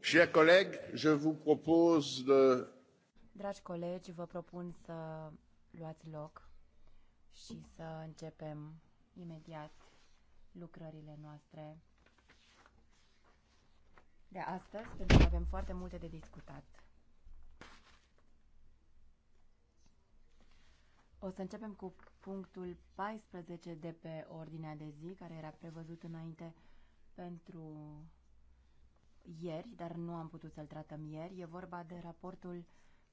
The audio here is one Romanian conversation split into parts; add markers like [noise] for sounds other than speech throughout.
Dragi colegi, vă propun să luați loc și să începem imediat lucrările noastre de astăzi, pentru că avem foarte multe de discutat. O să începem cu punctul 14 de pe ordinea de zi, care era prevăzut înainte pentru ieri, dar nu am putut să-l tratăm ieri. E vorba de raportul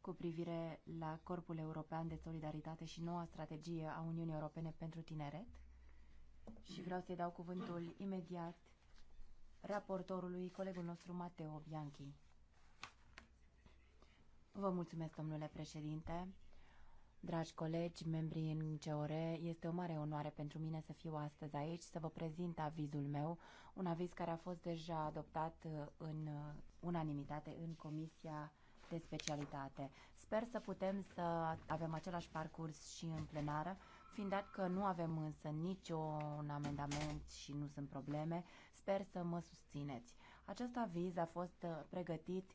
cu privire la Corpul European de Solidaritate și noua strategie a Uniunii Europene pentru Tineret. Și vreau să-i dau cuvântul imediat raportorului, colegul nostru Mateo Bianchi. Vă mulțumesc, domnule președinte. Dragi colegi, membrii în CEOR, este o mare onoare pentru mine să fiu astăzi aici, să vă prezint avizul meu, un aviz care a fost deja adoptat uh, în uh, unanimitate în Comisia de Specialitate. Sper să putem să avem același parcurs și în plenară, fiind dat că nu avem însă niciun amendament și nu sunt probleme, sper să mă susțineți. Acest aviz a fost uh, pregătit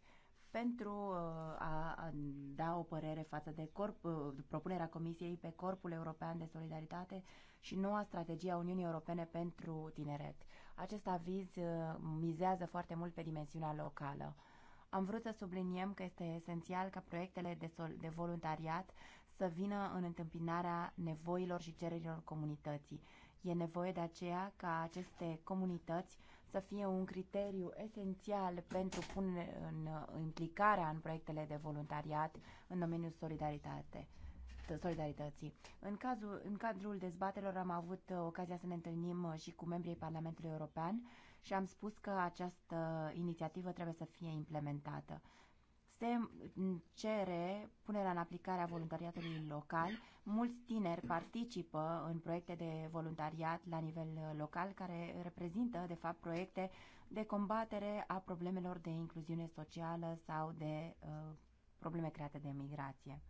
pentru uh, a da o părere față de corp, uh, propunerea Comisiei pe Corpul European de Solidaritate și noua strategie a Uniunii Europene pentru Tineret. Acest aviz uh, mizează foarte mult pe dimensiunea locală. Am vrut să subliniem că este esențial ca proiectele de, sol, de voluntariat să vină în întâmpinarea nevoilor și cererilor comunității. E nevoie de aceea ca aceste comunități să fie un criteriu esențial pentru pune în uh, implicarea în proiectele de voluntariat în domeniul solidaritate solidarității. În, cazul, în cadrul dezbatelor am avut uh, ocazia să ne întâlnim uh, și cu membrii Parlamentului European și am spus că această inițiativă trebuie să fie implementată se mm, cere punerea în aplicare a voluntariatului local. Mulți tineri participă în proiecte de voluntariat la nivel uh, local, care reprezintă, de fapt, proiecte de combatere a problemelor de incluziune socială sau de uh, probleme create de migrație.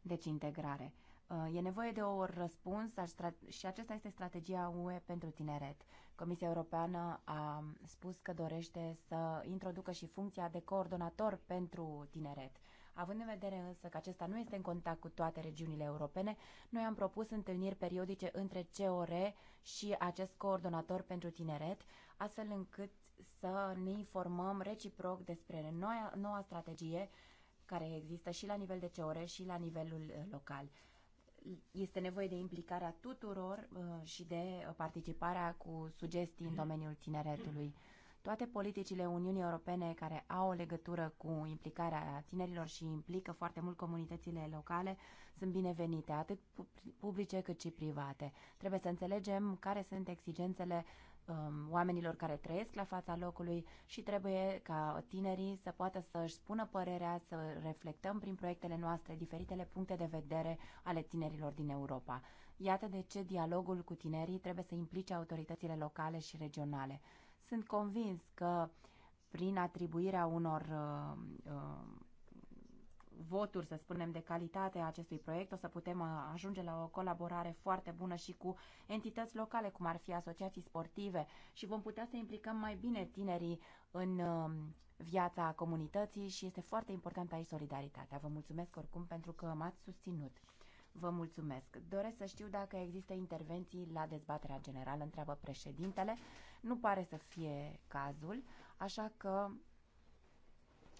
Deci integrare. Uh, e nevoie de o răspuns și acesta este strategia UE pentru tineret. Comisia Europeană a spus că dorește să introducă și funcția de coordonator pentru tineret. Având în vedere însă că acesta nu este în contact cu toate regiunile europene, noi am propus întâlniri periodice între COR și acest coordonator pentru tineret, astfel încât să ne informăm reciproc despre noua, noua strategie care există și la nivel de COR și la nivelul local este nevoie de implicarea tuturor uh, și de participarea cu sugestii în mhm. domeniul tineretului. Toate politicile Uniunii Europene care au o legătură cu implicarea tinerilor și implică foarte mult comunitățile locale sunt binevenite, atât publice cât și private. Trebuie să înțelegem care sunt exigențele um, oamenilor care trăiesc la fața locului și trebuie ca tinerii să poată să-și spună părerea, să reflectăm prin proiectele noastre diferitele puncte de vedere ale tinerilor din Europa. Iată de ce dialogul cu tinerii trebuie să implice autoritățile locale și regionale. Sunt convins că prin atribuirea unor uh, uh, voturi, să spunem, de calitate a acestui proiect, o să putem uh, ajunge la o colaborare foarte bună și cu entități locale, cum ar fi asociații sportive și vom putea să implicăm mai bine tinerii în um, viața comunității și este foarte important aici solidaritatea. Vă mulțumesc oricum pentru că m-ați susținut. Vă mulțumesc. Doresc să știu dacă există intervenții la dezbaterea generală, întreabă președintele. Nu pare să fie cazul, așa că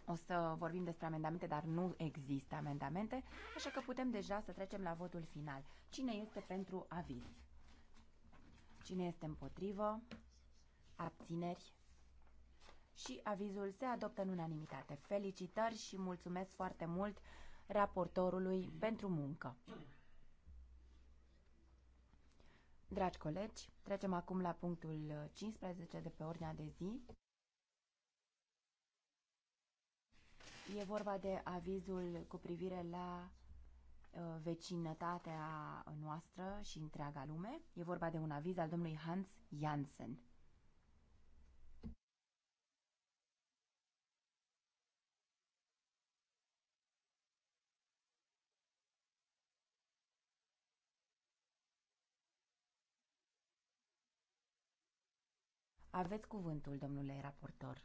o să vorbim despre amendamente, dar nu există amendamente, așa că putem deja să trecem la votul final. Cine este pentru aviz? Cine este împotrivă? Abțineri? Și avizul se adoptă în unanimitate. Felicitări și mulțumesc foarte mult raportorului pentru muncă. Dragi colegi, trecem acum la punctul 15 de pe ordinea de zi. E vorba de avizul cu privire la uh, vecinătatea noastră și întreaga lume. E vorba de un aviz al domnului Hans Janssen. Aveți cuvântul, domnule raportor.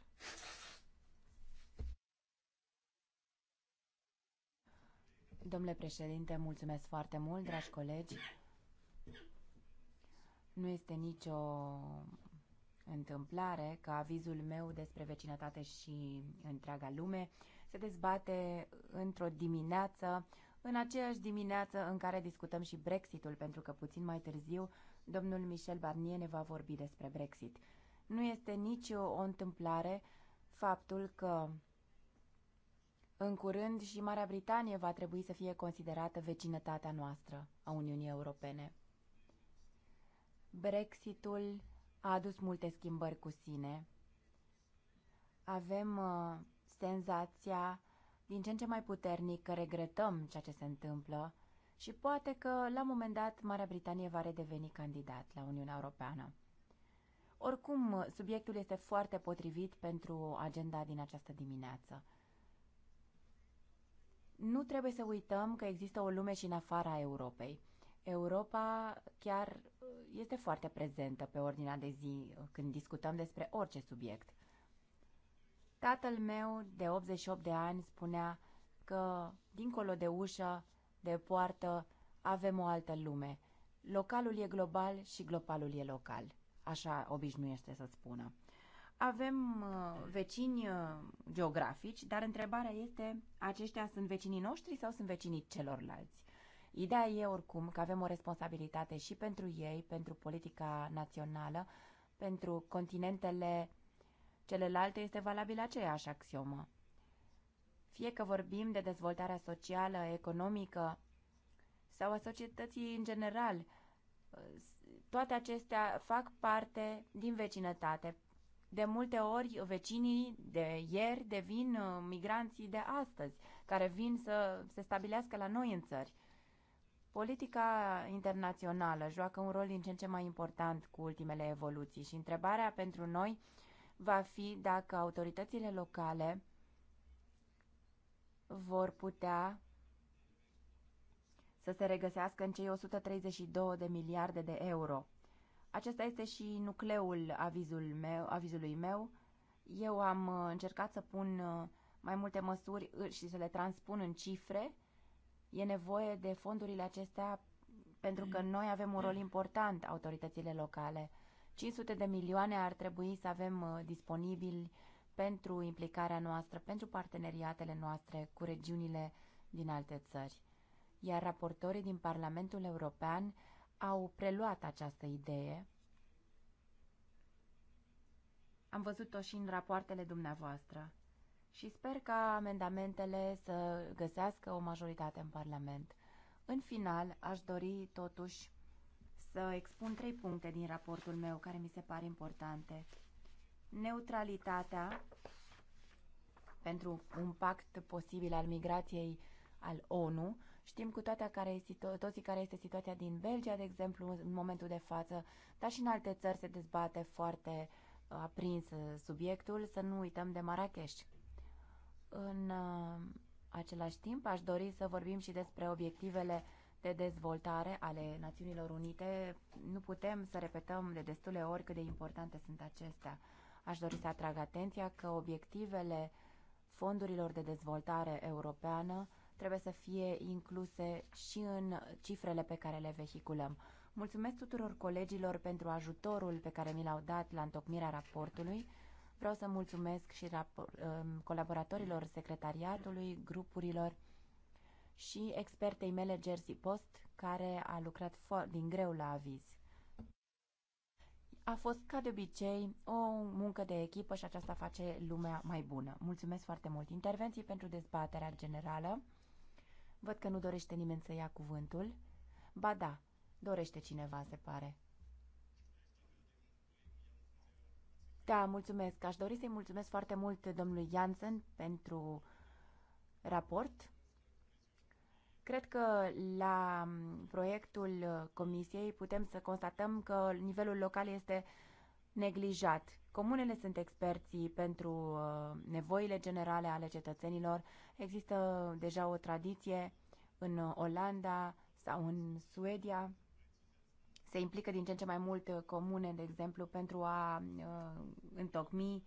Domnule președinte, mulțumesc foarte mult, dragi colegi. Nu este nicio întâmplare că avizul meu despre vecinătate și întreaga lume se dezbate într-o dimineață, în aceeași dimineață în care discutăm și Brexitul, pentru că puțin mai târziu domnul Michel Barnier ne va vorbi despre Brexit. Nu este nicio o întâmplare faptul că în curând și Marea Britanie va trebui să fie considerată vecinătatea noastră a Uniunii Europene. Brexitul a adus multe schimbări cu sine. Avem uh, senzația din ce în ce mai puternic că regretăm ceea ce se întâmplă și poate că la un moment dat Marea Britanie va redeveni candidat la Uniunea Europeană. Oricum, subiectul este foarte potrivit pentru agenda din această dimineață. Nu trebuie să uităm că există o lume și în afara Europei. Europa chiar uh, este foarte prezentă pe ordinea de zi uh, când discutăm despre orice subiect. Tatăl meu de 88 de ani spunea că dincolo de ușă, de poartă, avem o altă lume. Localul e global și globalul e local. Așa obișnuiește să spună. Avem uh, vecini uh, geografici, dar întrebarea este, aceștia sunt vecinii noștri sau sunt vecinii celorlalți? Ideea e oricum că avem o responsabilitate și pentru ei, pentru politica națională, pentru continentele celelalte este valabilă aceeași axiomă. Fie că vorbim de dezvoltarea socială, economică sau a societății în general, uh, toate acestea fac parte din vecinătate de multe ori, vecinii de ieri devin uh, migranții de astăzi, care vin să se stabilească la noi în țări. Politica internațională joacă un rol din ce în ce mai important cu ultimele evoluții și întrebarea pentru noi va fi dacă autoritățile locale vor putea să se regăsească în cei 132 de miliarde de euro acesta este și nucleul avizul meu, avizului meu. Eu am uh, încercat să pun uh, mai multe măsuri uh, și să le transpun în cifre. E nevoie de fondurile acestea pentru că noi avem un rol important, autoritățile locale. 500 de milioane ar trebui să avem disponibili pentru implicarea noastră, pentru parteneriatele noastre cu regiunile din alte țări. Iar raportorii din Parlamentul European au preluat această idee. Am văzut-o și în rapoartele dumneavoastră și sper ca amendamentele să găsească o majoritate în Parlament. În final, aș dori totuși să expun trei puncte din raportul meu care mi se pare importante. Neutralitatea pentru un pact posibil al migrației al ONU, Știm cu toate care este, toții care este situația din Belgia, de exemplu, în momentul de față, dar și în alte țări se dezbate foarte uh, aprins uh, subiectul, să nu uităm de Marrakesh. În uh, același timp, aș dori să vorbim și despre obiectivele de dezvoltare ale Națiunilor Unite. Nu putem să repetăm de destule ori cât de importante sunt acestea. Aș dori să atrag atenția că obiectivele fondurilor de dezvoltare europeană trebuie să fie incluse și în cifrele pe care le vehiculăm. Mulțumesc tuturor colegilor pentru ajutorul pe care mi l-au dat la întocmirea raportului. Vreau să mulțumesc și um, colaboratorilor secretariatului, grupurilor și expertei mele Jersey Post, care a lucrat din greu la aviz. A fost, ca de obicei, o muncă de echipă și aceasta face lumea mai bună. Mulțumesc foarte mult. Intervenții pentru dezbaterea generală. Văd că nu dorește nimeni să ia cuvântul. Ba da, dorește cineva, se pare. Da, mulțumesc. Aș dori să-i mulțumesc foarte mult domnului Janssen pentru raport. Cred că la proiectul comisiei putem să constatăm că nivelul local este neglijat. Comunele sunt experții pentru uh, nevoile generale ale cetățenilor. Există deja o tradiție în Olanda sau în Suedia. Se implică din ce în ce mai mult uh, comune, de exemplu, pentru a uh, întocmi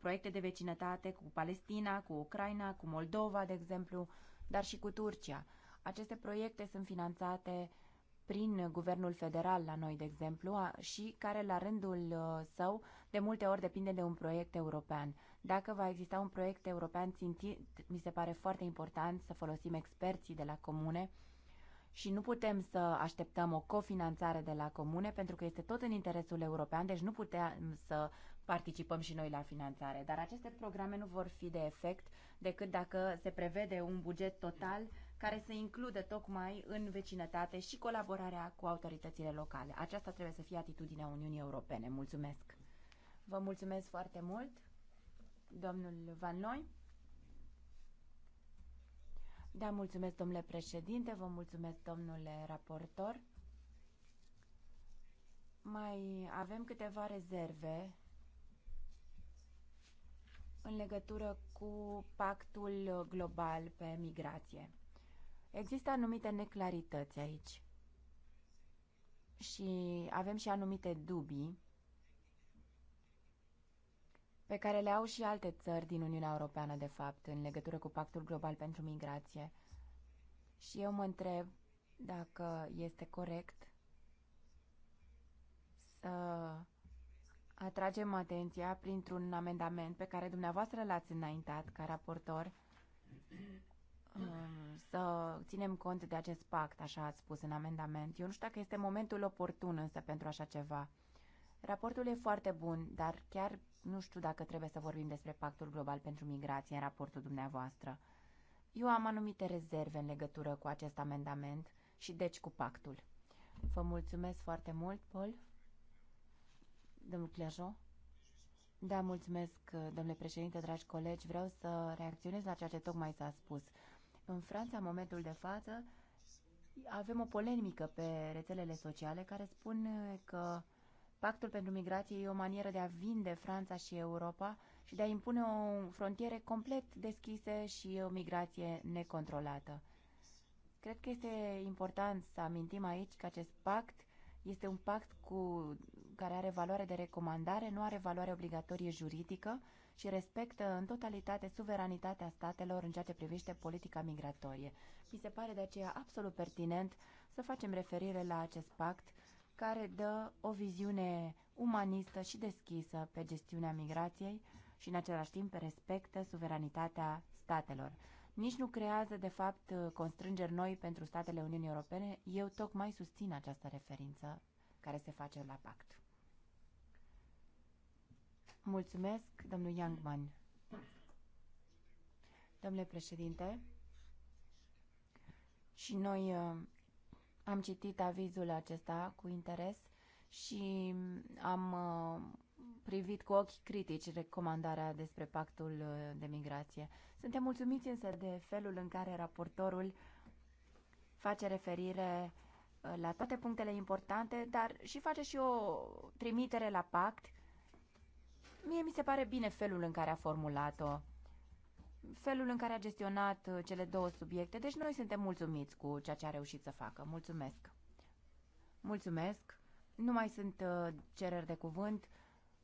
proiecte de vecinătate cu Palestina, cu Ucraina, cu Moldova, de exemplu, dar și cu Turcia. Aceste proiecte sunt finanțate prin guvernul federal la noi, de exemplu, și care la rândul său de multe ori depinde de un proiect european. Dacă va exista un proiect european țintit, mi se pare foarte important să folosim experții de la comune și nu putem să așteptăm o cofinanțare de la comune pentru că este tot în interesul european, deci nu putem să participăm și noi la finanțare. Dar aceste programe nu vor fi de efect decât dacă se prevede un buget total care să includă tocmai în vecinătate și colaborarea cu autoritățile locale. Aceasta trebuie să fie atitudinea Uniunii Europene. Mulțumesc! Vă mulțumesc foarte mult, domnul Van Noi. Da, mulțumesc, domnule președinte, vă mulțumesc, domnule raportor. Mai avem câteva rezerve în legătură cu pactul global pe migrație. Există anumite neclarități aici și avem și anumite dubii pe care le au și alte țări din Uniunea Europeană, de fapt, în legătură cu Pactul Global pentru Migrație. Și eu mă întreb dacă este corect să atragem atenția printr-un amendament pe care dumneavoastră l-ați înaintat ca raportor um, să ținem cont de acest pact, așa ați spus în amendament. Eu nu știu dacă este momentul oportun însă pentru așa ceva. Raportul e foarte bun, dar chiar nu știu dacă trebuie să vorbim despre Pactul Global pentru Migrație în raportul dumneavoastră. Eu am anumite rezerve în legătură cu acest amendament și deci cu pactul. Vă mulțumesc foarte mult, Paul. Domnul Clejo. Da, mulțumesc, domnule președinte, dragi colegi. Vreau să reacționez la ceea ce tocmai s-a spus. În Franța, în momentul de față, avem o polemică pe rețelele sociale care spune că Pactul pentru migrație e o manieră de a vinde Franța și Europa și de a impune o frontiere complet deschise și o migrație necontrolată. Cred că este important să amintim aici că acest pact este un pact cu, care are valoare de recomandare, nu are valoare obligatorie juridică și respectă în totalitate suveranitatea statelor în ceea ce privește politica migratorie. Mi se pare de aceea absolut pertinent să facem referire la acest pact care dă o viziune umanistă și deschisă pe gestiunea migrației și în același timp respectă suveranitatea statelor. Nici nu creează, de fapt, constrângeri noi pentru statele Uniunii Europene. Eu tocmai susțin această referință care se face la pact. Mulțumesc, domnul Youngman. Domnule președinte, și noi uh, am citit avizul acesta cu interes și am uh, privit cu ochi critici recomandarea despre pactul uh, de migrație. Suntem mulțumiți însă de felul în care raportorul face referire uh, la toate punctele importante, dar și face și o trimitere la pact. Mie mi se pare bine felul în care a formulat-o felul în care a gestionat uh, cele două subiecte. Deci noi suntem mulțumiți cu ceea ce a reușit să facă. Mulțumesc! Mulțumesc! Nu mai sunt uh, cereri de cuvânt,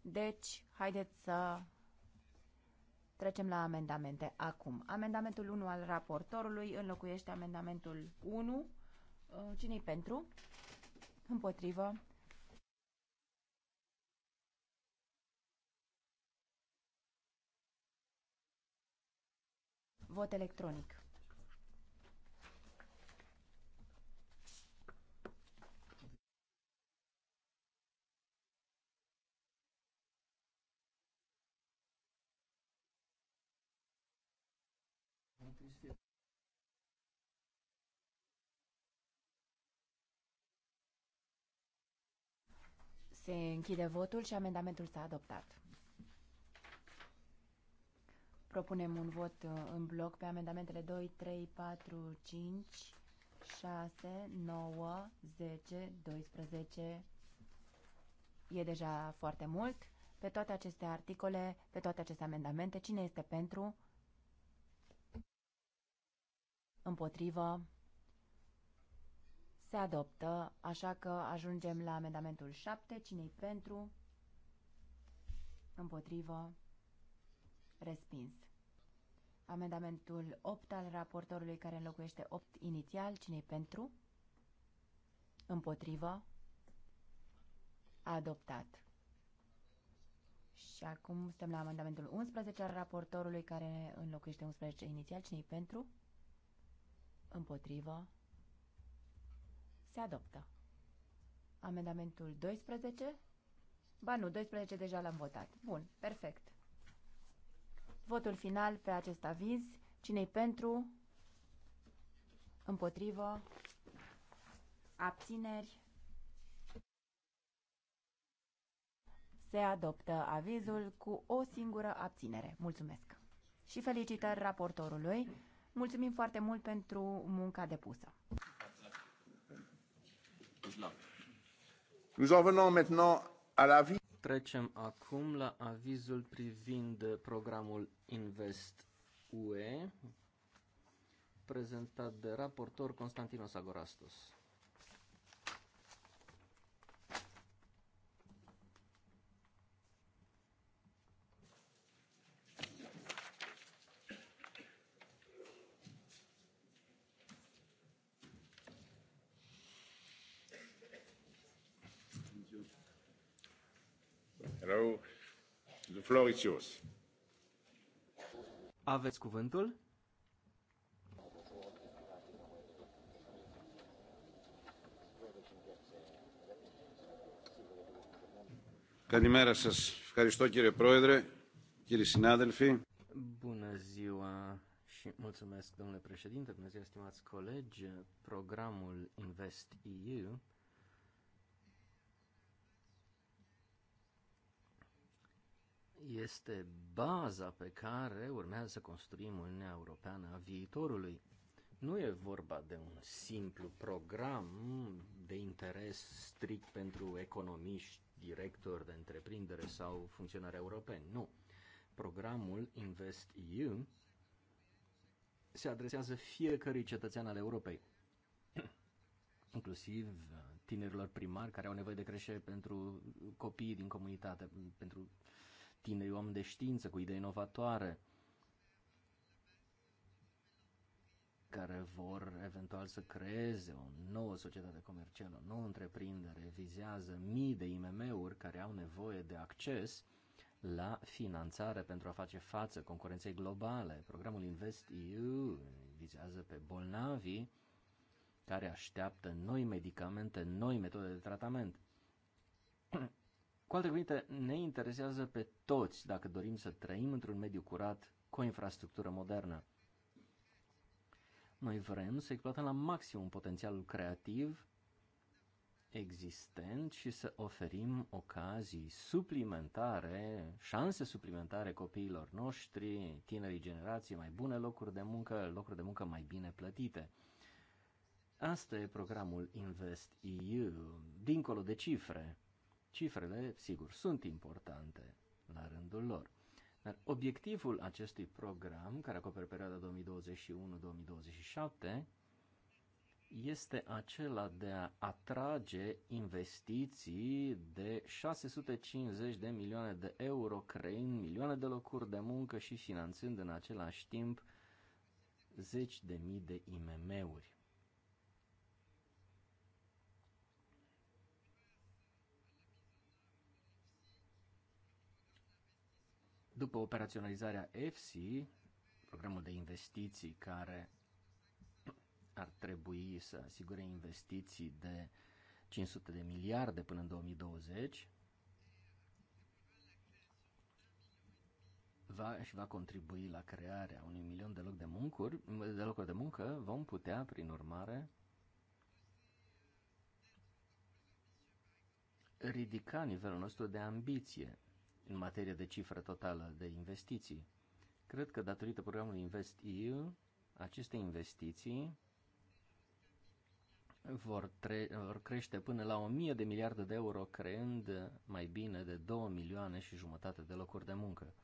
deci haideți să trecem la amendamente acum. Amendamentul 1 al raportorului înlocuiește amendamentul 1. Uh, cine-i pentru? Împotrivă? Vot electronic. Se închide votul și amendamentul s-a adoptat propunem un vot uh, în bloc pe amendamentele 2, 3, 4, 5, 6, 9, 10, 12. E deja foarte mult. Pe toate aceste articole, pe toate aceste amendamente, cine este pentru? Împotrivă? Se adoptă, așa că ajungem la amendamentul 7. Cine-i pentru? Împotrivă? Respins. Amendamentul 8 al raportorului care înlocuiește 8 inițial. cine pentru? Împotrivă? Adoptat. Și acum suntem la amendamentul 11 al raportorului care înlocuiește 11 inițial. cine pentru? Împotrivă? Se adoptă. Amendamentul 12? Ba nu, 12 deja l-am votat. Bun, perfect. Votul final pe acest aviz. Cine-i pentru? Împotrivă? Abțineri? Se adoptă avizul cu o singură abținere. Mulțumesc! Și felicitări raportorului. Mulțumim foarte mult pentru munca depusă. Nous en venons maintenant à la vie. Trecem acum la avizul privind programul Invest UE, prezentat de raportor Constantinos Agorastos. floor is yours. Aveți cuvântul? Καλημέρα σας. Ευχαριστώ κύριε Πρόεδρε, κύριοι συνάδελφοι. Bună ziua și mulțumesc, domnule președinte, bună ziua, stimați colegi. Programul InvestEU este baza pe care urmează să construim Uniunea Europeană a viitorului. Nu e vorba de un simplu program de interes strict pentru economiști, directori de întreprindere sau funcționari europeni. Nu. Programul Invest EU se adresează fiecărui cetățean al Europei, [clears throat] inclusiv tinerilor primari care au nevoie de creșe pentru copiii din comunitate, pentru uh, tineri oameni de știință cu idei inovatoare care vor eventual să creeze o nouă societate comercială, o nouă întreprindere, vizează mii de IMM-uri care au nevoie de acces la finanțare pentru a face față concurenței globale. Programul InvestEU vizează pe bolnavii care așteaptă noi medicamente, noi metode de tratament. Cu alte cuvinte, ne interesează pe toți dacă dorim să trăim într-un mediu curat cu o infrastructură modernă. Noi vrem să exploatăm la maxim potențialul creativ existent și să oferim ocazii suplimentare, șanse suplimentare copiilor noștri, tinerii generații, mai bune locuri de muncă, locuri de muncă mai bine plătite. Asta e programul Invest EU, dincolo de cifre. Cifrele, sigur, sunt importante la rândul lor. Dar obiectivul acestui program, care acoperă perioada 2021-2027, este acela de a atrage investiții de 650 de milioane de euro, creând milioane de locuri de muncă și finanțând în același timp zeci de mii de IMM-uri. După operaționalizarea EFSI, programul de investiții care ar trebui să asigure investiții de 500 de miliarde până în 2020, va și va contribui la crearea unui milion de, loc de, muncuri, de locuri de muncă, vom putea, prin urmare, ridica nivelul nostru de ambiție în materie de cifră totală de investiții. Cred că datorită programului InvestEU, aceste investiții vor, tre- vor crește până la 1000 de miliarde de euro, creând mai bine de 2 milioane și jumătate de locuri de muncă.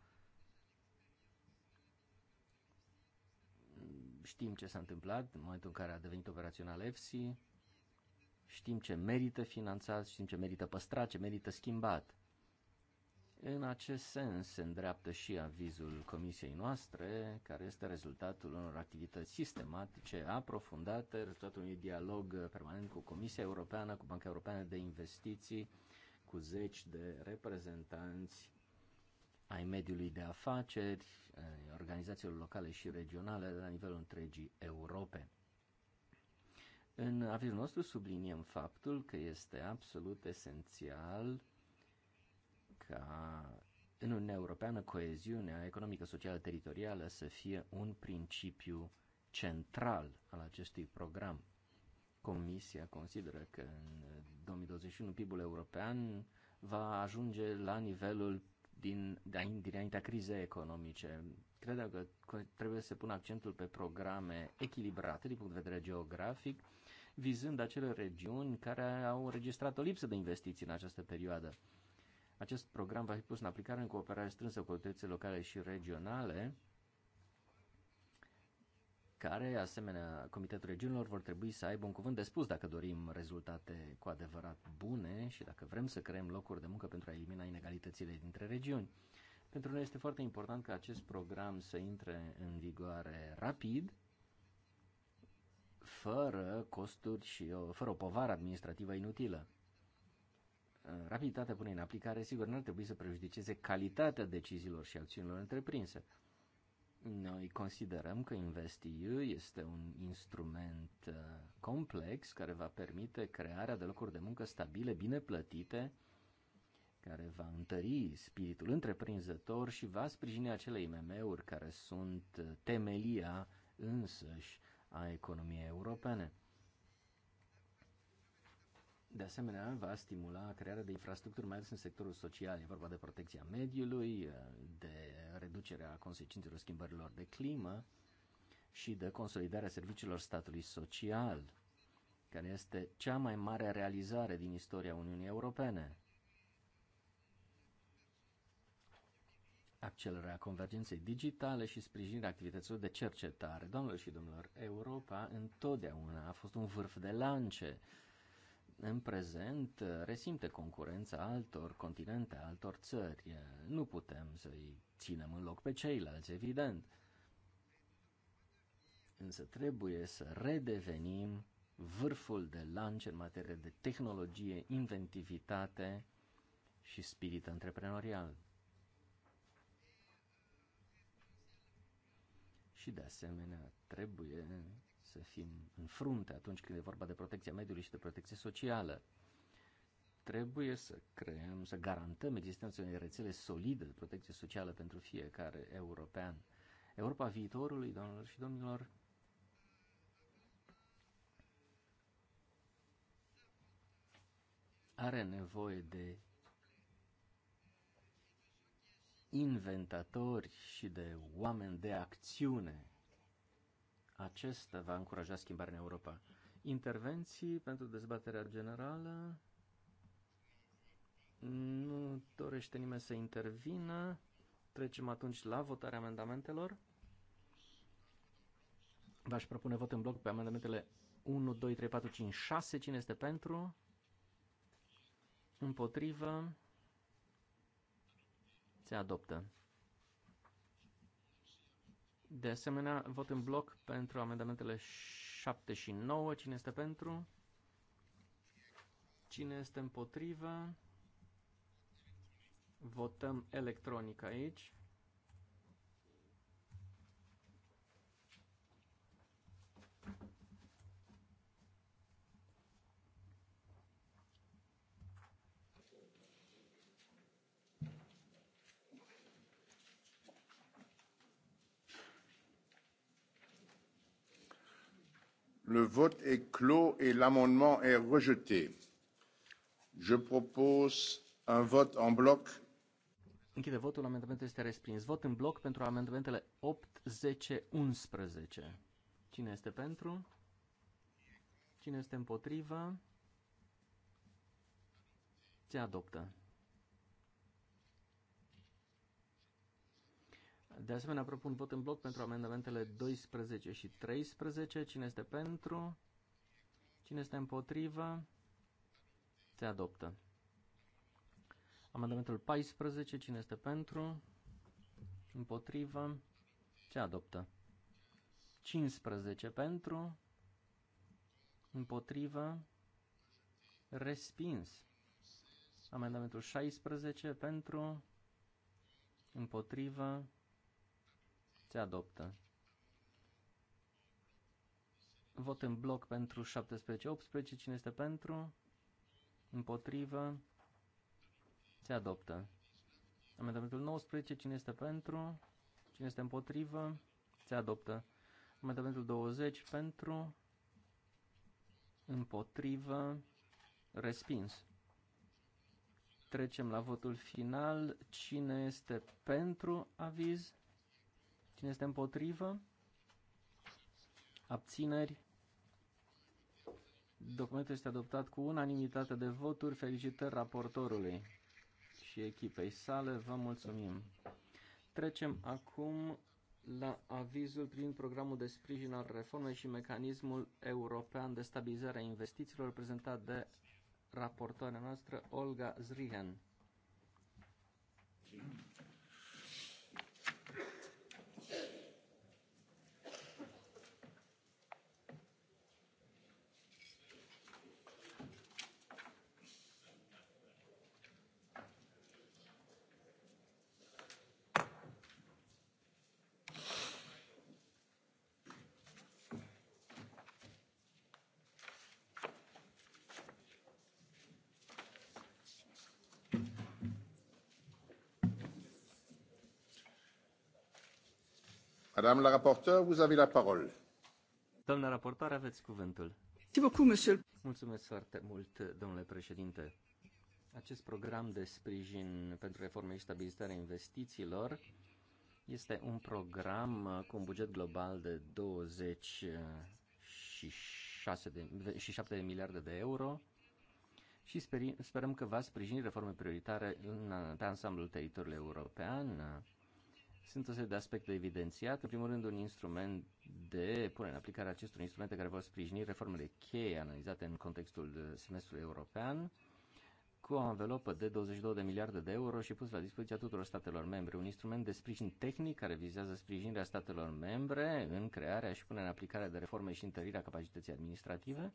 Știm ce s-a întâmplat în momentul în care a devenit operațional EFSI, știm ce merită finanțat, știm ce merită păstrat, ce merită schimbat. În acest sens se îndreaptă și avizul comisiei noastre, care este rezultatul unor activități sistematice, aprofundate, rezultatul unui dialog permanent cu Comisia Europeană, cu Banca Europeană de Investiții, cu zeci de reprezentanți ai mediului de afaceri, organizațiilor locale și regionale la nivelul întregii Europe. În avizul nostru subliniem faptul că este absolut esențial ca în Uniunea Europeană coeziunea economică, socială, teritorială să fie un principiu central al acestui program. Comisia consideră că în 2021 PIB-ul european va ajunge la nivelul din, dinaintea crizei economice. Cred că trebuie să pună accentul pe programe echilibrate din punct de vedere geografic, vizând acele regiuni care au înregistrat o lipsă de investiții în această perioadă. Acest program va fi pus în aplicare în cooperare strânsă cu autoritățile locale și regionale, care, asemenea, Comitetul Regiunilor vor trebui să aibă un cuvânt de spus dacă dorim rezultate cu adevărat bune și dacă vrem să creăm locuri de muncă pentru a elimina inegalitățile dintre regiuni. Pentru noi este foarte important ca acest program să intre în vigoare rapid, fără costuri și o, fără o povară administrativă inutilă. Uh, rapiditatea pune în aplicare, sigur, nu ar trebui să prejudiceze calitatea deciziilor și acțiunilor întreprinse. Noi considerăm că InvestEU este un instrument uh, complex care va permite crearea de locuri de muncă stabile, bine plătite, care va întări spiritul întreprinzător și va sprijini acele IMM-uri care sunt uh, temelia însăși a economiei europene. De asemenea, va stimula crearea de infrastructuri, mai ales în sectorul social. E vorba de protecția mediului, de reducerea consecințelor schimbărilor de climă și de consolidarea serviciilor statului social, care este cea mai mare realizare din istoria Uniunii Europene. accelerarea convergenței digitale și sprijinirea activităților de cercetare. Doamnelor și domnilor, Europa întotdeauna a fost un vârf de lance în prezent uh, resimte concurența altor continente, altor țări. Uh, nu putem să-i ținem în loc pe ceilalți, evident. Însă trebuie să redevenim vârful de lance în materie de tehnologie, inventivitate și spirit antreprenorial. Și de asemenea trebuie să fim în frunte atunci când e vorba de protecția mediului și de protecție socială. Trebuie să creăm, să garantăm existența unei rețele solide de protecție socială pentru fiecare european. Europa viitorului, doamnelor și domnilor, are nevoie de inventatori și de oameni de acțiune acesta va încuraja schimbarea în Europa. Intervenții pentru dezbaterea generală? Nu dorește nimeni să intervină. Trecem atunci la votarea amendamentelor. V-aș propune vot în bloc pe amendamentele 1, 2, 3, 4, 5, 6. Cine este pentru? Împotrivă? Se adoptă. De asemenea, vot în bloc pentru amendamentele 7 și 9. Cine este pentru? Cine este împotrivă? Votăm electronic aici. Le vote est clos et l'amendement est rejeté. Je propose un vote en bloc. Închide votul, amendamentul este respins. Vot în bloc pentru amendamentele 8, 10, 11. Cine este pentru? Cine este împotrivă? Se adoptă. De asemenea, propun vot în bloc pentru amendamentele 12 și 13. Cine este pentru? Cine este împotrivă? Se adoptă. Amendamentul 14. Cine este pentru? Împotrivă? Se adoptă. 15 pentru? Împotrivă? Respins. Amendamentul 16 pentru? Împotrivă? Se adoptă. Vot în bloc pentru 17-18. Cine este pentru? Împotrivă? Se adoptă. Amendamentul 19. Cine este pentru? Cine este împotrivă? Se adoptă. Amendamentul 20. Pentru? Împotrivă? Respins. Trecem la votul final. Cine este pentru aviz? Cine este împotrivă? Abțineri? Documentul este adoptat cu unanimitate de voturi. Felicitări raportorului și echipei sale. Vă mulțumim. Trecem acum la avizul prin programul de sprijin al reformei și mecanismul european de stabilizare a investițiilor prezentat de raportoarea noastră Olga Zrihan. Thank you. Madame la rapporteure, vous avez la parole. Doamna raportor, aveți cuvântul. Mulțumesc foarte mult, domnule președinte. Acest program de sprijin pentru reforme și stabilizarea investițiilor este un program cu un buget global de 26 de, și 7 de miliarde de euro și sperim, sperăm că va sprijini reforme prioritare în, pe ansamblul teritoriului european, sunt o serie de aspecte evidențiate. În primul rând, un instrument de pune în aplicare acestor instrumente care vor sprijini reformele cheie analizate în contextul semestrului european cu o anvelopă de 22 de miliarde de euro și pus la dispoziția tuturor statelor membre. Un instrument de sprijin tehnic care vizează sprijinirea statelor membre în crearea și punerea în aplicare de reforme și întărirea capacității administrative.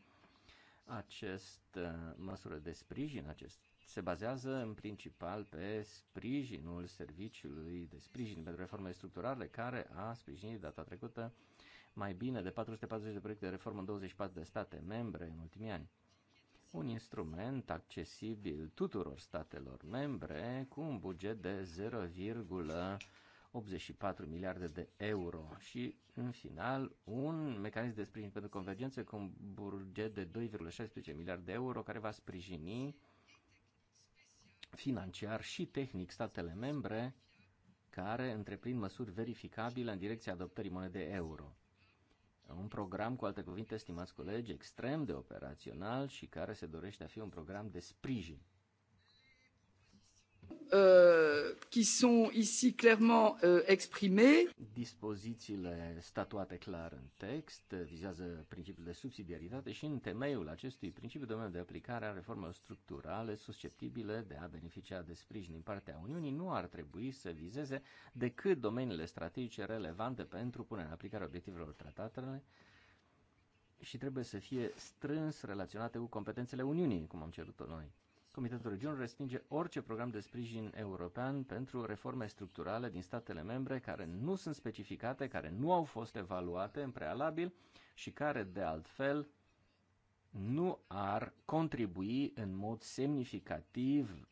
Acest uh, măsură de sprijin, acest se bazează în principal pe sprijinul serviciului de sprijin pentru reforme structurale, care a sprijinit data trecută mai bine de 440 de proiecte de reformă în 24 de state membre în ultimii ani. Un instrument accesibil tuturor statelor membre cu un buget de 0,84 miliarde de euro și, în final, un mecanism de sprijin pentru convergență cu un buget de 2,16 miliarde de euro care va sprijini financiar și tehnic statele membre care întreprind măsuri verificabile în direcția adoptării monedei euro. Un program, cu alte cuvinte, stimați colegi, extrem de operațional și care se dorește a fi un program de sprijin. Euh, qui sont ici clairement euh, exprimées. Dispozițiile statuate clar în text vizează principiul de subsidiaritate și în temeiul acestui principiu domeniul de aplicare a reformelor structurale susceptibile de a beneficia de sprijin din partea Uniunii nu ar trebui să vizeze decât domeniile strategice relevante pentru punerea în aplicare obiectivelor tratatelor, și trebuie să fie strâns relaționate cu competențele Uniunii, cum am cerut-o noi. Comitetul Regiunilor respinge orice program de sprijin european pentru reforme structurale din statele membre care nu sunt specificate, care nu au fost evaluate în prealabil și care, de altfel, nu ar contribui în mod semnificativ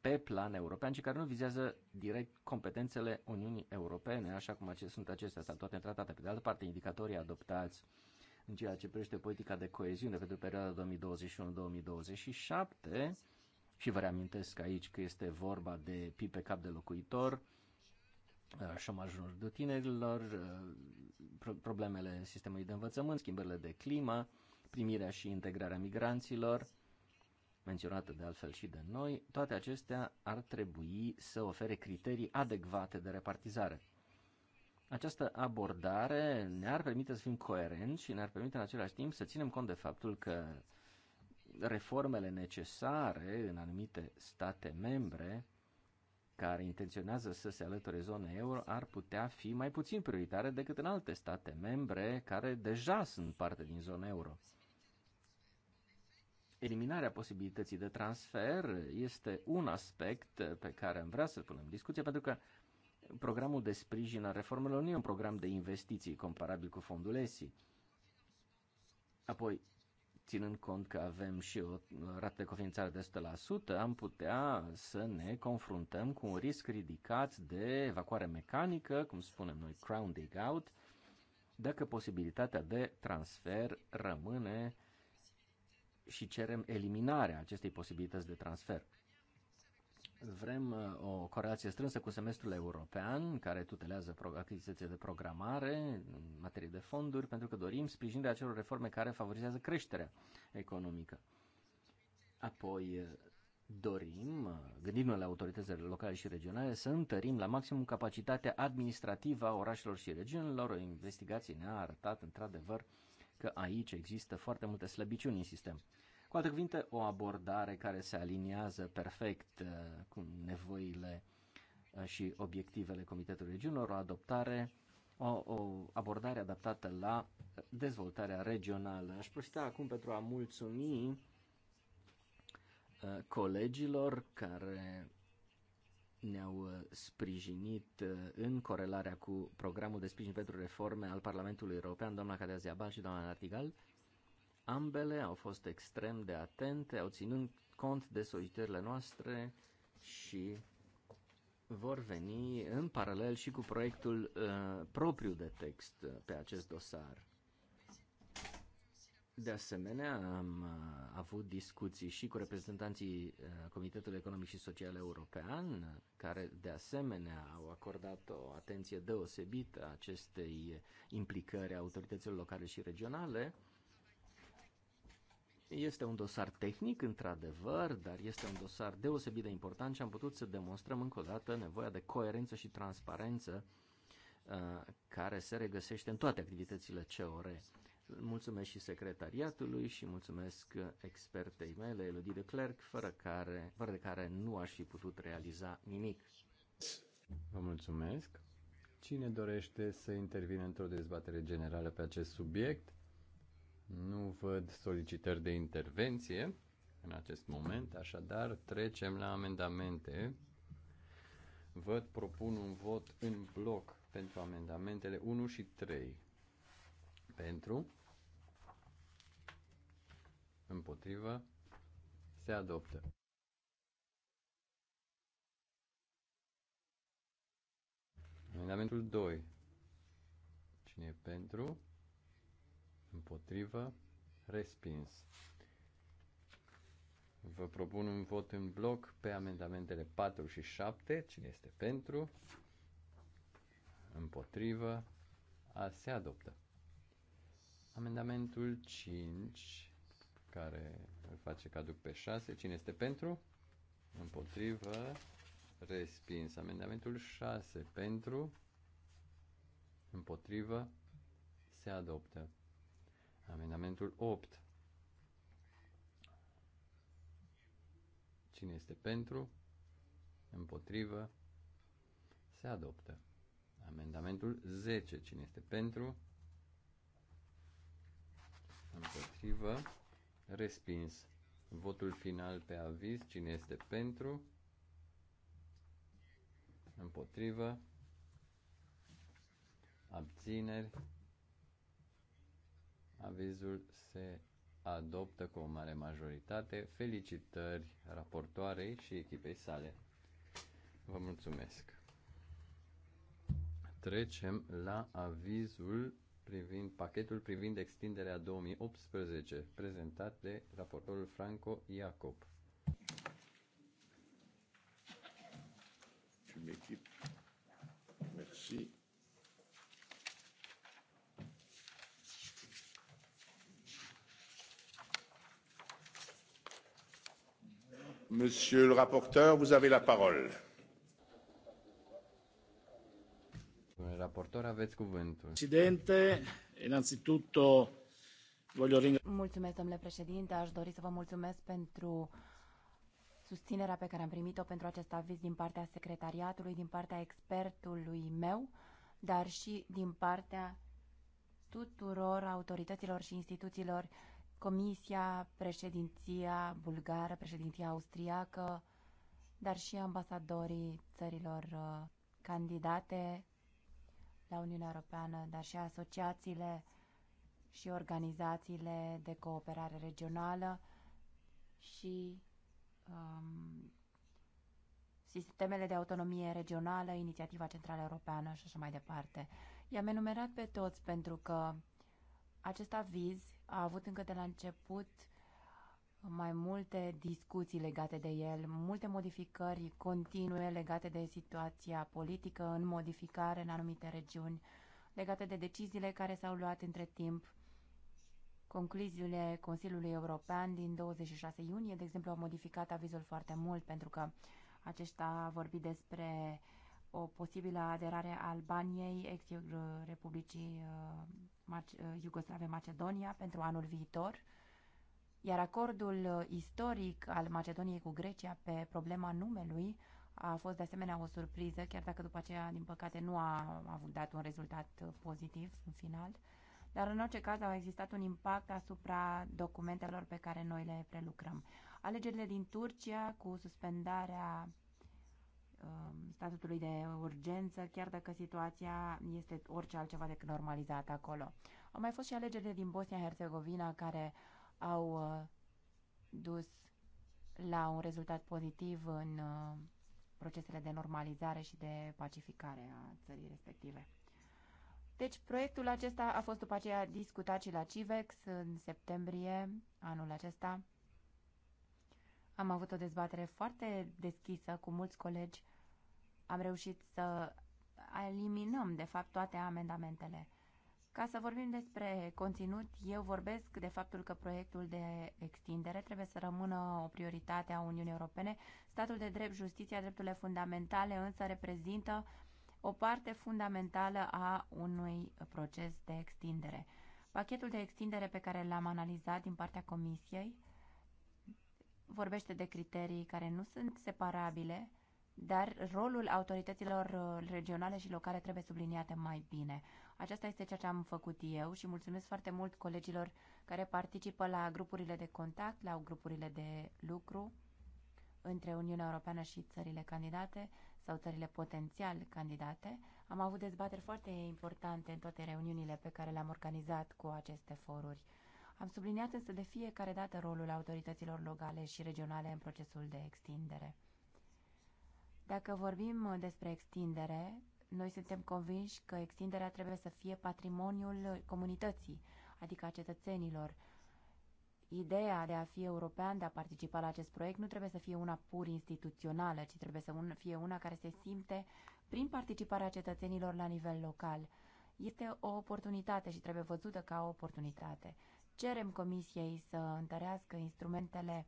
pe plan european și care nu vizează direct competențele Uniunii Europene, așa cum acest, sunt acestea statuate în tratate. Pe de altă parte, indicatorii adoptați în ceea ce privește politica de coeziune pentru perioada 2021-2027 și vă reamintesc aici că este vorba de PIB pe cap de locuitor, uh, șomajul de tinerilor, uh, problemele sistemului de învățământ, schimbările de climă, primirea și integrarea migranților, menționată de altfel și de noi, toate acestea ar trebui să ofere criterii adecvate de repartizare. Această abordare ne-ar permite să fim coerenți și ne-ar permite în același timp să ținem cont de faptul că reformele necesare în anumite state membre care intenționează să se alăture zonei euro ar putea fi mai puțin prioritare decât în alte state membre care deja sunt parte din zona euro. Eliminarea posibilității de transfer este un aspect pe care am vrea să-l punem în discuție, pentru că Programul de sprijin al reformelor nu e un program de investiții comparabil cu fondul ESI. Apoi, ținând cont că avem și o rată de cofinanțare de 100%, am putea să ne confruntăm cu un risc ridicat de evacuare mecanică, cum spunem noi, crown dig out, dacă posibilitatea de transfer rămâne și cerem eliminarea acestei posibilități de transfer. Vrem uh, o corelație strânsă cu semestrul european, care tutelează activitățile de programare în materie de fonduri, pentru că dorim sprijinirea acelor reforme care favorizează creșterea economică. Apoi, uh, dorim, uh, gândindu-ne la autoritățile locale și regionale, să întărim la maximum capacitatea administrativă a orașelor și regiunilor. O investigație ne-a arătat, într-adevăr, că aici există foarte multe slăbiciuni în sistem. Cu alte cuvinte, o abordare care se aliniază perfect uh, cu nevoile uh, și obiectivele Comitetului Regiunilor, o adoptare, o, o abordare adaptată la dezvoltarea regională. Aș profita acum pentru a mulțumi uh, colegilor care ne-au sprijinit în corelarea cu programul de sprijin pentru reforme al Parlamentului European, doamna Cadea Ziabal și doamna Nartigal, Ambele au fost extrem de atente, au ținut cont de solicitările noastre și vor veni în paralel și cu proiectul uh, propriu de text uh, pe acest dosar. De asemenea, am uh, avut discuții și cu reprezentanții uh, Comitetului Economic și Social European, care de asemenea au acordat o atenție deosebită acestei implicări a autorităților locale și regionale. Este un dosar tehnic, într-adevăr, dar este un dosar deosebit de important și am putut să demonstrăm încă o dată nevoia de coerență și transparență uh, care se regăsește în toate activitățile COR. Mulțumesc și secretariatului și mulțumesc expertei mele, Elodie de Clerc, fără, care, fără de care nu aș fi putut realiza nimic. Vă mulțumesc. Cine dorește să intervine într-o dezbatere generală pe acest subiect? Nu văd solicitări de intervenție în acest moment, așadar trecem la amendamente. Văd, propun un vot în bloc pentru amendamentele 1 și 3. Pentru, împotrivă, se adoptă. Amendamentul 2. Cine e pentru? împotrivă, respins. Vă propun un vot în bloc pe amendamentele 4 și 7. Cine este pentru? Împotrivă? A, se adoptă. Amendamentul 5, care îl face caduc pe 6. Cine este pentru? Împotrivă? Respins. Amendamentul 6 pentru? Împotrivă? Se adoptă. Amendamentul 8. Cine este pentru? Împotrivă? Se adoptă. Amendamentul 10. Cine este pentru? Împotrivă? Respins. Votul final pe aviz. Cine este pentru? Împotrivă? Abțineri? Avizul se adoptă cu o mare majoritate. Felicitări raportoarei și echipei sale. Vă mulțumesc. Trecem la avizul privind pachetul privind extinderea 2018, prezentat de raportorul Franco Iacob. Merci. Monsieur le rapporteur, vous avez la parole. Domnule raportor, aveți cuvântul. Presidente, innanzitutto voglio ringraziare. Mulțumesc, domnule președinte. Aș dori să vă mulțumesc pentru susținerea pe care am primit-o pentru acest aviz din partea secretariatului, din partea expertului meu, dar și din partea tuturor autorităților și instituțiilor Comisia, președinția bulgară, președinția austriacă, dar și ambasadorii țărilor uh, candidate la Uniunea Europeană, dar și asociațiile și organizațiile de cooperare regională și um, sistemele de autonomie regională, inițiativa centrală europeană și așa mai departe. I-am enumerat pe toți pentru că acest aviz a avut încă de la început mai multe discuții legate de el, multe modificări continue legate de situația politică în modificare în anumite regiuni, legate de deciziile care s-au luat între timp. Concluziile Consiliului European din 26 iunie, de exemplu, au modificat avizul foarte mult pentru că acesta a vorbit despre uh, o posibilă aderare a Albaniei, ex-Republicii uh, uh, Iugoslave Macedonia, pentru anul viitor, iar acordul uh, istoric al Macedoniei cu Grecia pe problema numelui a fost de asemenea o surpriză, chiar dacă după aceea, din păcate, nu a avut dat un rezultat pozitiv în final. Dar în orice caz a existat un impact asupra documentelor pe care noi le prelucrăm. Alegerile din Turcia cu suspendarea Um, statutului de urgență, chiar dacă situația este orice altceva decât normalizată acolo. Au mai fost și alegerile din Bosnia-Herzegovina care au uh, dus la un rezultat pozitiv în uh, procesele de normalizare și de pacificare a țării respective. Deci, proiectul acesta a fost după aceea discutat și la CIVEX în septembrie anul acesta. Am avut o dezbatere foarte deschisă cu mulți colegi am reușit să eliminăm, de fapt, toate amendamentele. Ca să vorbim despre conținut, eu vorbesc de faptul că proiectul de extindere trebuie să rămână o prioritate a Uniunii Europene. Statul de drept, justiția, drepturile fundamentale însă reprezintă o parte fundamentală a unui proces de extindere. Pachetul de extindere pe care l-am analizat din partea Comisiei vorbește de criterii care nu sunt separabile, dar rolul autorităților uh, regionale și locale trebuie subliniate mai bine. Aceasta este ceea ce am făcut eu și mulțumesc foarte mult colegilor care participă la grupurile de contact, la grupurile de lucru între Uniunea Europeană și țările candidate sau țările potențial candidate. Am avut dezbateri foarte importante în toate reuniunile pe care le-am organizat cu aceste foruri. Am subliniat însă de fiecare dată rolul autorităților locale și regionale în procesul de extindere. Dacă vorbim uh, despre extindere, noi suntem convinși că extinderea trebuie să fie patrimoniul comunității, adică a cetățenilor. Ideea de a fi european, de a participa la acest proiect, nu trebuie să fie una pur instituțională, ci trebuie să fie una care se simte prin participarea cetățenilor la nivel local. Este o oportunitate și trebuie văzută ca o oportunitate. Cerem Comisiei să întărească instrumentele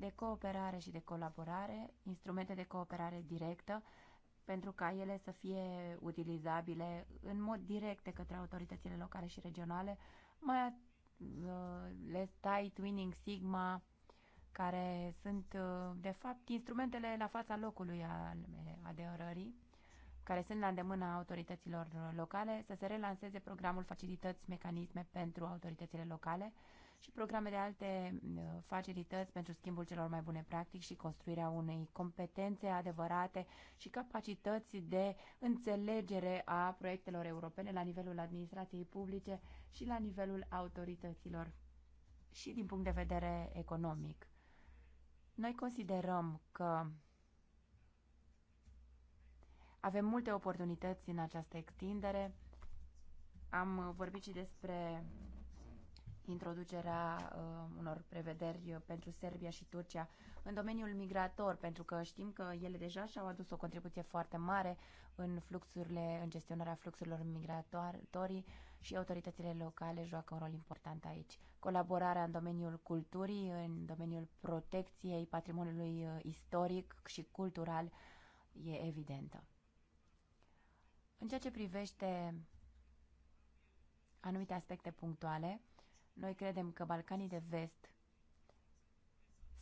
de cooperare și de colaborare, instrumente de cooperare directă, pentru ca ele să fie utilizabile în mod direct de către autoritățile locale și regionale, mai ales uh, TAI, Twinning, Sigma, care sunt, uh, de fapt, instrumentele la fața locului ale aderării, care sunt la îndemâna autorităților locale, să se relanseze programul Facilități Mecanisme pentru autoritățile locale, și programe de alte mm, facilități pentru schimbul celor mai bune practici și construirea unei competențe adevărate și capacități de înțelegere a proiectelor europene la nivelul administrației publice și la nivelul autorităților și din punct de vedere economic. Noi considerăm că avem multe oportunități în această extindere. Am vorbit și despre introducerea uh, unor prevederi pentru Serbia și Turcia în domeniul migrator, pentru că știm că ele deja și-au adus o contribuție foarte mare în fluxurile, în gestionarea fluxurilor migratorii și autoritățile locale joacă un rol important aici. Colaborarea în domeniul culturii, în domeniul protecției patrimoniului uh, istoric și cultural e evidentă. În ceea ce privește anumite aspecte punctuale, noi credem că Balcanii de Vest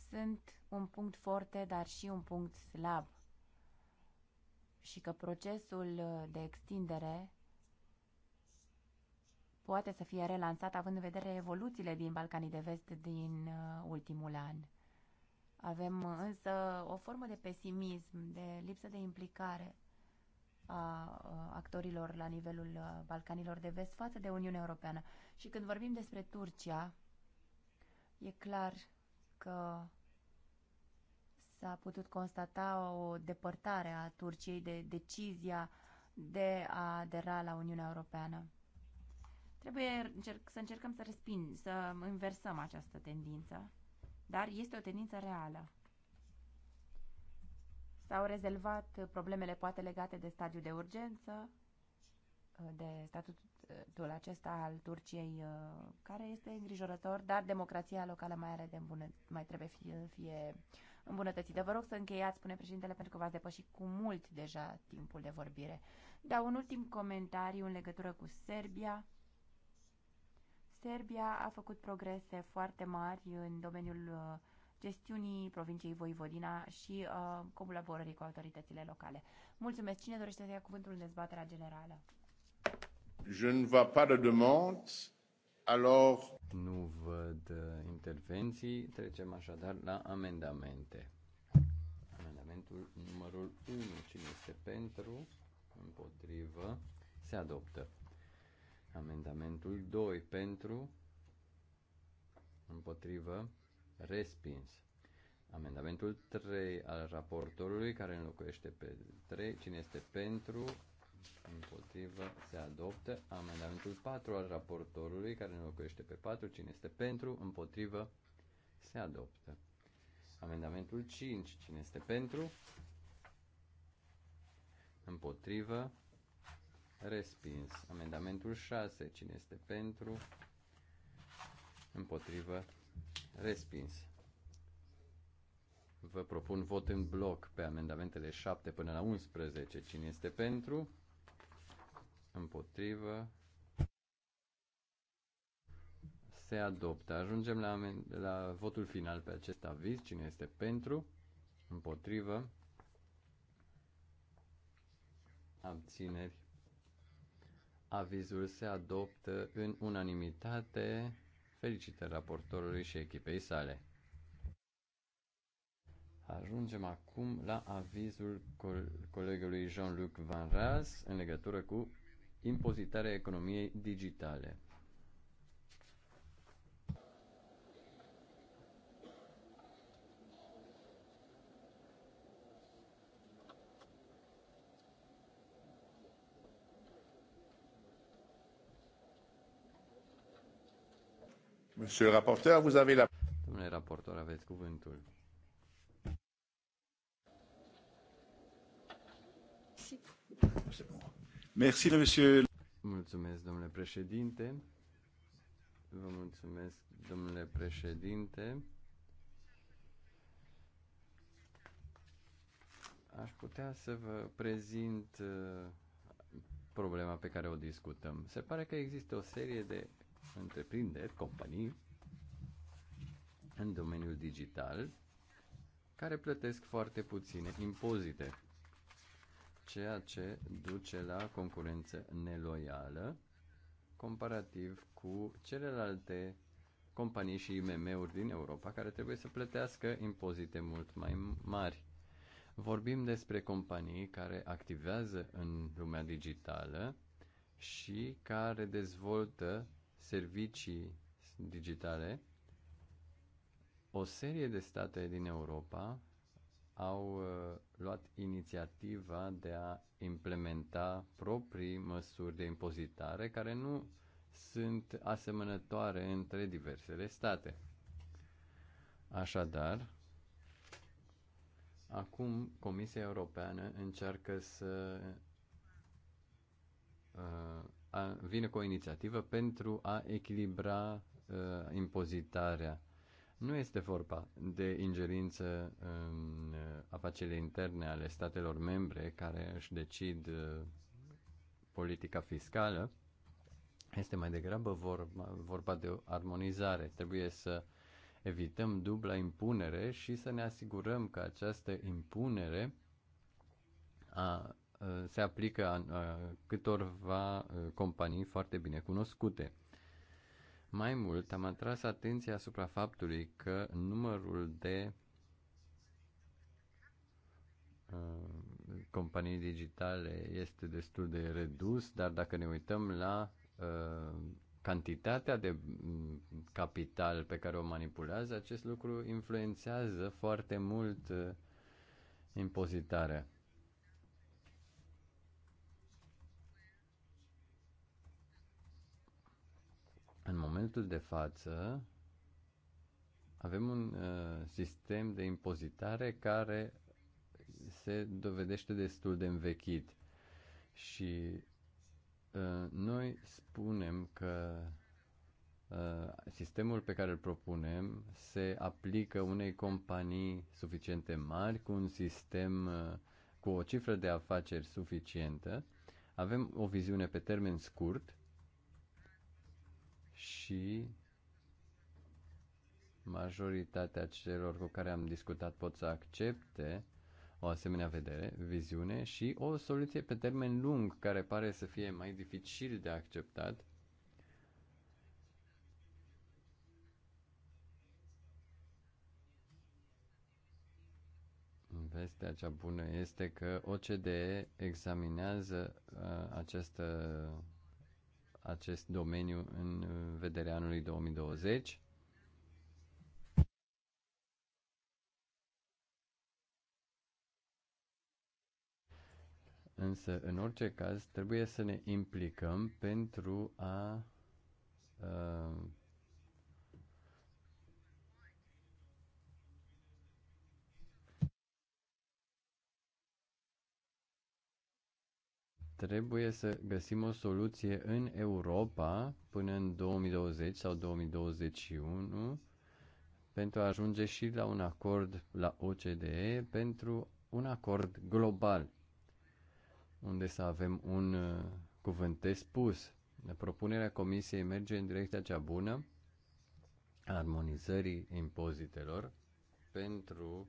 sunt un punct forte, dar și un punct slab și că procesul de extindere poate să fie relansat având în vedere evoluțiile din Balcanii de Vest din uh, ultimul an. Avem uh, însă o formă de pesimism, de lipsă de implicare a actorilor la nivelul Balcanilor de Vest față de Uniunea Europeană. Și când vorbim despre Turcia, e clar că s-a putut constata o depărtare a Turciei de decizia de a adera la Uniunea Europeană. Trebuie să încercăm să respingem, să inversăm această tendință, dar este o tendință reală. S-au rezolvat problemele poate legate de stadiul de urgență, de statutul acesta al Turciei, uh, care este îngrijorător, dar democrația locală mai, are de îmbună, mai trebuie fie, fie îmbunătățită. Vă rog să încheiați, spune președintele, pentru că v-ați depășit cu mult deja timpul de vorbire. Da, un ultim comentariu în legătură cu Serbia. Serbia a făcut progrese foarte mari în domeniul uh, gestiunii provinciei Voivodina și uh, colaborării cu autoritățile locale. Mulțumesc. Cine dorește să ia cuvântul în dezbaterea generală? Je ne vois pas de demande, alors... Nu văd uh, intervenții, trecem așadar la amendamente. Amendamentul numărul 1, cine este pentru, împotrivă, se adoptă. Amendamentul 2, pentru, împotrivă, Respins. Amendamentul 3 al raportorului care înlocuiește pe 3. Cine este pentru? Împotrivă. Se adoptă. Amendamentul 4 al raportorului care înlocuiește pe 4. Cine este pentru? Împotrivă. Se adoptă. Amendamentul 5. Cine este pentru? Împotrivă. Respins. Amendamentul 6. Cine este pentru? Împotrivă. Respins. Vă propun vot în bloc pe amendamentele 7 până la 11. Cine este pentru? Împotrivă. Se adoptă. Ajungem la, la votul final pe acest aviz. Cine este pentru? Împotrivă. Abțineri. Avizul se adoptă în unanimitate. Felicitări raportorului și echipei sale. Ajungem acum la avizul colegului Jean-Luc Van Ras în legătură cu impozitarea economiei digitale. Monsieur le rapporteur, vous avez la... Domnule raportor, aveți cuvântul. Merci, monsieur. Mulțumesc, domnule președinte. Vă mulțumesc, domnule președinte. Aș putea să vă prezint uh, problema pe care o discutăm. Se pare că există o serie de întreprinderi, companii în domeniul digital care plătesc foarte puține impozite, ceea ce duce la concurență neloială comparativ cu celelalte companii și IMM-uri din Europa care trebuie să plătească impozite mult mai mari. Vorbim despre companii care activează în lumea digitală și care dezvoltă servicii digitale, o serie de state din Europa au uh, luat inițiativa de a implementa proprii măsuri de impozitare care nu sunt asemănătoare între diversele state. Așadar, acum Comisia Europeană încearcă să uh, a, vine cu o inițiativă pentru a echilibra uh, impozitarea. Nu este vorba de ingerință în afacerile interne ale statelor membre care își decid politica fiscală. Este mai degrabă vorba, vorba de o armonizare. Trebuie să evităm dubla impunere și să ne asigurăm că această impunere a Uh, se aplică a, a, uh, câtorva uh, companii foarte bine cunoscute. Mai mult, am atras atenția asupra faptului că numărul de companii digitale este destul de redus, dar dacă ne uităm la a, cantitatea de mm, capital pe care o manipulează, acest lucru influențează foarte mult impozitarea. În momentul de față, avem un uh, sistem de impozitare care se dovedește destul de învechit. Și uh, noi spunem că uh, sistemul pe care îl propunem se aplică unei companii suficiente mari cu un sistem uh, cu o cifră de afaceri suficientă. Avem o viziune pe termen scurt și majoritatea celor cu care am discutat pot să accepte o asemenea vedere, viziune și o soluție pe termen lung care pare să fie mai dificil de acceptat. Vestea cea bună este că OCDE examinează uh, această acest domeniu în vederea anului 2020. Însă, în orice caz, trebuie să ne implicăm pentru a uh, Trebuie să găsim o soluție în Europa până în 2020 sau 2021 pentru a ajunge și la un acord la OCDE pentru un acord global unde să avem un uh, cuvânt de spus. Propunerea Comisiei merge în direcția cea bună a armonizării impozitelor pentru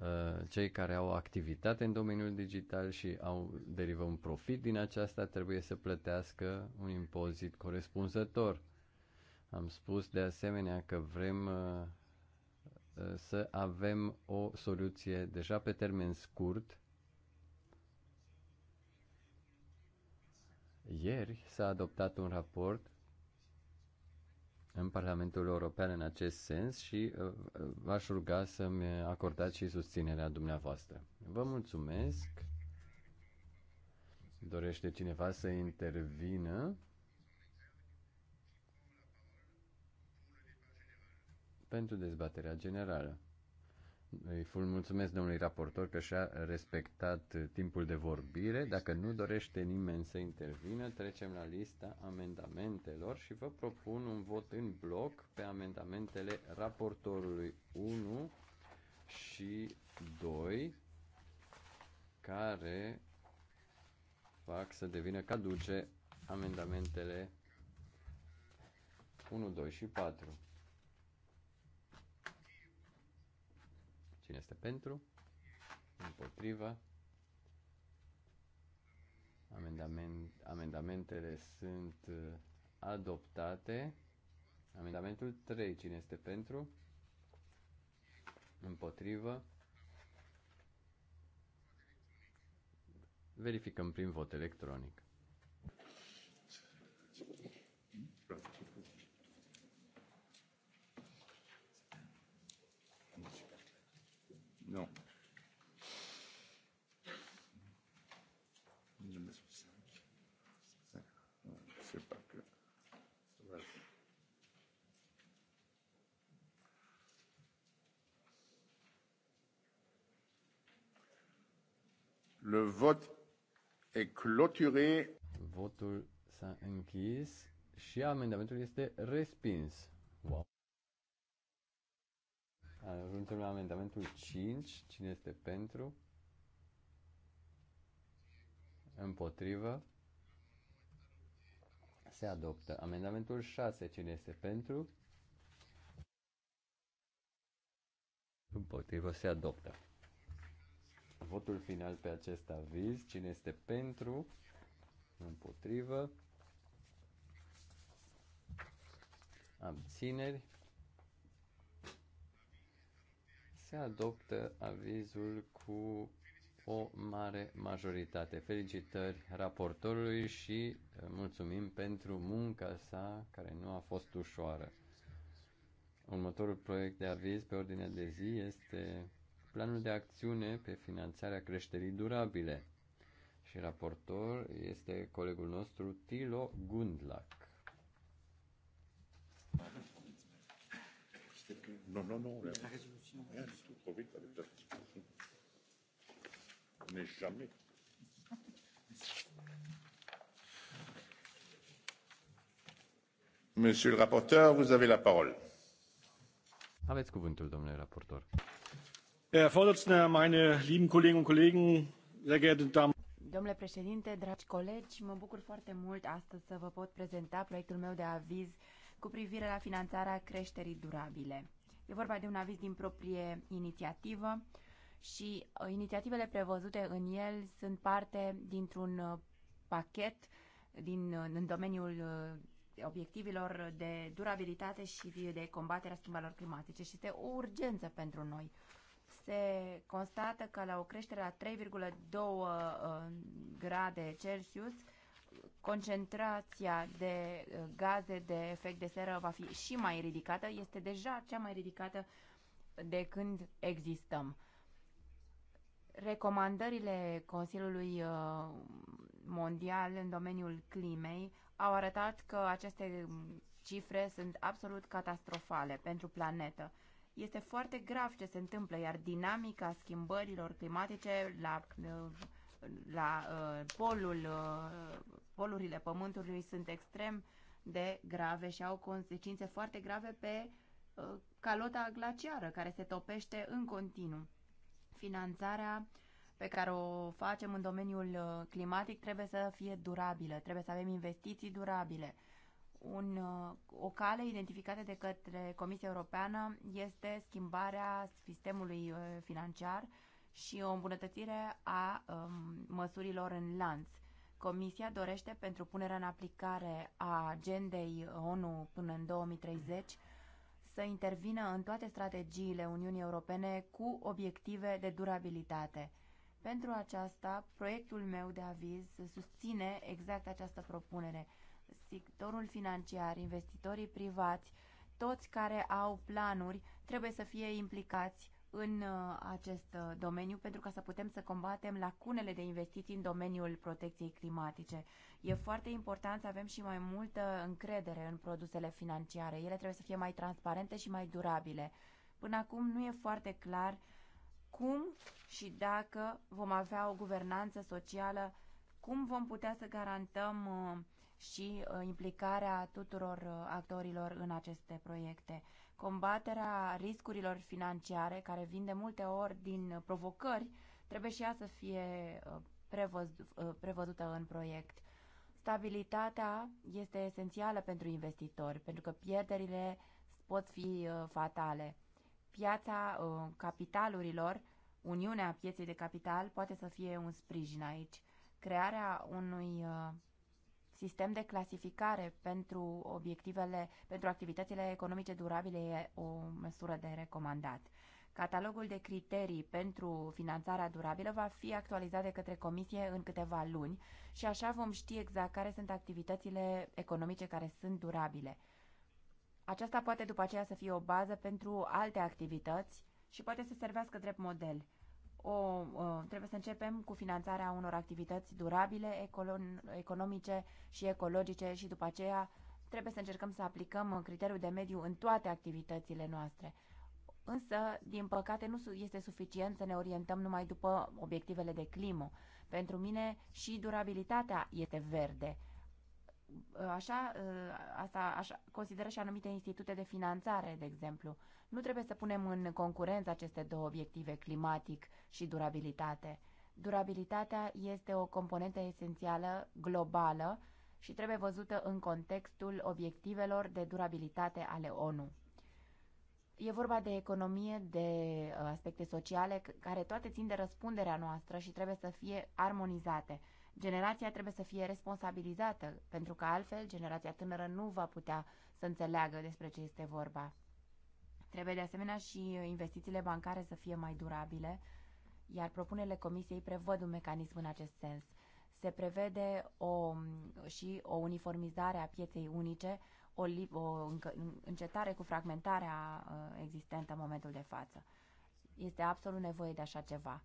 Uh, cei care au activitate în domeniul digital și au derivă un profit din aceasta trebuie să plătească un impozit corespunzător. Am spus de asemenea că vrem uh, uh, să avem o soluție deja pe termen scurt. Ieri s-a adoptat un raport în Parlamentul European în acest sens și uh, uh, v-aș ruga să-mi acordați și susținerea dumneavoastră. Vă mulțumesc. Dorește cineva să intervină? pentru dezbaterea generală. Îi mulțumesc domnului raportor că și-a respectat timpul de vorbire. Dacă nu dorește nimeni să intervină, trecem la lista amendamentelor și vă propun un vot în bloc pe amendamentele raportorului 1 și 2 care fac să devină caduce amendamentele 1, 2 și 4. Cine este pentru? Împotriva. Amendament, amendamentele sunt uh, adoptate. Amendamentul 3. Cine este pentru? Împotrivă. Verificăm prin vot electronic. Le vote est clôturé. Votul s-a închis și amendamentul este respins. Wow. Ajungem la amendamentul 5. Cine este pentru? Împotrivă? Se adoptă. Amendamentul 6. Cine este pentru? Împotrivă se adoptă votul final pe acest aviz. Cine este pentru? Împotrivă? Abțineri? Se adoptă avizul cu o mare majoritate. Felicitări raportorului și eh, mulțumim pentru munca sa care nu a fost ușoară. Următorul proiect de aviz pe ordinea de zi este planul de acțiune pe finanțarea creșterii durabile. Și raportor este colegul nostru Tilo Gundlach. Non, non, non, la résolution. Rien du tout, trop vite avec la résolution. Mais jamais. Monsieur le rapporteur, vous avez la parole. Aveți cuvântul, domnule raportor. Domnule președinte, dragi colegi, mă bucur foarte mult astăzi să vă pot prezenta proiectul meu de aviz cu privire la finanțarea creșterii durabile. E vorba de un aviz din proprie inițiativă și uh, inițiativele prevăzute în el sunt parte dintr-un uh, pachet din, uh, în domeniul obiectivelor de durabilitate și de combaterea schimbărilor climatice și este o urgență pentru noi se constată că la o creștere la 3,2 uh, grade Celsius, concentrația de uh, gaze de efect de seră va fi și mai ridicată, este deja cea mai ridicată de când existăm. Recomandările Consiliului uh, Mondial în domeniul climei au arătat că aceste um, cifre sunt absolut catastrofale pentru planetă. Este foarte grav ce se întâmplă, iar dinamica schimbărilor climatice la, la uh, polul, uh, polurile Pământului sunt extrem de grave și au consecințe foarte grave pe uh, calota glaciară care se topește în continuu. Finanțarea pe care o facem în domeniul climatic trebuie să fie durabilă, trebuie să avem investiții durabile un, uh, o cale identificată de către Comisia Europeană este schimbarea sistemului uh, financiar și o îmbunătățire a um, măsurilor în lanț. Comisia dorește pentru punerea în aplicare a agendei ONU până în 2030 să intervină în toate strategiile Uniunii Europene cu obiective de durabilitate. Pentru aceasta, proiectul meu de aviz susține exact această propunere – sectorul financiar, investitorii privați, toți care au planuri trebuie să fie implicați în uh, acest uh, domeniu pentru ca să putem să combatem lacunele de investiții în domeniul protecției climatice. E foarte important să avem și mai multă încredere în produsele financiare. Ele trebuie să fie mai transparente și mai durabile. Până acum nu e foarte clar cum și dacă vom avea o guvernanță socială, cum vom putea să garantăm uh, și uh, implicarea tuturor uh, actorilor în aceste proiecte. Combaterea riscurilor financiare, care vin de multe ori din provocări, trebuie și ea să fie uh, prevăzută în proiect. Stabilitatea este esențială pentru investitori, pentru că pierderile pot fi fatale. Piața capitalurilor, Uniunea Pieței de Capital, poate să fie un sprijin aici. Crearea unui sistem de clasificare pentru obiectivele, pentru activitățile economice durabile e o măsură de recomandat. Catalogul de criterii pentru finanțarea durabilă va fi actualizat de către comisie în câteva luni și așa vom ști exact care sunt activitățile economice care sunt durabile. Aceasta poate după aceea să fie o bază pentru alte activități și poate să servească drept model o, trebuie să începem cu finanțarea unor activități durabile, economice și ecologice și după aceea trebuie să încercăm să aplicăm criteriul de mediu în toate activitățile noastre. Însă, din păcate, nu este suficient să ne orientăm numai după obiectivele de climă. Pentru mine și durabilitatea este verde. Uh, așa, uh, asta așa, consideră și anumite institute de finanțare, de exemplu. Nu trebuie să punem în concurență aceste două obiective, climatic și durabilitate. Durabilitatea este o componentă esențială, globală, și trebuie văzută în contextul obiectivelor de durabilitate ale ONU. E vorba de economie, de uh, aspecte sociale, care toate țin de răspunderea noastră și trebuie să fie armonizate. Generația trebuie să fie responsabilizată, pentru că altfel generația tânără nu va putea să înțeleagă despre ce este vorba. Trebuie de asemenea și investițiile bancare să fie mai durabile, iar propunerile Comisiei prevăd un mecanism în acest sens. Se prevede o, și o uniformizare a pieței unice, o, o încetare cu fragmentarea uh, existentă în momentul de față. Este absolut nevoie de așa ceva.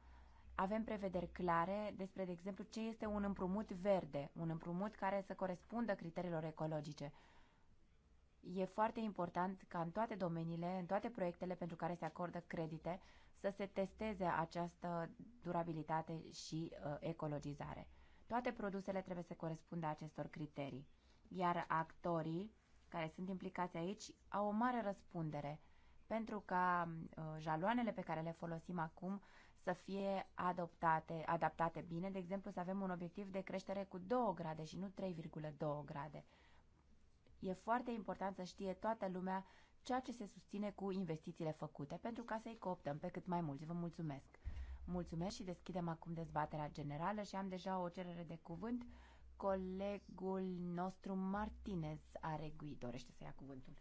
Avem prevederi clare despre, de exemplu, ce este un împrumut verde, un împrumut care să corespundă criteriilor ecologice. E foarte important ca în toate domeniile, în toate proiectele pentru care se acordă credite, să se testeze această durabilitate și uh, ecologizare. Toate produsele trebuie să corespundă acestor criterii, iar actorii care sunt implicați aici au o mare răspundere pentru ca uh, jaloanele pe care le folosim acum să fie adoptate, adaptate bine, de exemplu să avem un obiectiv de creștere cu 2 grade și nu 3,2 grade. E foarte important să știe toată lumea ceea ce se susține cu investițiile făcute pentru ca să-i cooptăm pe cât mai mulți. Vă mulțumesc! Mulțumesc și deschidem acum dezbaterea generală și am deja o cerere de cuvânt. Colegul nostru Martinez Aregui dorește să ia cuvântul.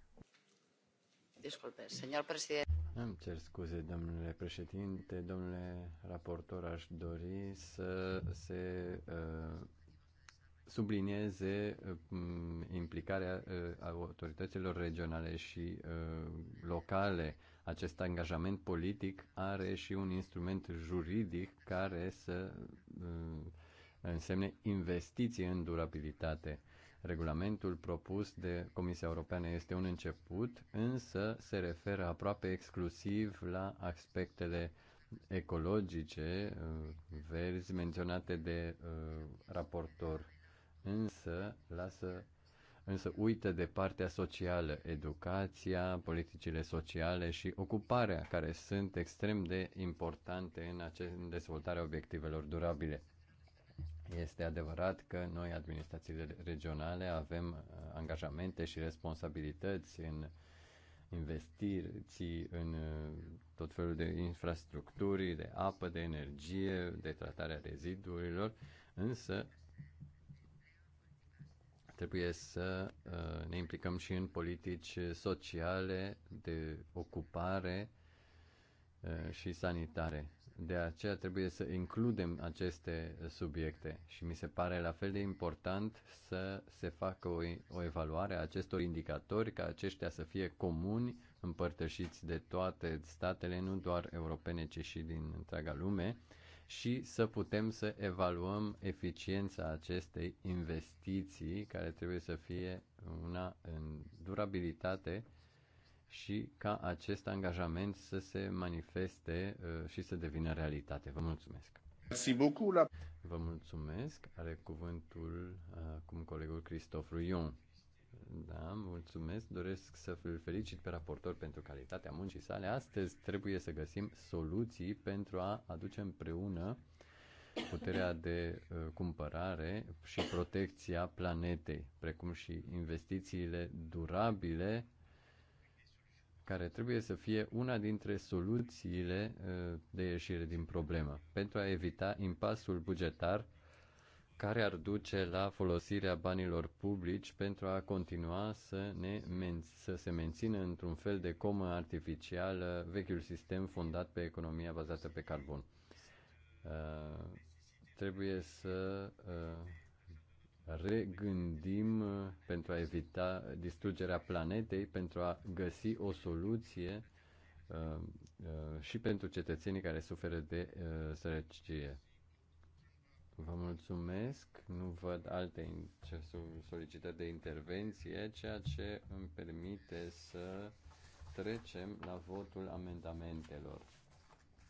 Disculpe, señor președinte. Îmi cer scuze, domnule președinte, domnule raportor, aș dori să se uh, sublinieze uh, implicarea uh, autorităților regionale și uh, locale. Acest angajament politic are și un instrument juridic care să uh, însemne investiții în durabilitate. Regulamentul propus de Comisia Europeană este un început, însă se referă aproape exclusiv la aspectele ecologice uh, verzi menționate de uh, raportor, însă lasă însă uită de partea socială, educația, politicile sociale și ocuparea, care sunt extrem de importante în, acest, în dezvoltarea obiectivelor durabile. Este adevărat că noi, administrațiile regionale, avem uh, angajamente și responsabilități în investiții în uh, tot felul de infrastructuri, de apă, de energie, de tratarea rezidurilor, însă trebuie să uh, ne implicăm și în politici sociale, de ocupare și sanitare. De aceea trebuie să includem aceste subiecte și mi se pare la fel de important să se facă o, o evaluare a acestor indicatori ca aceștia să fie comuni, împărtășiți de toate statele, nu doar europene, ci și din întreaga lume și să putem să evaluăm eficiența acestei investiții care trebuie să fie una în durabilitate și ca acest angajament să se manifeste uh, și să devină realitate. Vă mulțumesc! Vă mulțumesc! Are cuvântul uh, acum colegul Christophe Ruion. Da, mulțumesc. Doresc să îl felicit pe raportor pentru calitatea muncii sale. Astăzi trebuie să găsim soluții pentru a aduce împreună puterea de uh, cumpărare și protecția planetei, precum și investițiile durabile care trebuie să fie una dintre soluțiile uh, de ieșire din problemă, pentru a evita impasul bugetar care ar duce la folosirea banilor publici pentru a continua să, ne men- să se mențină într-un fel de comă artificială vechiul sistem fondat pe economia bazată pe carbon. Uh, trebuie să uh, regândim uh, pentru a evita distrugerea planetei, pentru a găsi o soluție uh, uh, și pentru cetățenii care suferă de sărăcie. Vă mulțumesc, nu văd alte solicitări de intervenție, ceea ce îmi permite să trecem la votul amendamentelor.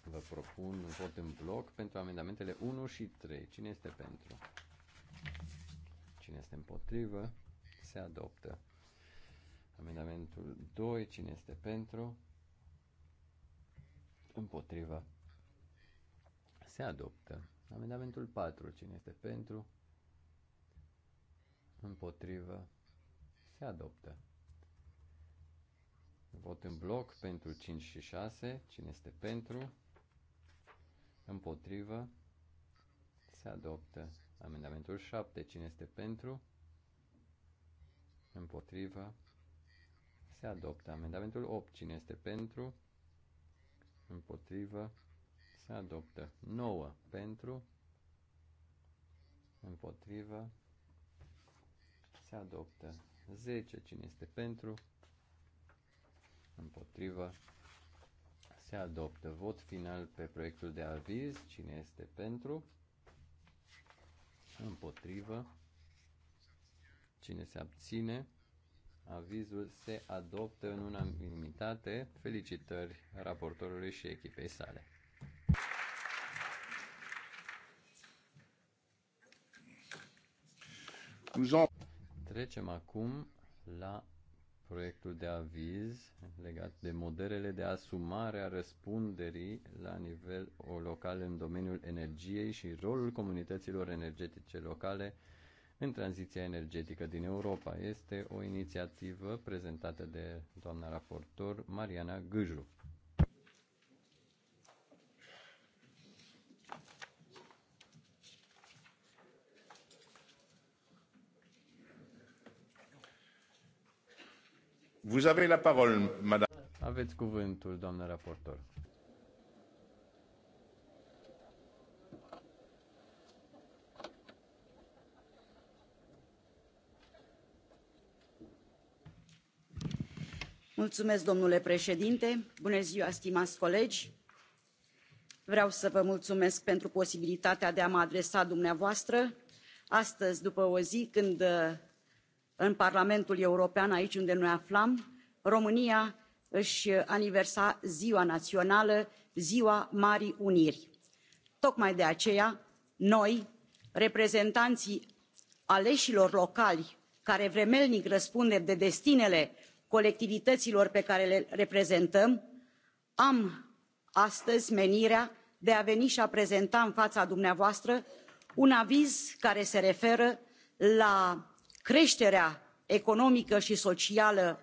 Vă propun un vot în bloc pentru amendamentele 1 și 3. Cine este pentru? Cine este împotrivă? Se adoptă. Amendamentul 2. Cine este pentru? Împotrivă. Se adoptă. Amendamentul 4. Cine este pentru? Împotrivă. Se adoptă. Vot în bloc pentru 5 și 6. Cine este pentru? Împotrivă. Se adoptă. Amendamentul 7. Cine este pentru? Împotrivă. Se adoptă. Amendamentul 8. Cine este pentru? Împotrivă. Se adoptă. 9. Pentru. Împotrivă. Se adoptă. 10. Cine este pentru? Împotrivă. Se adoptă. Vot final pe proiectul de aviz. Cine este pentru? împotrivă, cine se abține, avizul se adoptă în unanimitate. Felicitări raportorului și echipei sale. Trecem acum la proiectul de aviz legat de modelele de asumare a răspunderii la nivel local în domeniul energiei și rolul comunităților energetice locale în tranziția energetică din Europa. Este o inițiativă prezentată de doamna raportor Mariana Gâjlup. Vous avez la parole, madame. Aveți cuvântul, doamnă raportor. Mulțumesc, domnule președinte bună ziua stimați colegi vreau să vă mulțumesc pentru posibilitatea de a mă adresa dumneavoastră astăzi după o zi când în parlamentul european aici unde ne aflăm, românia își aniversa ziua națională ziua marii uniri. tocmai de aceea noi reprezentanții aleșilor locali care vremelnic răspundem de destinele colectivităților pe care le reprezentăm am astăzi menirea de a veni și a prezenta în fața dumneavoastră un aviz care se referă la creșterea economică și socială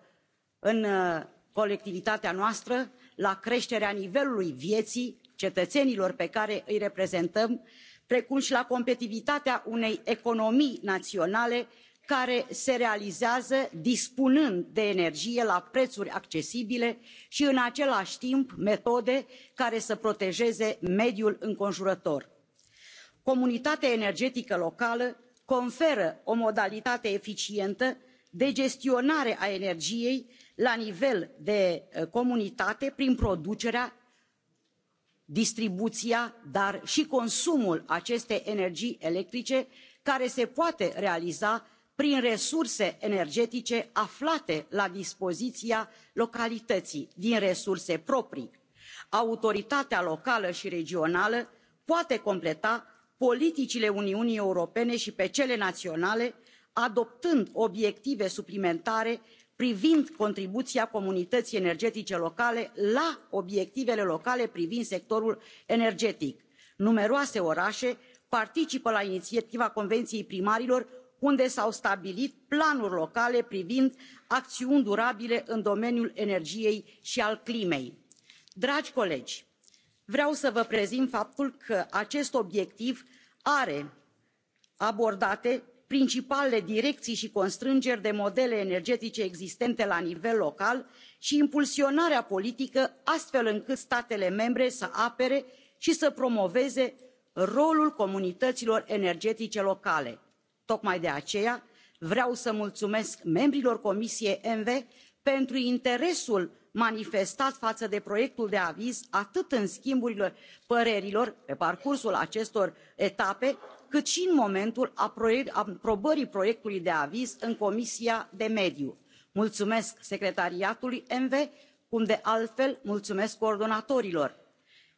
în uh, colectivitatea noastră la creșterea nivelului vieții cetățenilor pe care îi reprezentăm precum și la competitivitatea unei economii naționale care se realizează dispunând de energie la prețuri accesibile și în același timp metode care să protejeze mediul înconjurător. comunitatea energetică locală conferă o modalitate eficientă de gestionare a energiei la nivel de uh, comunitate prin producerea distribuția dar și consumul acestei energii electrice care se poate realiza prin resurse energetice aflate la dispoziția localității din resurse proprii. autoritatea locală și regională poate completa politicile uniunii europene și pe cele naționale adoptând obiective suplimentare privind contribuția comunității energetice locale la obiectivele locale privind sectorul energetic. numeroase orașe participă la inițiativa convenției primarilor unde s au stabilit planuri locale privind acțiuni durabile în domeniul energiei și al climei. dragi colegi vreau să vă prezint faptul că acest obiectiv are abordate principalele direcții și constrângeri de modele energetice existente la nivel local și impulsionarea politică astfel încât statele membre să apere și să promoveze rolul comunităților energetice locale. tocmai de aceea vreau să mulțumesc membrilor comisiei envi pentru interesul manifestat față de proiectul de aviz atât în schimburile părerilor pe parcursul acestor etape cât și în momentul aprobării proiectului de aviz în comisia de mediu. mulțumesc secretariatului env cum de altfel mulțumesc coordonatorilor.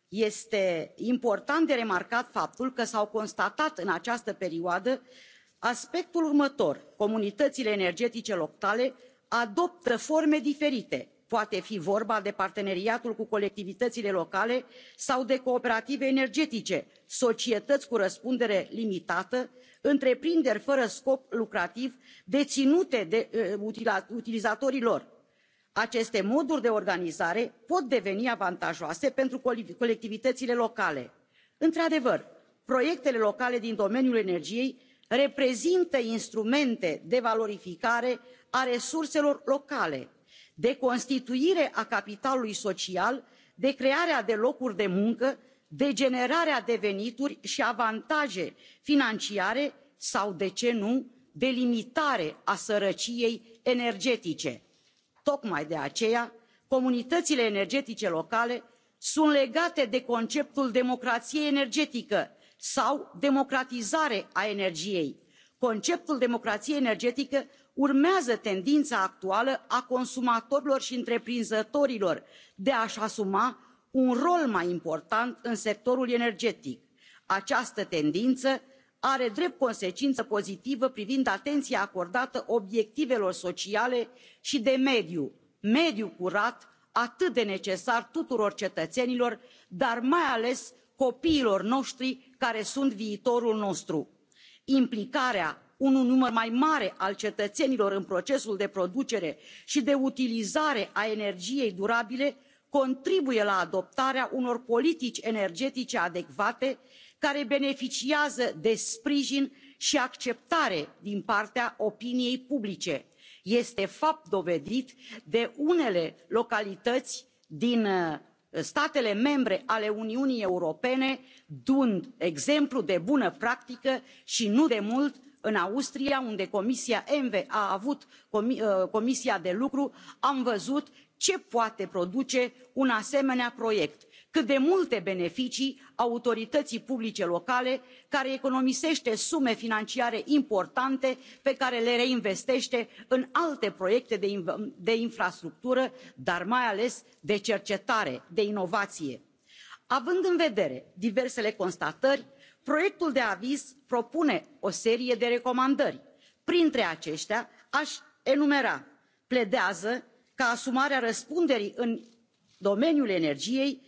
este important de remarcat faptul că s au constatat în această perioadă aspectul următor comunitățile energetice locale adoptă forme diferite poate fi vorba de parteneriatul cu colectivitățile locale sau de cooperative energetice societăți cu răspundere limitată întreprinderi fără scop lucrativ deținute de utilizatorii lor. aceste moduri de organizare pot deveni avantajoase pentru colectivitățile locale. într adevăr proiectele locale din domeniul energiei reprezintă instrumente de valorificare a resurselor locale de constituire a capitalului social de crearea de locuri de muncă de generarea de venituri și avantaje financiare sau de ce nu de limitare a sărăciei energetice. tocmai de aceea comunitățile energetice locale sunt legate de conceptul democrației energetică sau democratizare a energiei. conceptul democrației energetice urmează tendința actuală a consumatorilor și întreprinzătorilor de a și asuma un rol mai important în sectorul energetic. această tendință are drept consecință pozitivă privind atenția acordată obiectivelor sociale și de mediu mediu curat atât de necesar tuturor cetățenilor dar mai ales copiilor noștri care sunt viitorul nostru. implicarea un număr mai mare al cetățenilor în procesul de producere și de utilizare a energiei durabile contribuie la adoptarea unor politici energetice adecvate care beneficiază de sprijin și acceptare din partea opiniei publice este fapt dovedit de unele localități din uh, statele membre ale uniunii europene dând exemplu de bună practică și nu demult în austria unde comisia envi a avut uh, comisia de lucru am văzut ce poate produce un asemenea proiect cât de multe beneficii autorității publice locale care economisește sume financiare importante pe care le reinvestește în alte proiecte de, infrastructură dar mai ales de cercetare de inovație. având în vedere diversele constatări proiectul de aviz propune o serie de recomandări printre acestea aș enumera pledează ca asumarea răspunderii în domeniul energiei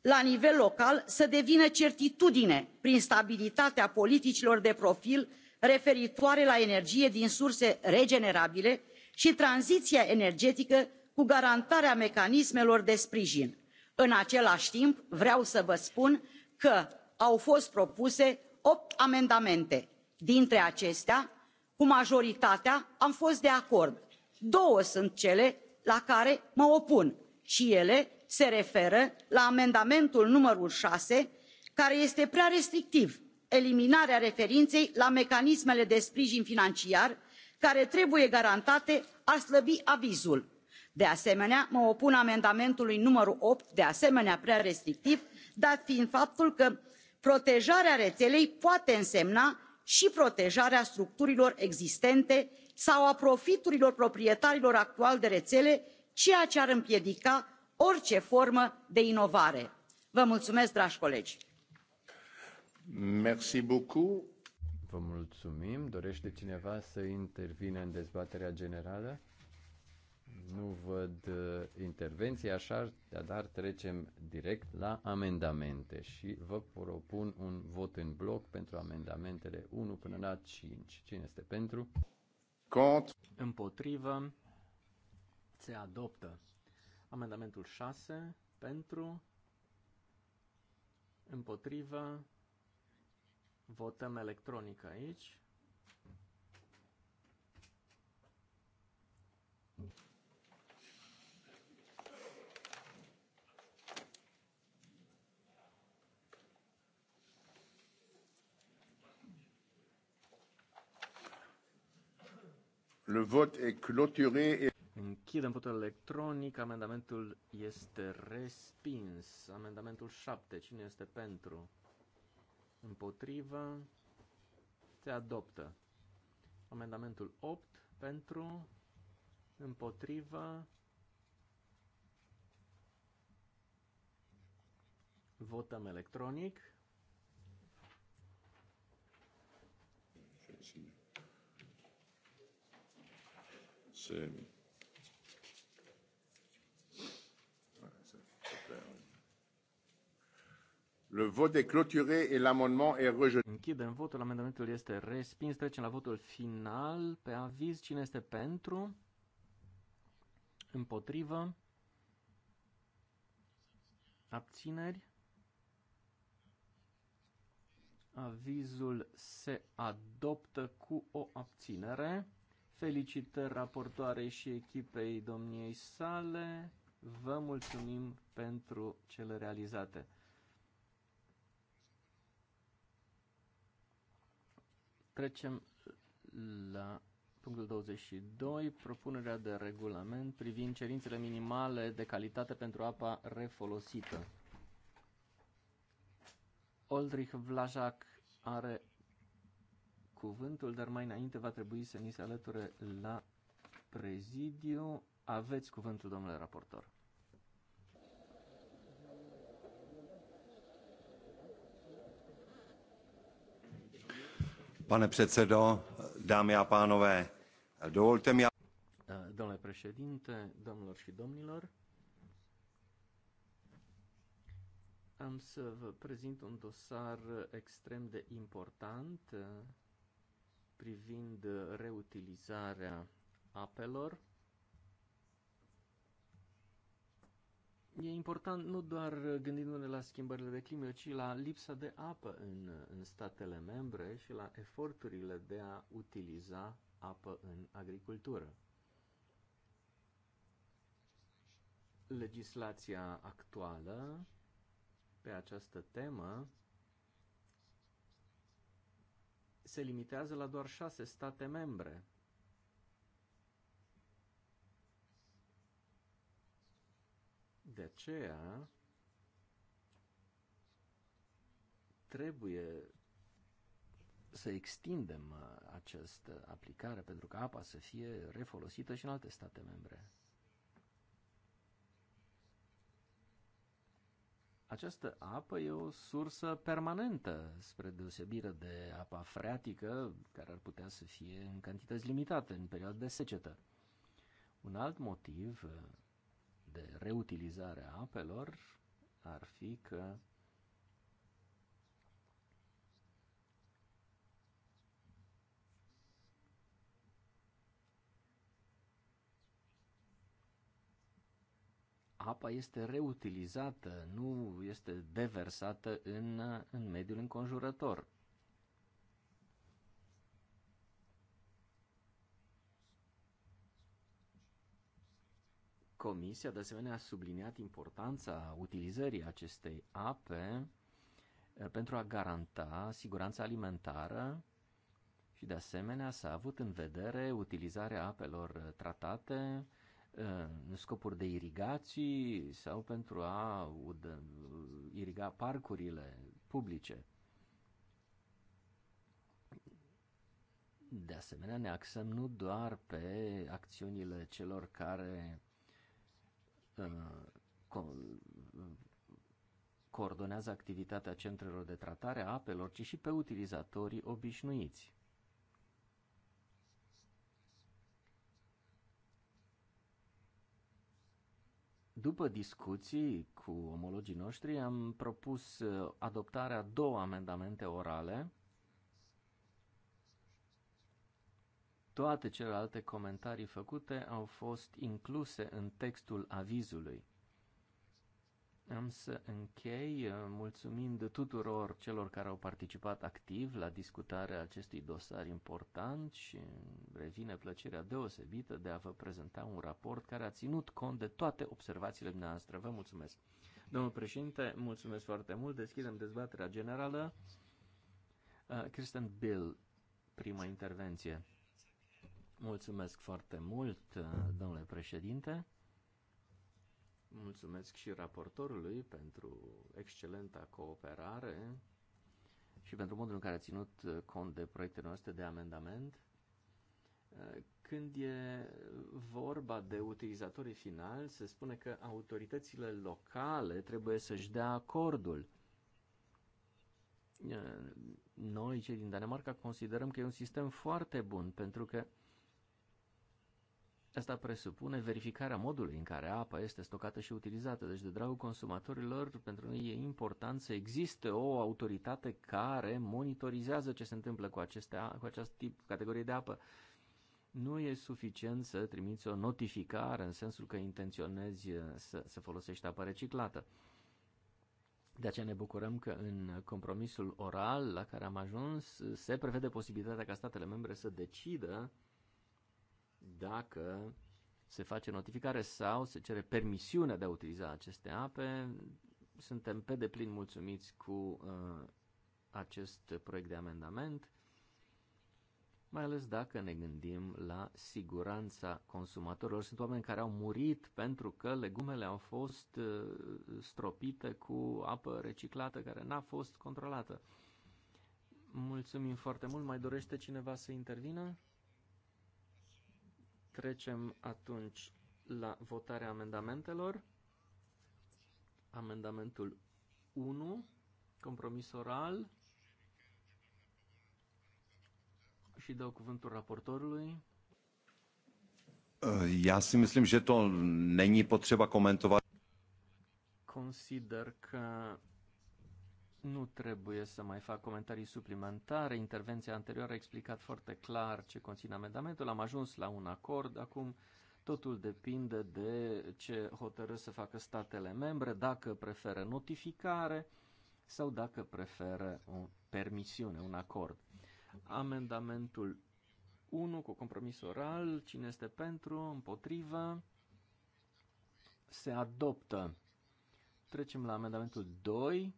la nivel local să devină certitudine prin stabilitatea politicilor de profil referitoare la energie din surse regenerabile și tranziția energetică cu garantarea mecanismelor de sprijin. în același timp vreau să vă spun că au fost propuse opt amendamente dintre acestea cu majoritatea am fost de acord două sunt cele la care mă opun și ele se referă la amendamentul numărul șase care este prea restrictiv eliminarea referinței la mecanismele de sprijin financiar care trebuie garantate a slăbi avizul. de asemenea mă opun amendamentului numărul opt de asemenea prea restrictiv dat fiind faptul că protejarea rețelei poate însemna și protejarea structurilor existente sau a profiturilor proprietarilor actuali de rețele ceea ce ar împiedica orice formă de inovare. vă mulțumesc dragi colegi. Vă mulțumim. Dorește cineva să intervină în dezbaterea generală? Nu văd uh, intervenții, așa, dar trecem direct la amendamente și vă propun un vot în bloc pentru amendamentele 1 până la 5. Cine este pentru? Cont. Împotrivă. Se adoptă. Amendamentul 6 pentru. Împotrivă. Votăm electronic aici. Le vot est clôturé. Et... Închidem votul electronic. Amendamentul este respins. Amendamentul 7. Cine este pentru? Împotrivă. Se adoptă. Amendamentul 8. Pentru. Împotrivă. Votăm electronic. Felicitări. Le vot est clôturé et l'amendement est rejeté. Închidem votul, amendamentul este respins. Trecem la votul final. Pe aviz, cine este pentru? Împotrivă? Abțineri? Avizul se adoptă cu o abținere. Felicitări raportoarei și echipei domniei sale. Vă mulțumim pentru cele realizate. Trecem la punctul 22, propunerea de regulament privind cerințele minimale de calitate pentru apa refolosită. Oldrich Vlajac are cuvântul, dar mai înainte va trebui să ni se alăture la prezidiu. Aveți cuvântul, domnule raportor. Pane předsedo, dámy a pánové, dovolte mi... Eh, domnule președinte, domnilor și domnilor, am să vă prezint un dosar extrem de important eh, privind uh, reutilizarea apelor. E important nu doar gândindu-ne la schimbările de climă, ci la lipsa de apă în, în statele membre și la eforturile de a utiliza apă în agricultură. Legislația actuală pe această temă se limitează la doar șase state membre. De aceea trebuie să extindem această aplicare pentru ca apa să fie refolosită și în alte state membre. Această apă e o sursă permanentă, spre deosebire de apa freatică, care ar putea să fie în cantități limitate în perioada de secetă. Un alt motiv de reutilizare a apelor ar fi că apa este reutilizată, nu este deversată în, în mediul înconjurător. Comisia, de asemenea, a subliniat importanța utilizării acestei ape eh, pentru a garanta siguranța alimentară și, de asemenea, s-a avut în vedere utilizarea apelor eh, tratate în scopuri de irigații sau pentru a iriga parcurile publice. De asemenea, ne axăm nu doar pe acțiunile celor care uh, coordonează activitatea centrelor de tratare a apelor, ci și pe utilizatorii obișnuiți. După discuții cu omologii noștri, am propus uh, adoptarea două amendamente orale. Toate celelalte comentarii făcute au fost incluse în textul avizului. Am să închei uh, mulțumind tuturor celor care au participat activ la discutarea acestui dosar important și revine plăcerea deosebită de a vă prezenta un raport care a ținut cont de toate observațiile noastre. Vă mulțumesc! Domnul președinte, mulțumesc foarte mult. Deschidem dezbaterea generală. Uh, Kristen Bill, prima intervenție. Mulțumesc foarte mult, uh, domnule președinte mulțumesc și raportorului pentru excelenta cooperare și pentru modul în care a ținut cont de proiectele noastre de amendament. Când e vorba de utilizatorii finali, se spune că autoritățile locale trebuie să-și dea acordul. Noi, cei din Danemarca, considerăm că e un sistem foarte bun, pentru că Asta presupune verificarea modului în care apa este stocată și utilizată. Deci, de dragul consumatorilor, pentru noi e important să existe o autoritate care monitorizează ce se întâmplă cu, acestea, cu acest tip, categorie de apă. Nu e suficient să trimiți o notificare în sensul că intenționezi uh, să, să folosești apă reciclată. De aceea ne bucurăm că în compromisul oral la care am ajuns uh, se prevede posibilitatea ca statele membre să decidă dacă se face notificare sau se cere permisiunea de a utiliza aceste ape, suntem pe deplin mulțumiți cu uh, acest proiect de amendament, mai ales dacă ne gândim la siguranța consumatorilor. Sunt oameni care au murit pentru că legumele au fost uh, stropite cu apă reciclată care n-a fost controlată. Mulțumim foarte mult. Mai dorește cineva să intervină? Trecem atunci la votarea amendamentelor. Amendamentul 1, compromis oral și dau cuvântul raportorului. Eh, já si myslím, že to není potřeba komentovat. Consider că nu trebuie să mai fac comentarii suplimentare. Intervenția anterioară a explicat foarte clar ce conține amendamentul. Am ajuns la un acord. Acum totul depinde de ce hotărâ să facă statele membre, dacă preferă notificare sau dacă preferă o permisiune, un acord. Amendamentul 1 cu compromis oral, cine este pentru, împotrivă, se adoptă. Trecem la amendamentul 2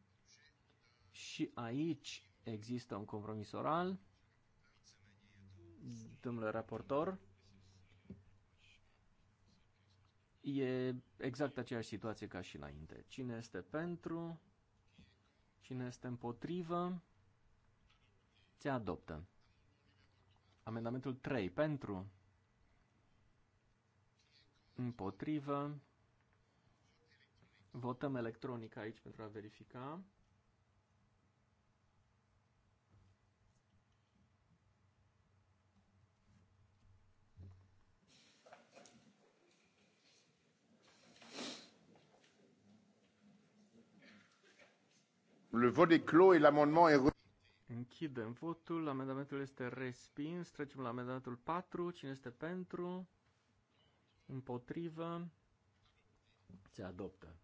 și aici există un compromis oral. Domnule raportor, e exact aceeași situație ca și înainte. Cine este pentru, cine este împotrivă, se adoptă. Amendamentul 3. Pentru, împotrivă, votăm electronic aici pentru a verifica. Le vot est clos et l'amendement est Închidem votul, amendamentul este respins, trecem la amendamentul 4, cine este pentru, împotrivă, se adoptă.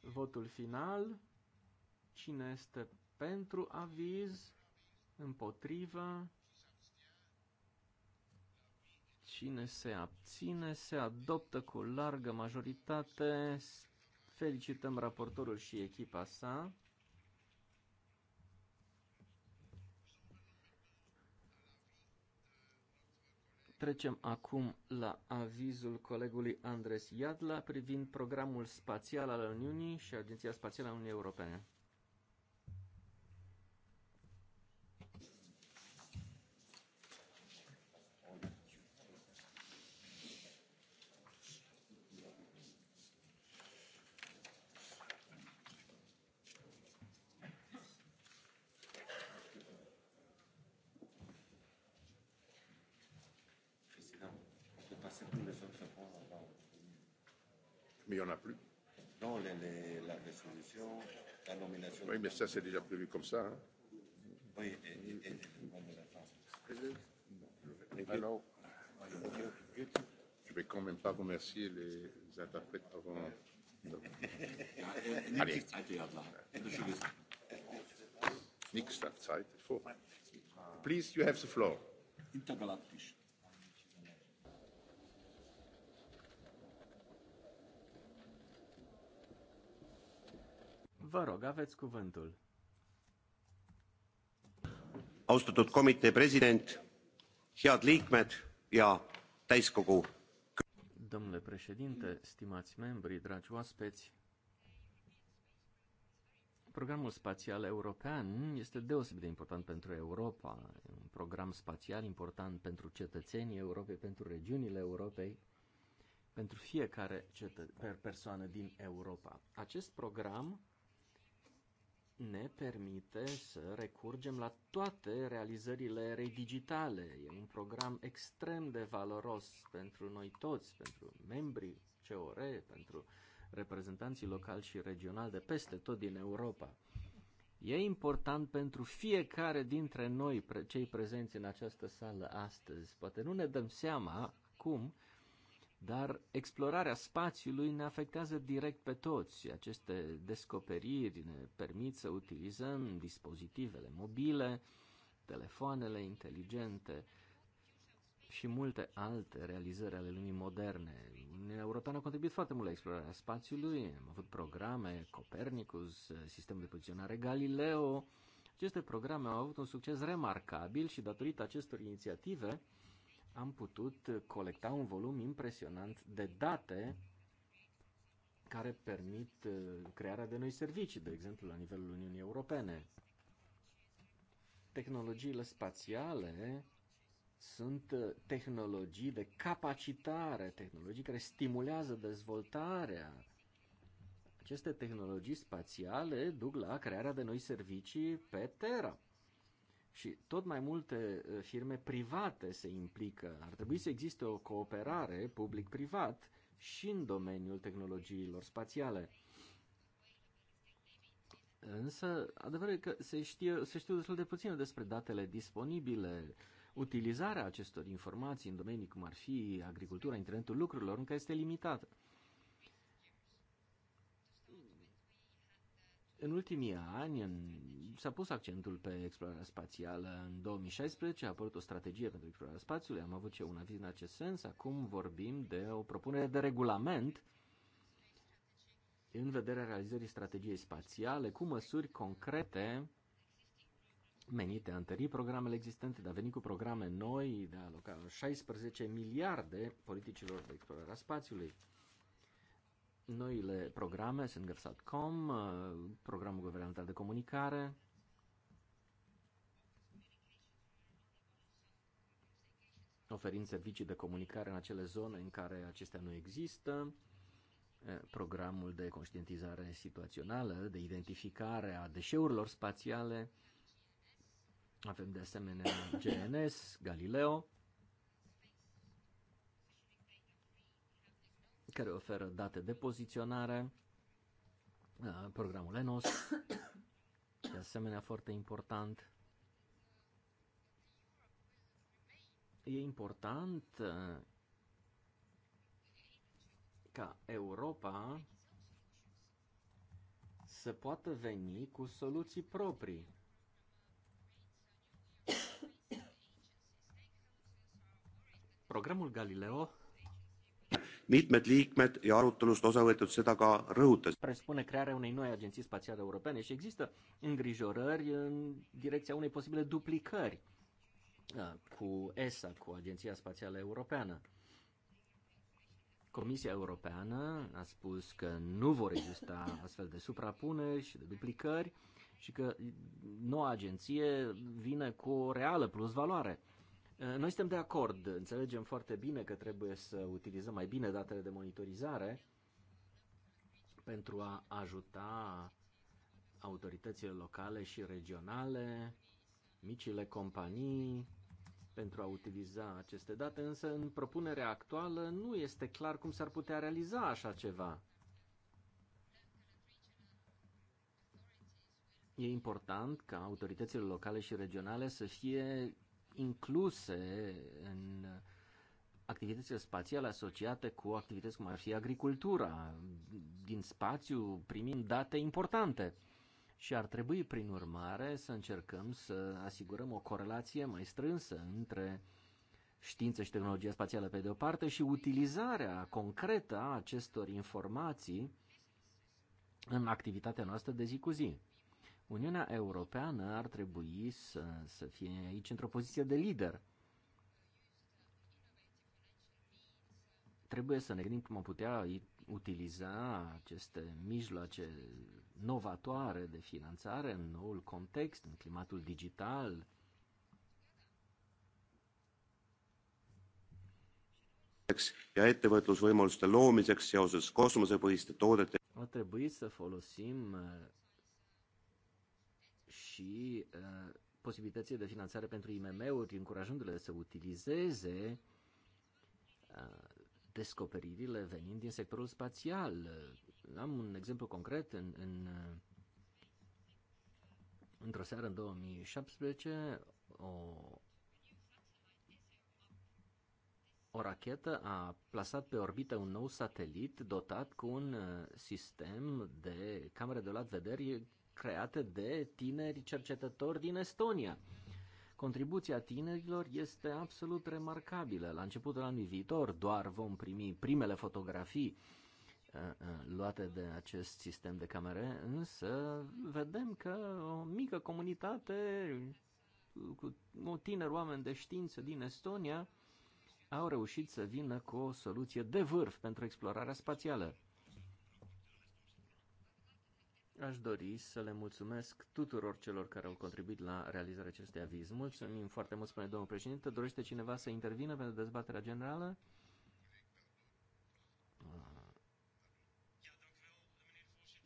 Votul final, cine este pentru aviz, împotrivă, cine se abține, se adoptă cu largă majoritate, Felicităm raportorul și echipa sa. Trecem acum la avizul colegului Andres Iadla privind programul spațial al Uniunii și Agenția Spațială a Uniunii Europene. Oui, mais ça, c'est déjà prévu comme ça. Hein. Oui, et, et, et Alors, je ne vais quand même pas remercier les interprètes avant. Allez. Nix Zeit. Please, you have the floor. Intergalactisch. Vă rog, aveți cuvântul. Austatud komitee president, head liikmed ja täiskogu. Domnule președinte, stimați membri, dragi oaspeți, programul spațial european este deosebit de important pentru Europa. E un program spațial important pentru cetățenii Europei, pentru regiunile Europei, pentru fiecare cetă- persoană din Europa. Acest program ne permite să recurgem la toate realizările redigitale. E un program extrem de valoros pentru noi toți, pentru membrii COR, pentru reprezentanții locali și regionali de peste tot din Europa. E important pentru fiecare dintre noi, cei prezenți în această sală astăzi. Poate nu ne dăm seama cum, dar explorarea spațiului ne afectează direct pe toți. Aceste descoperiri ne permit să utilizăm dispozitivele mobile, telefoanele inteligente și multe alte realizări ale lumii moderne. Uniunea Europeană a contribuit foarte mult la explorarea spațiului. Am avut programe Copernicus, sistemul de poziționare Galileo. Aceste programe au avut un succes remarcabil și datorită acestor inițiative, am putut colecta un volum impresionant de date care permit uh, crearea de noi servicii, de exemplu, la nivelul Uniunii Europene. Tehnologiile spațiale sunt uh, tehnologii de capacitare, tehnologii care stimulează dezvoltarea. Aceste tehnologii spațiale duc la crearea de noi servicii pe Terra și tot mai multe uh, firme private se implică. Ar trebui să existe o cooperare public-privat și în domeniul tehnologiilor spațiale. Însă, adevărul e că se știe, se știe destul de puțin despre datele disponibile, utilizarea acestor informații în domenii cum ar fi agricultura, internetul lucrurilor, încă este limitată. În ultimii ani, în s-a pus accentul pe explorarea spațială. În 2016 a apărut o strategie pentru explorarea spațiului, am avut și un aviz în acest sens. Acum vorbim de o propunere de regulament în vederea realizării strategiei spațiale cu măsuri concrete menite a întări programele existente, de a veni cu programe noi, de a aloca 16 miliarde politicilor de explorare a spațiului. Noile programe sunt GovSatcom, programul guvernamental de comunicare, oferind servicii de comunicare în acele zone în care acestea nu există, programul de conștientizare situațională, de identificare a deșeurilor spațiale. Avem de asemenea GNS, Galileo, care oferă date de poziționare, programul ENOS, de asemenea foarte important, E important uh, ca Europa să poată veni cu soluții proprii. Programul Galileo mitmed liikmed ja arutelust osa võetud seda ka rõhutas. Presupune crearea unei noi agenții spațiale europene și există îngrijorări în direcția unei posibile duplicări cu ESA, cu Agenția Spațială Europeană. Comisia Europeană a spus că nu vor exista astfel de suprapuneri și de duplicări și că noua agenție vine cu o reală plus valoare. Noi suntem de acord, înțelegem foarte bine că trebuie să utilizăm mai bine datele de monitorizare pentru a ajuta autoritățile locale și regionale, micile companii, pentru a utiliza aceste date, însă în propunerea actuală nu este clar cum s-ar putea realiza așa ceva. E important ca autoritățile locale și regionale să fie incluse în activitățile spațiale asociate cu activități cum ar fi agricultura, din spațiu primind date importante și ar trebui, prin urmare, să încercăm să asigurăm o corelație mai strânsă între știință și tehnologia spațială pe de o parte și utilizarea concretă a acestor informații în activitatea noastră de zi cu zi. Uniunea Europeană ar trebui să, să fie aici într-o poziție de lider. Trebuie să ne gândim cum am putea utiliza aceste mijloace novatoare de finanțare în noul context, în climatul digital. ja ettevõtlusvõimaluste loomiseks seoses kosmosepõhiste toodete va trebui să folosim uh, și uh, posibilitățile de finanțare pentru IMM-uri, încurajându-le să utilizeze uh, descoperirile venind din sectorul spațial. Am un exemplu concret în, în într-o seară în 2017 o, o rachetă a plasat pe orbită un nou satelit dotat cu un uh, sistem de camere de luat vederi create de tineri cercetători din Estonia. Contribuția tinerilor este absolut remarcabilă. La începutul anului viitor doar vom primi primele fotografii uh, uh, luate de acest sistem de camere, însă vedem că o mică comunitate cu tineri oameni de știință din Estonia au reușit să vină cu o soluție de vârf pentru explorarea spațială. Aș dori să le mulțumesc tuturor celor care au contribuit la realizarea acestui aviz. Mulțumim foarte mult, spune domnul președinte. Dorește cineva să intervină pentru dezbaterea generală?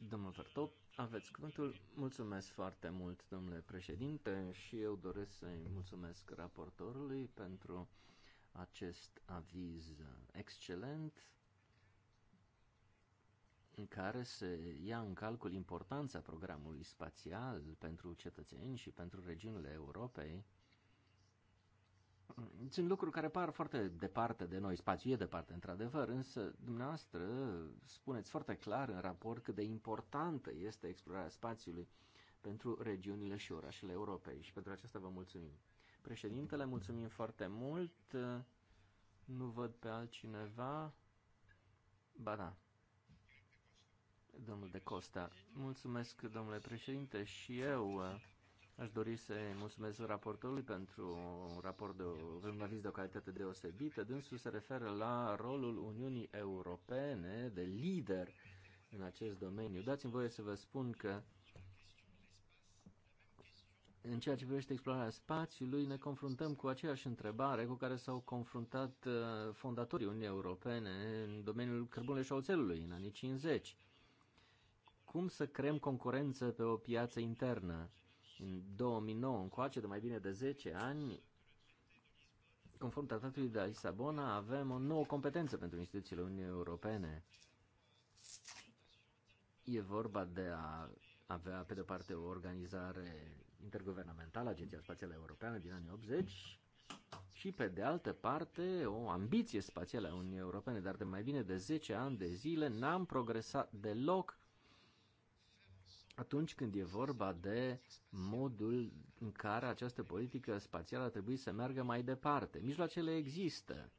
Domnul Vertop, aveți cuvântul. Mulțumesc foarte mult, domnule președinte, și eu doresc să-i mulțumesc raportorului pentru acest aviz excelent în care se ia în calcul importanța programului spațial pentru cetățeni și pentru regiunile Europei. Sunt lucruri care par foarte departe de noi, spațiu e departe, într-adevăr, însă dumneavoastră spuneți foarte clar în raport cât de importantă este explorarea spațiului pentru regiunile și orașele Europei și pentru aceasta vă mulțumim. Președintele, mulțumim foarte mult. Nu văd pe altcineva. Ba da, Domnul De Costa, mulțumesc, domnule președinte, și eu uh, aș dori să mulțumesc raportorului pentru un raport de un aviz de o calitate deosebită. Dânsul se referă la rolul Uniunii Europene de lider în acest domeniu. Dați-mi voie să vă spun că în ceea ce privește explorarea spațiului, ne confruntăm cu aceeași întrebare cu care s-au confruntat uh, fondatorii Uniunii Europene în domeniul cărbunului și oțelului în anii 50 cum să creăm concurență pe o piață internă. În 2009, încoace de mai bine de 10 ani, conform tratatului de la Lisabona, avem o nouă competență pentru instituțiile Uniunii Europene. E vorba de a avea, pe de-o parte, o organizare interguvernamentală, Agenția Spațială Europeană din anii 80, și pe de altă parte o ambiție spațială a Uniunii Europene, dar de mai bine de 10 ani de zile n-am progresat deloc atunci când e vorba de modul în care această politică spațială ar trebui să meargă mai departe. Mijloacele există,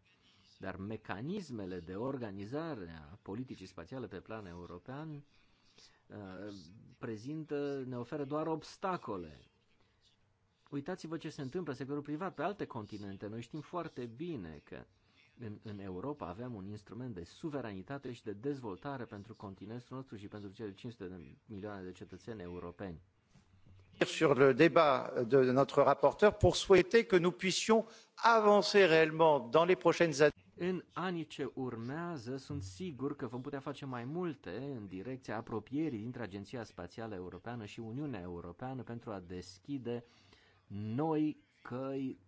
dar mecanismele de organizare a politicii spațiale pe plan european uh, prezintă, ne oferă doar obstacole. Uitați-vă ce se întâmplă în sectorul privat pe alte continente. Noi știm foarte bine că în, în Europa aveam un instrument de suveranitate și de dezvoltare pentru continentul nostru și pentru cele 500 de milioane de cetățeni europeni. Sur le débat de notre rapporteur pour souhaiter que nous puissions avancer réellement dans les prochaines années. În anii ce urmează, sunt sigur că vom putea face mai multe în direcția apropierii dintre Agenția Spațială Europeană și Uniunea Europeană pentru a deschide noi căi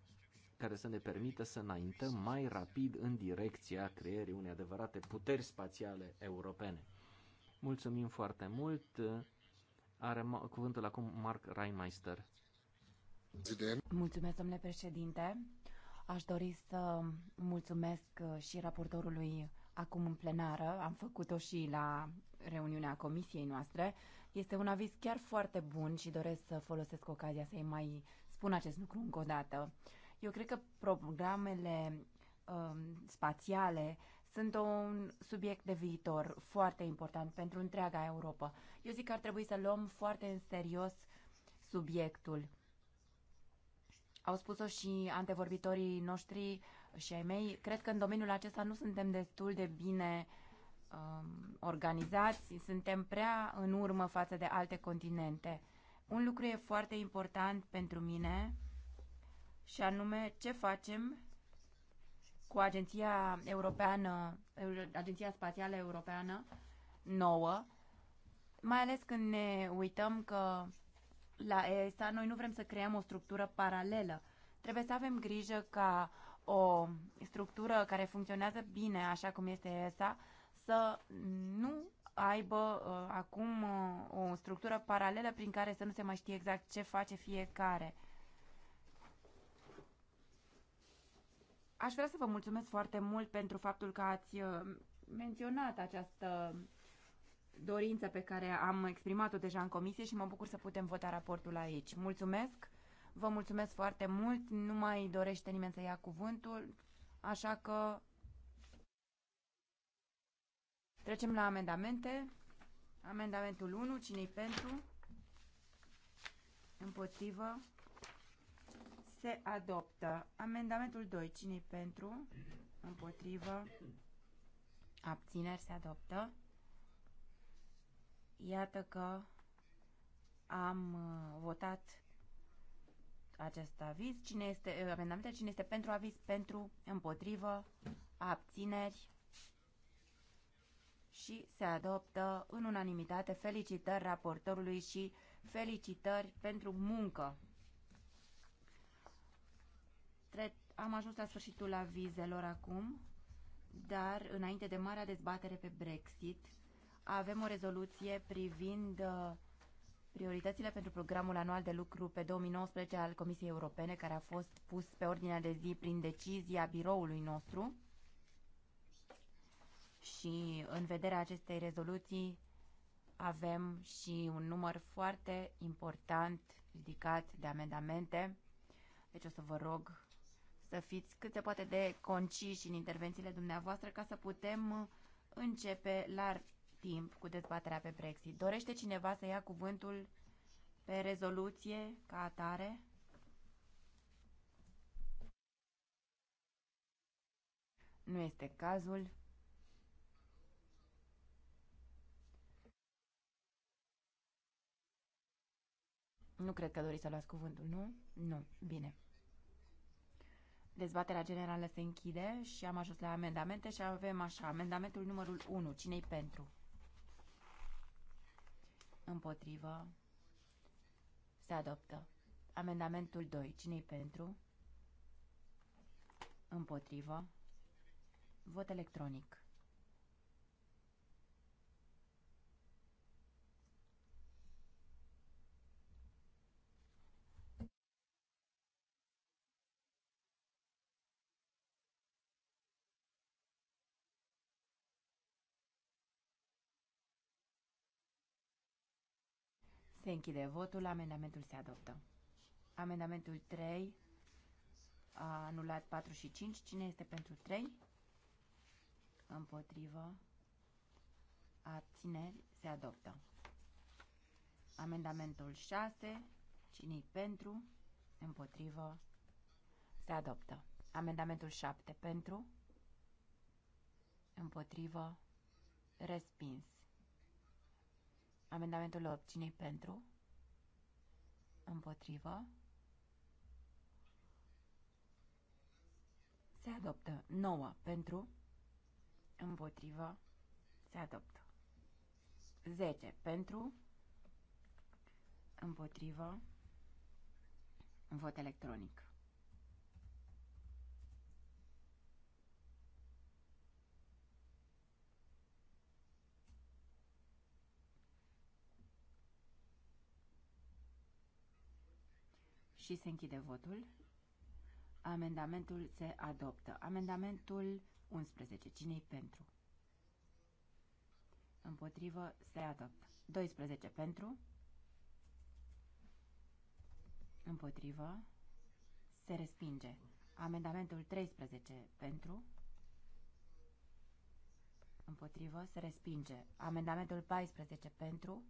care să ne permită să înaintăm mai rapid în direcția creierii unei adevărate puteri spațiale europene. Mulțumim foarte mult. Are cuvântul acum Mark Reimeister. Mulțumesc, domnule președinte. Aș dori să mulțumesc și raportorului acum în plenară. Am făcut-o și la reuniunea comisiei noastre. Este un aviz chiar foarte bun și doresc să folosesc ocazia să-i mai spun acest lucru încă o dată. Eu cred că programele um, spațiale sunt un subiect de viitor foarte important pentru întreaga Europa. Eu zic că ar trebui să luăm foarte în serios subiectul. Au spus-o și antevorbitorii noștri și ai mei. Cred că în domeniul acesta nu suntem destul de bine um, organizați, suntem prea în urmă față de alte continente. Un lucru e foarte important pentru mine și anume ce facem cu Agenția Europeană, Agenția Spațială Europeană nouă, mai ales când ne uităm că la ESA noi nu vrem să creăm o structură paralelă. Trebuie să avem grijă ca o structură care funcționează bine, așa cum este ESA, să nu aibă uh, acum uh, o structură paralelă prin care să nu se mai știe exact ce face fiecare. Aș vrea să vă mulțumesc foarte mult pentru faptul că ați uh, menționat această dorință pe care am exprimat-o deja în comisie și mă bucur să putem vota raportul aici. Mulțumesc, vă mulțumesc foarte mult, nu mai dorește nimeni să ia cuvântul, așa că trecem la amendamente. Amendamentul 1, cine-i pentru? Împotrivă? se adoptă. Amendamentul 2. cine pentru? Împotrivă. Abțineri se adoptă. Iată că am uh, votat acest aviz. Cine este, uh, amendamentul cine este pentru aviz, pentru, împotrivă, abțineri și se adoptă în unanimitate. Felicitări raportorului și felicitări pentru muncă. Am ajuns la sfârșitul vizelor acum, dar înainte de marea dezbatere pe Brexit, avem o rezoluție privind uh, prioritățile pentru programul anual de lucru pe 2019 al Comisiei Europene, care a fost pus pe ordinea de zi prin decizia biroului nostru. Și în vederea acestei rezoluții avem și un număr foarte important ridicat de amendamente. Deci o să vă rog să fiți cât se poate de conciși în intervențiile dumneavoastră ca să putem începe la timp cu dezbaterea pe Brexit. Dorește cineva să ia cuvântul pe rezoluție ca atare? Nu este cazul. Nu cred că doriți să luați cuvântul, nu? Nu. Bine. Dezbaterea generală se închide și am ajuns la amendamente și avem așa, amendamentul numărul 1. Cine-i pentru? Împotrivă. Se adoptă. Amendamentul 2. Cine-i pentru? Împotrivă. Vot electronic. Se închide votul, amendamentul se adoptă. Amendamentul 3 a anulat 4 și 5. Cine este pentru 3? Împotrivă. Abțineri. Se adoptă. Amendamentul 6. cine pentru? Împotrivă. Se adoptă. Amendamentul 7. Pentru? Împotrivă. Respins. Amendamentul 8. cine pentru? Împotrivă. Se adoptă. 9. Pentru. Împotrivă. Se adoptă. 10. Pentru. Împotrivă. Vot electronic. și se închide votul. Amendamentul se adoptă. Amendamentul 11. Cine-i pentru? Împotrivă se adoptă. 12 pentru. Împotrivă se respinge. Amendamentul 13 pentru. Împotrivă se respinge. Amendamentul 14 pentru.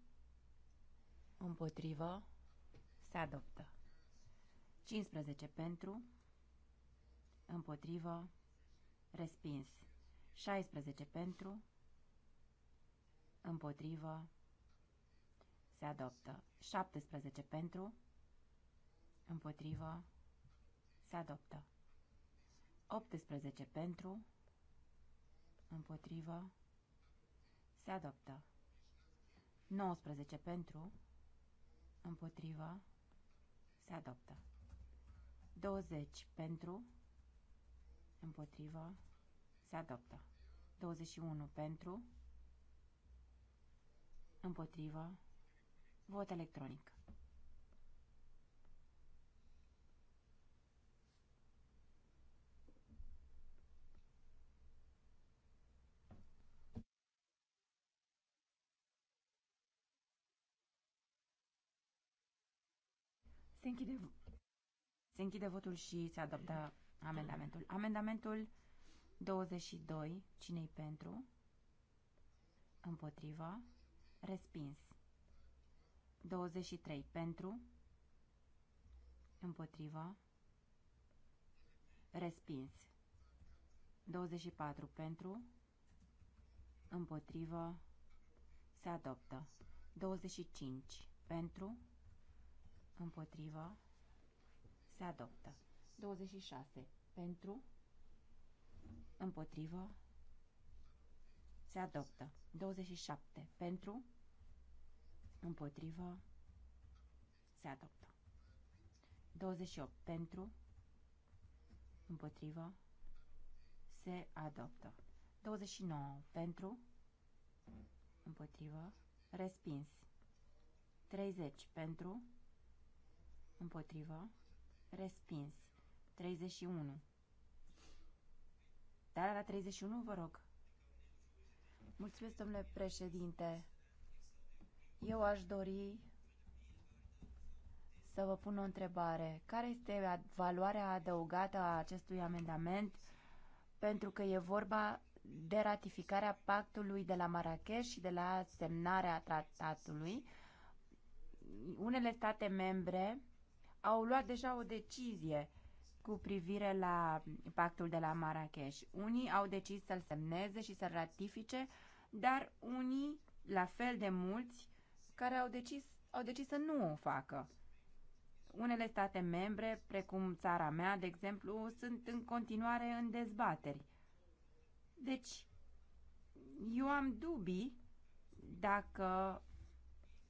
Împotrivă se adoptă. 15 pentru, împotrivă, respins. 16 pentru, împotrivă, se adoptă. 17 pentru, împotrivă, se adoptă. 18 pentru, împotrivă, se adoptă. 19 pentru, împotrivă, se adoptă. 20 pentru, împotrivă, se adoptă. 21 pentru, împotrivă, vot electronic. Se închide se închide votul și se adoptă amendamentul. Amendamentul 22. Cine-i pentru? Împotriva. Respins. 23. Pentru. Împotriva. Respins. 24. Pentru. Împotrivă. Se adoptă. 25. Pentru. Împotrivă se adoptă. 26. Pentru, împotrivă, se adoptă. 27. Pentru, împotrivă, se adoptă. 28. Pentru, împotrivă, se adoptă. 29. Pentru, împotrivă, respins. 30. Pentru, împotrivă, Respins. 31. Dar la 31, vă rog. Mulțumesc, domnule președinte. Eu aș dori să vă pun o întrebare. Care este valoarea adăugată a acestui amendament? Pentru că e vorba de ratificarea pactului de la Marrakesh și de la semnarea tratatului. Unele state membre au luat deja o decizie cu privire la pactul de la Marrakesh. Unii au decis să-l semneze și să-l ratifice, dar unii, la fel de mulți, care au decis, au decis să nu o facă. Unele state membre, precum țara mea, de exemplu, sunt în continuare în dezbateri. Deci, eu am dubii dacă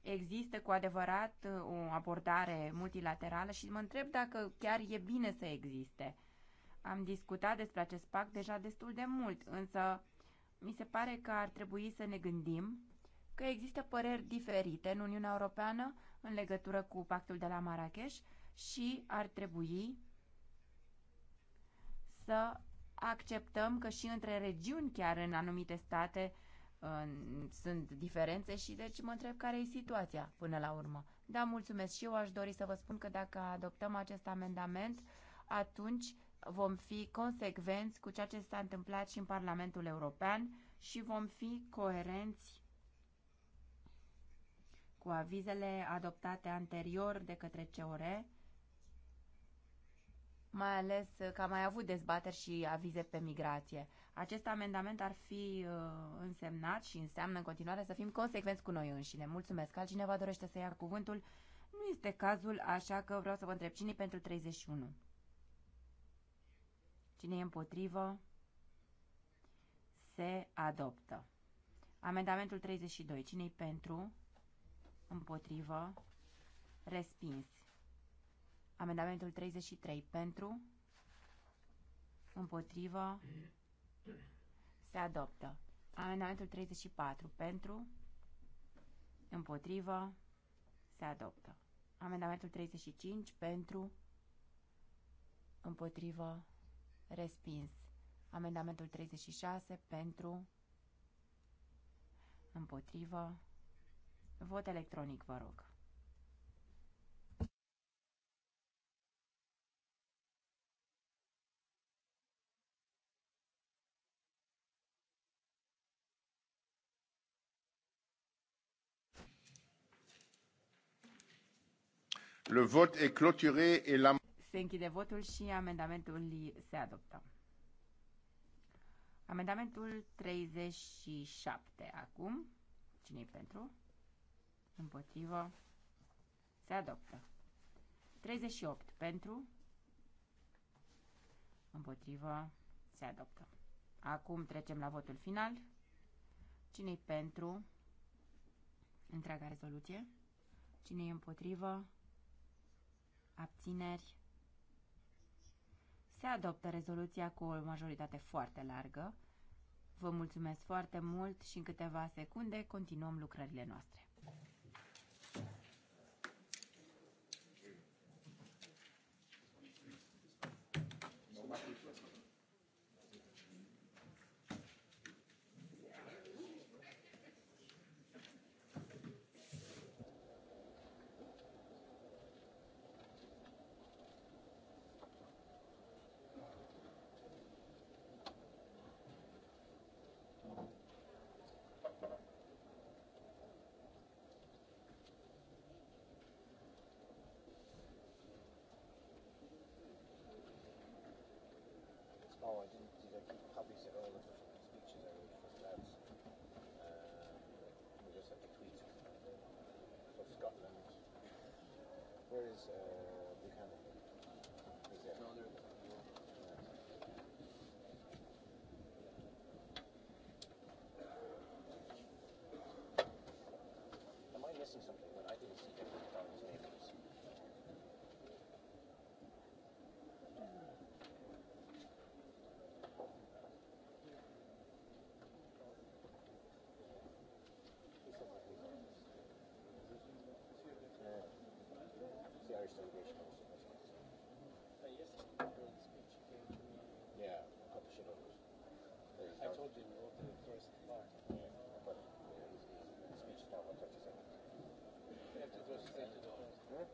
există cu adevărat uh, o abordare multilaterală și mă întreb dacă chiar e bine să existe. Am discutat despre acest pact deja destul de mult, însă mi se pare că ar trebui să ne gândim că există păreri diferite în Uniunea Europeană în legătură cu pactul de la Marrakesh și ar trebui să acceptăm că și între regiuni, chiar în anumite state, sunt diferențe și deci mă întreb care e situația până la urmă. Da, mulțumesc și eu aș dori să vă spun că dacă adoptăm acest amendament, atunci vom fi consecvenți cu ceea ce s-a întâmplat și în Parlamentul European și vom fi coerenți cu avizele adoptate anterior de către COR, mai ales că am mai avut dezbateri și avize pe migrație. Acest amendament ar fi uh, însemnat și înseamnă în continuare să fim consecvenți cu noi înșine. Mulțumesc. Altcineva dorește să ia cuvântul? Nu este cazul, așa că vreau să vă întreb cine pentru 31. Cine e împotrivă? Se adoptă. Amendamentul 32. Cine-i pentru? Împotrivă? Respins. Amendamentul 33. Pentru? Împotrivă? Se adoptă. Amendamentul 34. Pentru. Împotrivă. Se adoptă. Amendamentul 35. Pentru. Împotrivă. Respins. Amendamentul 36. Pentru. Împotrivă. Vot electronic, vă rog. Le vot est clôturé et la... Se închide votul și amendamentul se adoptă. Amendamentul 37 acum. cine pentru? Împotrivă. Se adoptă. 38 pentru. Împotrivă. Se adoptă. Acum trecem la votul final. cine e pentru întreaga rezoluție? Cine e împotrivă? abțineri. Se adoptă rezoluția cu o majoritate foarte largă. Vă mulțumesc foarte mult și în câteva secunde continuăm lucrările noastre. Huh?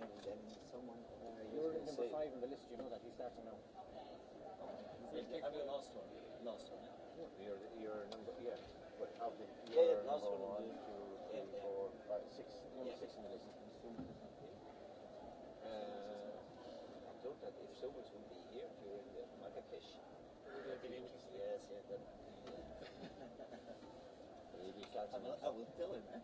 then and then someone. Uh, You're number say, five on the list. You know that he's starting now. Okay. So I'm the last one. Last one. Yeah. You're you're number yeah. But of the you're yeah, last number one, one, two, three, yeah, four, five, six. Number yeah. six on the list. Uh, I thought that if someone would be here during the Marrakesh, it would have been interesting. Yes, yeah. That, yeah. [laughs] Maybe I will, I will tell him. Eh?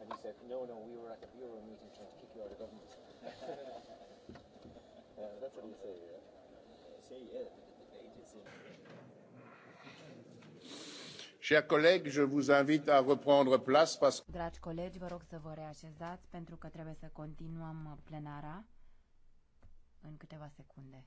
And he said, no, no, we were at the bureau meeting trying to kick you out of government. [laughs] yeah, that's what he said, yeah. Say, yeah, the debate is in. Chers collègues, je vous invite à reprendre place parce que... Dragi colegi, vă rog să vă reașezați pentru că trebuie să continuăm plenara în câteva secunde.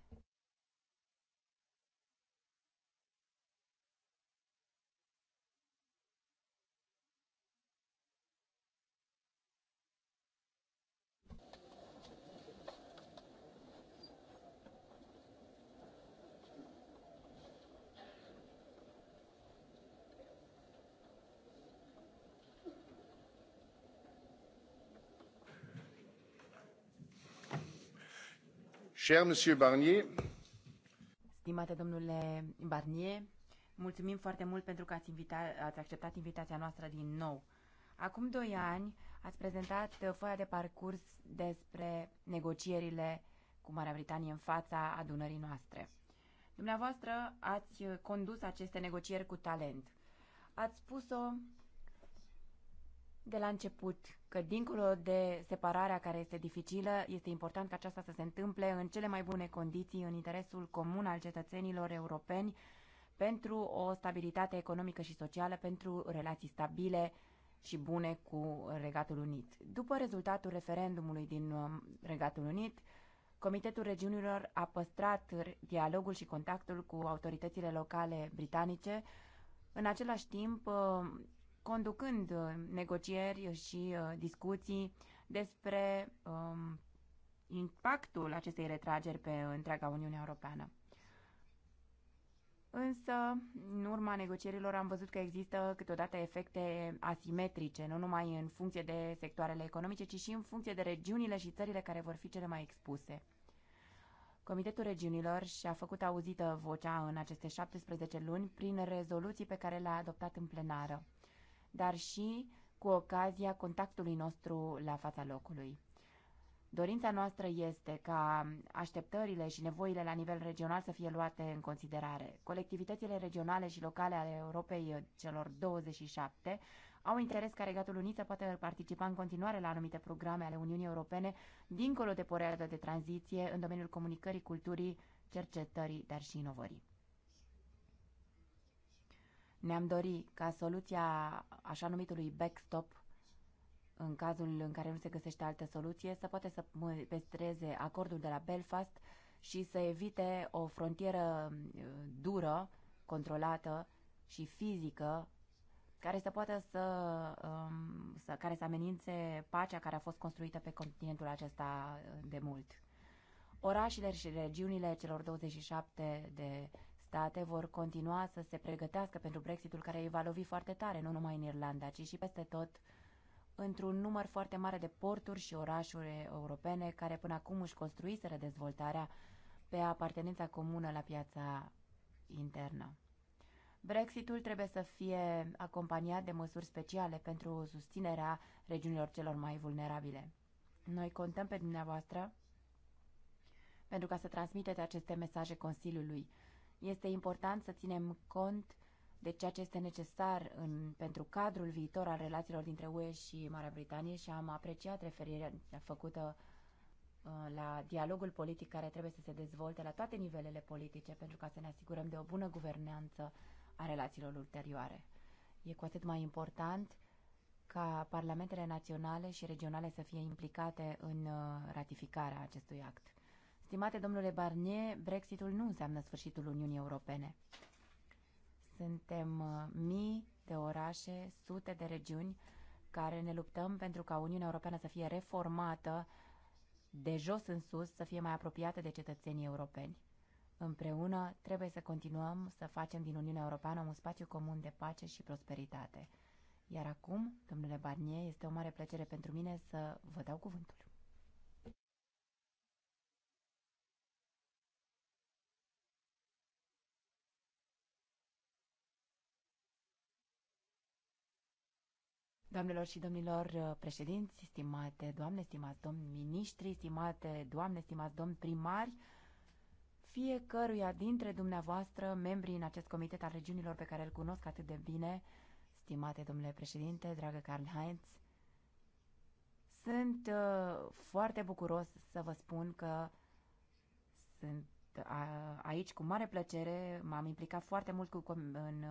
Barnier, Stimate domnule Barnier, mulțumim foarte mult pentru că ați, invita- ați acceptat invitația noastră din nou. Acum doi ani ați prezentat foaia de parcurs despre negocierile cu Marea Britanie în fața adunării noastre. Dumneavoastră ați condus aceste negocieri cu talent. Ați spus-o de la început că dincolo de separarea care este dificilă, este important ca aceasta să se întâmple în cele mai bune condiții, în interesul comun al cetățenilor europeni, pentru o stabilitate economică și socială, pentru relații stabile și bune cu Regatul Unit. După rezultatul referendumului din um, Regatul Unit, Comitetul Regiunilor a păstrat dialogul și contactul cu autoritățile locale britanice. În același timp, um, conducând uh, negocieri și uh, discuții despre um, impactul acestei retrageri pe întreaga Uniune Europeană. Însă, în urma negocierilor am văzut că există câteodată efecte asimetrice, nu numai în funcție de sectoarele economice, ci și în funcție de regiunile și țările care vor fi cele mai expuse. Comitetul Regiunilor și-a făcut auzită vocea în aceste 17 luni prin rezoluții pe care le-a adoptat în plenară dar și cu ocazia contactului nostru la fața locului. Dorința noastră este ca așteptările și nevoile la nivel regional să fie luate în considerare. Colectivitățile regionale și locale ale Europei uh, celor 27 au interes ca Regatul Unit să poată participa în continuare la anumite programe ale Uniunii Europene, dincolo de perioada de tranziție, în domeniul comunicării, culturii, cercetării, dar și inovării. Ne-am dori ca soluția așa numitului backstop, în cazul în care nu se găsește altă soluție, să poate să păstreze acordul de la Belfast și să evite o frontieră uh, dură, controlată și fizică care să poată să, um, să care să amenințe pacea care a fost construită pe continentul acesta uh, de mult. Orașele și regiunile celor 27 de state vor continua să se pregătească pentru Brexitul care îi va lovi foarte tare, nu numai în Irlanda, ci și peste tot într-un număr foarte mare de porturi și orașuri europene care până acum își construiseră dezvoltarea pe apartenența comună la piața internă. Brexitul trebuie să fie acompaniat de măsuri speciale pentru susținerea regiunilor celor mai vulnerabile. Noi contăm pe dumneavoastră pentru ca să transmiteți aceste mesaje Consiliului. Este important să ținem cont de ceea ce este necesar în, pentru cadrul viitor al relațiilor dintre UE și Marea Britanie și am apreciat referirea făcută uh, la dialogul politic care trebuie să se dezvolte la toate nivelele politice pentru ca să ne asigurăm de o bună guvernanță a relațiilor ulterioare. E cu atât mai important ca parlamentele naționale și regionale să fie implicate în uh, ratificarea acestui act. Stimate domnule Barnier, Brexitul nu înseamnă sfârșitul Uniunii Europene. Suntem uh, mii de orașe, sute de regiuni care ne luptăm pentru ca Uniunea Europeană să fie reformată de jos în sus, să fie mai apropiată de cetățenii europeni. Împreună trebuie să continuăm să facem din Uniunea Europeană un spațiu comun de pace și prosperitate. Iar acum, domnule Barnier, este o mare plăcere pentru mine să vă dau cuvântul. Doamnelor și domnilor uh, președinți, stimate doamne, stimați domn ministri, stimate doamne, stimați domn primari, fiecăruia dintre dumneavoastră, membrii în acest comitet al regiunilor pe care îl cunosc atât de bine, stimate domnule președinte, dragă Karl Heinz, sunt uh, foarte bucuros să vă spun că sunt uh, aici cu mare plăcere, m-am implicat foarte mult cu, în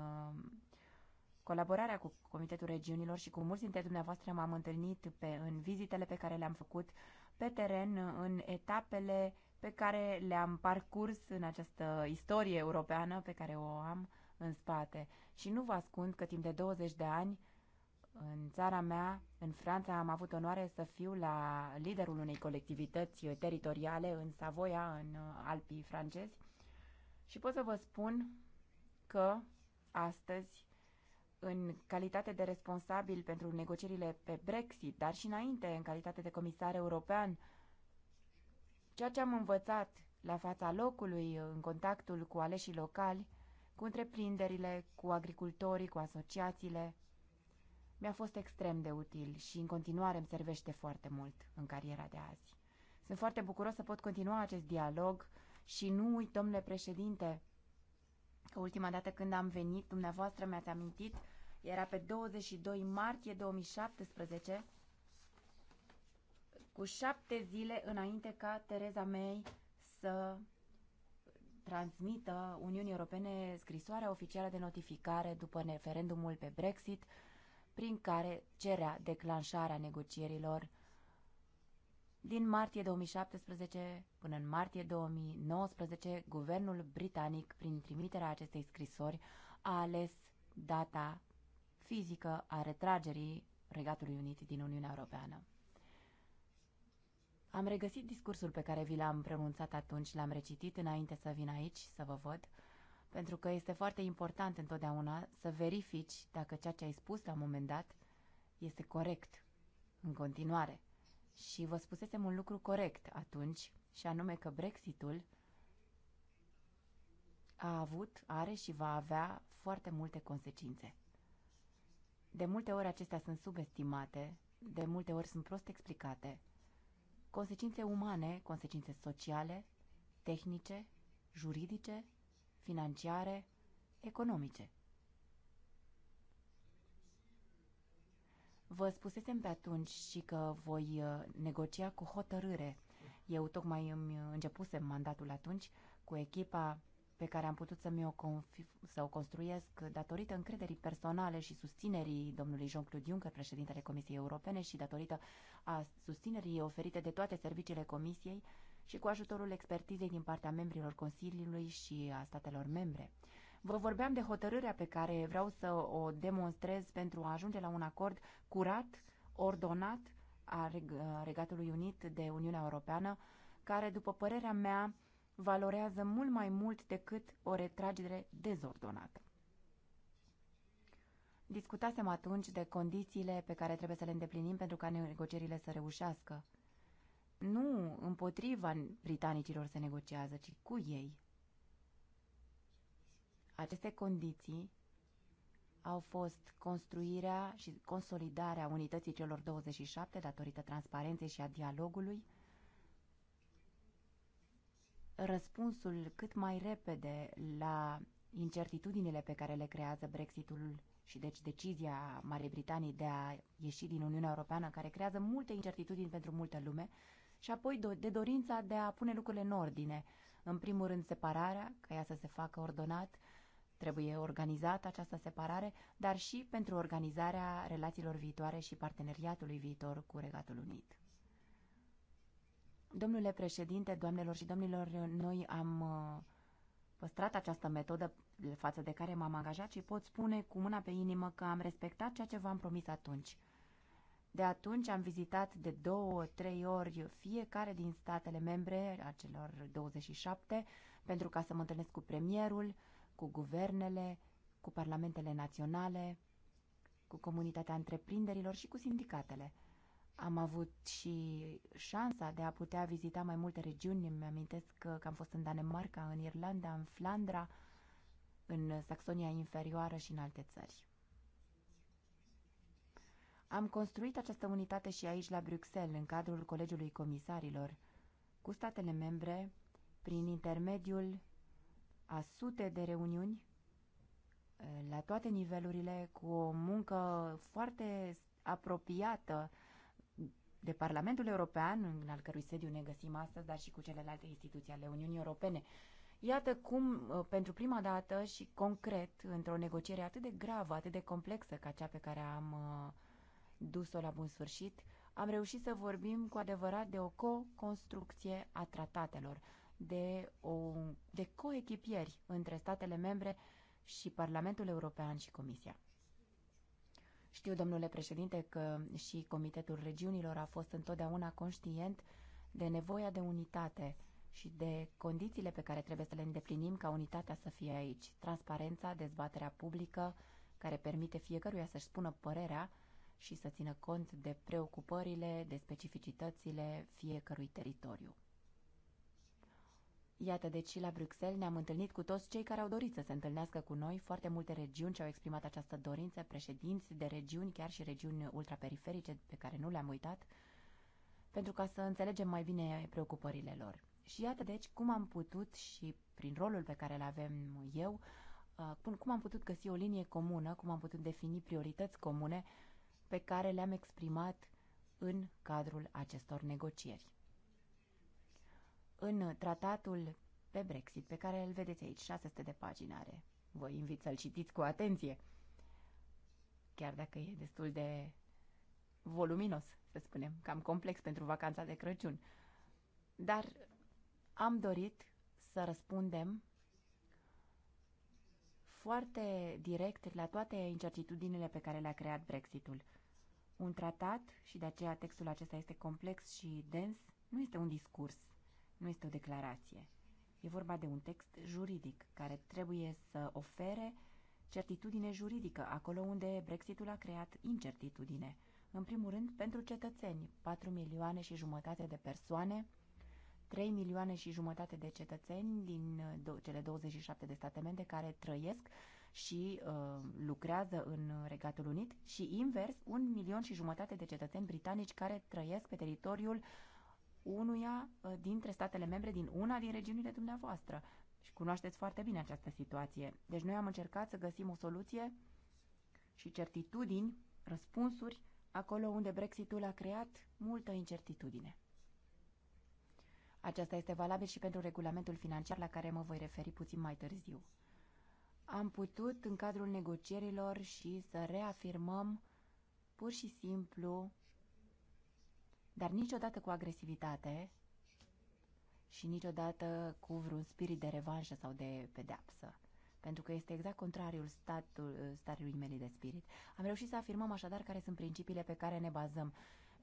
colaborarea cu Comitetul Regiunilor și cu mulți dintre dumneavoastră m-am întâlnit pe, în vizitele pe care le-am făcut pe teren, în etapele pe care le-am parcurs în această istorie europeană pe care o am în spate. Și nu vă ascund că timp de 20 de ani, în țara mea, în Franța, am avut onoare să fiu la liderul unei colectivități teritoriale în Savoia, în Alpii francezi. Și pot să vă spun că astăzi în calitate de responsabil pentru negocierile pe Brexit, dar și înainte în calitate de comisar european, ceea ce am învățat la fața locului, în contactul cu aleșii locali, cu întreprinderile, cu agricultorii, cu asociațiile, mi-a fost extrem de util și în continuare îmi servește foarte mult în cariera de azi. Sunt foarte bucuros să pot continua acest dialog și nu uit, domnule președinte, că ultima dată când am venit, dumneavoastră mi-ați amintit era pe 22 martie 2017, cu șapte zile înainte ca Tereza May să transmită Uniunii Europene scrisoarea oficială de notificare după referendumul pe Brexit, prin care cerea declanșarea negocierilor din martie 2017 până în martie 2019, guvernul britanic, prin trimiterea acestei scrisori, a ales data fizică a retragerii Regatului Unit din Uniunea Europeană. Am regăsit discursul pe care vi l-am pronunțat atunci, l-am recitit înainte să vin aici să vă văd, pentru că este foarte important întotdeauna să verifici dacă ceea ce ai spus la un moment dat este corect în continuare. Și vă spusesem un lucru corect atunci, și anume că Brexitul a avut, are și va avea foarte multe consecințe. De multe ori acestea sunt subestimate, de multe ori sunt prost explicate. Consecințe umane, consecințe sociale, tehnice, juridice, financiare, economice. Vă spusesem pe atunci și că voi uh, negocia cu hotărâre. Eu tocmai îmi uh, începusem mandatul atunci cu echipa pe care am putut să mi-o să o construiesc datorită încrederii personale și susținerii domnului Jean-Claude Juncker, președintele Comisiei Europene, și datorită a susținerii oferite de toate serviciile Comisiei și cu ajutorul expertizei din partea membrilor Consiliului și a statelor membre. Vă vorbeam de hotărârea pe care vreau să o demonstrez pentru a ajunge la un acord curat, ordonat a Regatului Unit de Uniunea Europeană, care, după părerea mea, valorează mult mai mult decât o retragere dezordonată. Discutasem atunci de condițiile pe care trebuie să le îndeplinim pentru ca negocierile să reușească. Nu împotriva britanicilor se negociază, ci cu ei. Aceste condiții au fost construirea și consolidarea unității celor 27 datorită transparenței și a dialogului, răspunsul cât mai repede la incertitudinile pe care le creează Brexitul și deci decizia Marii Britanii de a ieși din Uniunea Europeană, care creează multe incertitudini pentru multă lume, și apoi de dorința de a pune lucrurile în ordine. În primul rând separarea, ca ea să se facă ordonat, trebuie organizată această separare, dar și pentru organizarea relațiilor viitoare și parteneriatului viitor cu Regatul Unit. Domnule președinte, doamnelor și domnilor, noi am uh, păstrat această metodă față de care m-am angajat și pot spune cu mâna pe inimă că am respectat ceea ce v-am promis atunci. De atunci am vizitat de două, trei ori fiecare din statele membre, acelor 27, pentru ca să mă întâlnesc cu premierul, cu guvernele, cu parlamentele naționale, cu comunitatea întreprinderilor și cu sindicatele. Am avut și șansa de a putea vizita mai multe regiuni. Îmi amintesc că, că am fost în Danemarca, în Irlanda, în Flandra, în Saxonia Inferioară și în alte țări. Am construit această unitate și aici, la Bruxelles, în cadrul Colegiului Comisarilor, cu statele membre, prin intermediul a sute de reuniuni, la toate nivelurile, cu o muncă foarte apropiată de Parlamentul European, în al cărui sediu ne găsim astăzi, dar și cu celelalte instituții ale Uniunii Europene. Iată cum, uh, pentru prima dată și concret, într-o negociere atât de gravă, atât de complexă ca cea pe care am uh, dus-o la bun sfârșit, am reușit să vorbim cu adevărat de o co-construcție a tratatelor, de, o, de co-echipieri între statele membre și Parlamentul European și Comisia. Știu, domnule președinte, că și Comitetul Regiunilor a fost întotdeauna conștient de nevoia de unitate și de condițiile pe care trebuie să le îndeplinim ca unitatea să fie aici. Transparența, dezbaterea publică, care permite fiecăruia să-și spună părerea și să țină cont de preocupările, de specificitățile fiecărui teritoriu. Iată deci și la Bruxelles ne-am întâlnit cu toți cei care au dorit să se întâlnească cu noi, foarte multe regiuni și au exprimat această dorință, președinți de regiuni, chiar și regiuni ultraperiferice pe care nu le-am uitat, pentru ca să înțelegem mai bine preocupările lor. Și iată deci cum am putut și prin rolul pe care îl avem eu, uh, cum am putut găsi o linie comună, cum am putut defini priorități comune pe care le-am exprimat în cadrul acestor negocieri în tratatul pe Brexit, pe care îl vedeți aici, 600 de pagini are. Vă invit să-l citiți cu atenție, chiar dacă e destul de voluminos, să spunem, cam complex pentru vacanța de Crăciun. Dar am dorit să răspundem foarte direct la toate incertitudinile pe care le-a creat Brexitul. Un tratat, și de aceea textul acesta este complex și dens, nu este un discurs. Nu este o declarație. E vorba de un text juridic care trebuie să ofere certitudine juridică acolo unde Brexitul a creat incertitudine. În primul rând, pentru cetățeni, 4 milioane și jumătate de persoane, 3 milioane și jumătate de cetățeni din uh, cele 27 de state membre care trăiesc și uh, lucrează în Regatul Unit și invers, un milion și jumătate de cetățeni britanici care trăiesc pe teritoriul uh, unuia ă, dintre statele membre din una din regiunile dumneavoastră. Și cunoașteți foarte bine această situație. Deci noi am încercat să găsim o soluție și certitudini, răspunsuri, acolo unde Brexitul a creat multă incertitudine. Aceasta este valabil și pentru regulamentul financiar la care mă voi referi puțin mai târziu. Am putut, în cadrul negocierilor, și să reafirmăm pur și simplu dar niciodată cu agresivitate și niciodată cu vreun spirit de revanșă sau de pedeapsă. Pentru că este exact contrariul statul, statului mele de spirit. Am reușit să afirmăm așadar care sunt principiile pe care ne bazăm.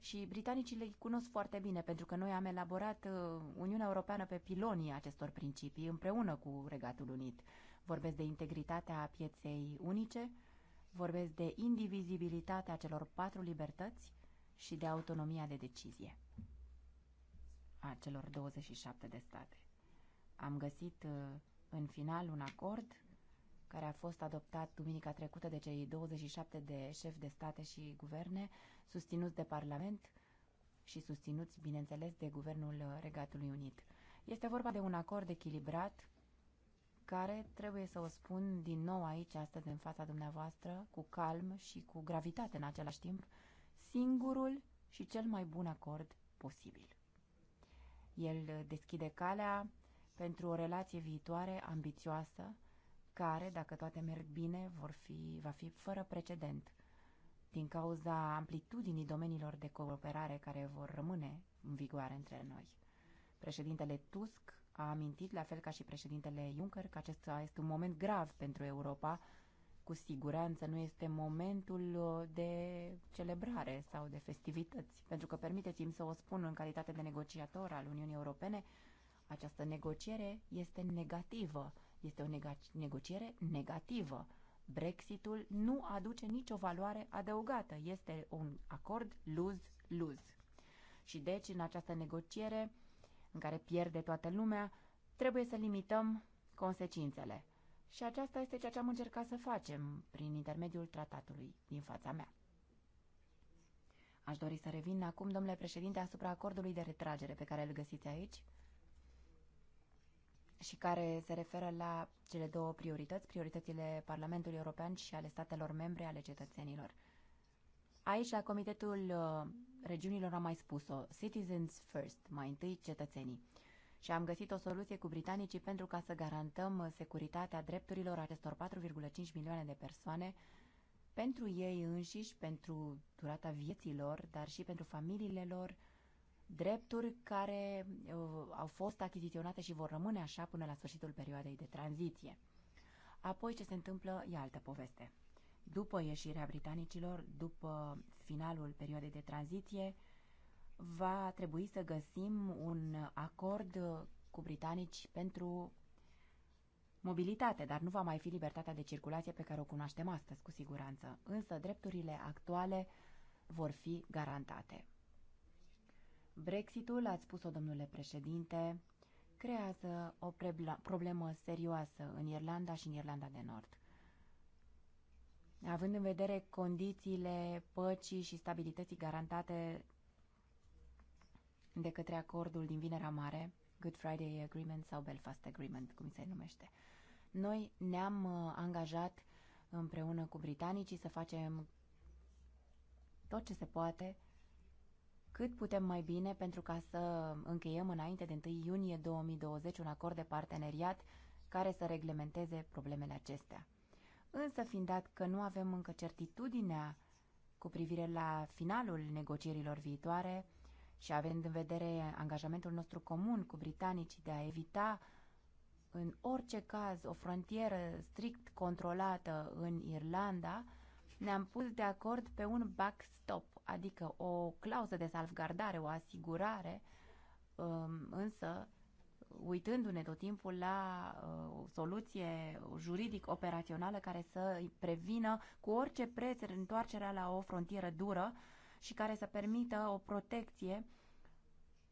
Și britanicii le cunosc foarte bine, pentru că noi am elaborat uh, Uniunea Europeană pe pilonii acestor principii, împreună cu Regatul Unit. Vorbesc de integritatea pieței unice, vorbesc de indivizibilitatea celor patru libertăți, și de autonomia de decizie a celor 27 de state. Am găsit uh, în final un acord care a fost adoptat duminica trecută de cei 27 de șefi de state și guverne, susținuți de Parlament și susținuți, bineînțeles, de Guvernul uh, Regatului Unit. Este vorba de un acord echilibrat care, trebuie să o spun din nou aici, astăzi, în fața dumneavoastră, cu calm și cu gravitate în același timp, singurul și cel mai bun acord posibil. El deschide calea pentru o relație viitoare ambițioasă, care, dacă toate merg bine, vor fi, va fi fără precedent, din cauza amplitudinii domeniilor de cooperare care vor rămâne în vigoare între noi. Președintele Tusk a amintit, la fel ca și președintele Juncker, că acesta este un moment grav pentru Europa, cu siguranță nu este momentul uh, de celebrare sau de festivități. Pentru că permiteți-mi să o spun în calitate de negociator al Uniunii Europene, această negociere este negativă. Este o nega negociere negativă. Brexitul nu aduce nicio valoare adăugată. Este un acord lose-lose. Și deci, în această negociere în care pierde toată lumea, trebuie să limităm consecințele. Și aceasta este ceea ce am încercat să facem prin intermediul tratatului din fața mea. Aș dori să revin acum, domnule președinte, asupra acordului de retragere pe care îl găsiți aici și care se referă la cele două priorități, prioritățile Parlamentului European și ale statelor membre ale cetățenilor. Aici, la Comitetul uh, Regiunilor, am mai spus-o, Citizens First, mai întâi cetățenii și am găsit o soluție cu britanicii pentru ca să garantăm uh, securitatea drepturilor acestor 4,5 milioane de persoane pentru ei înșiși, pentru durata vieții lor, dar și pentru familiile lor, drepturi care uh, au fost achiziționate și vor rămâne așa până la sfârșitul perioadei de tranziție. Apoi ce se întâmplă e altă poveste. După ieșirea britanicilor, după finalul perioadei de tranziție, va trebui să găsim un acord cu britanici pentru mobilitate, dar nu va mai fi libertatea de circulație pe care o cunoaștem astăzi, cu siguranță. Însă drepturile actuale vor fi garantate. Brexitul, ați spus-o, domnule președinte, creează o problemă serioasă în Irlanda și în Irlanda de Nord. Având în vedere condițiile păcii și stabilității garantate de către acordul din Vinerea Mare, Good Friday Agreement sau Belfast Agreement, cum se numește. Noi ne-am uh, angajat împreună cu britanicii să facem tot ce se poate, cât putem mai bine pentru ca să încheiem înainte de 1 iunie 2020 un acord de parteneriat care să reglementeze problemele acestea. Însă, fiind dat că nu avem încă certitudinea cu privire la finalul negocierilor viitoare, și având în vedere angajamentul nostru comun cu britanicii de a evita în orice caz o frontieră strict controlată în Irlanda, ne-am pus de acord pe un backstop, adică o clauză de salvgardare, o asigurare, um, însă uitându-ne tot timpul la uh, o soluție juridic-operațională care să prevină cu orice preț întoarcerea la o frontieră dură, și care să permită o protecție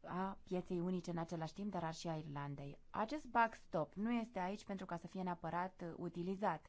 a pieței unice în același timp, dar și a Irlandei. Acest backstop nu este aici pentru ca să fie neapărat utilizat.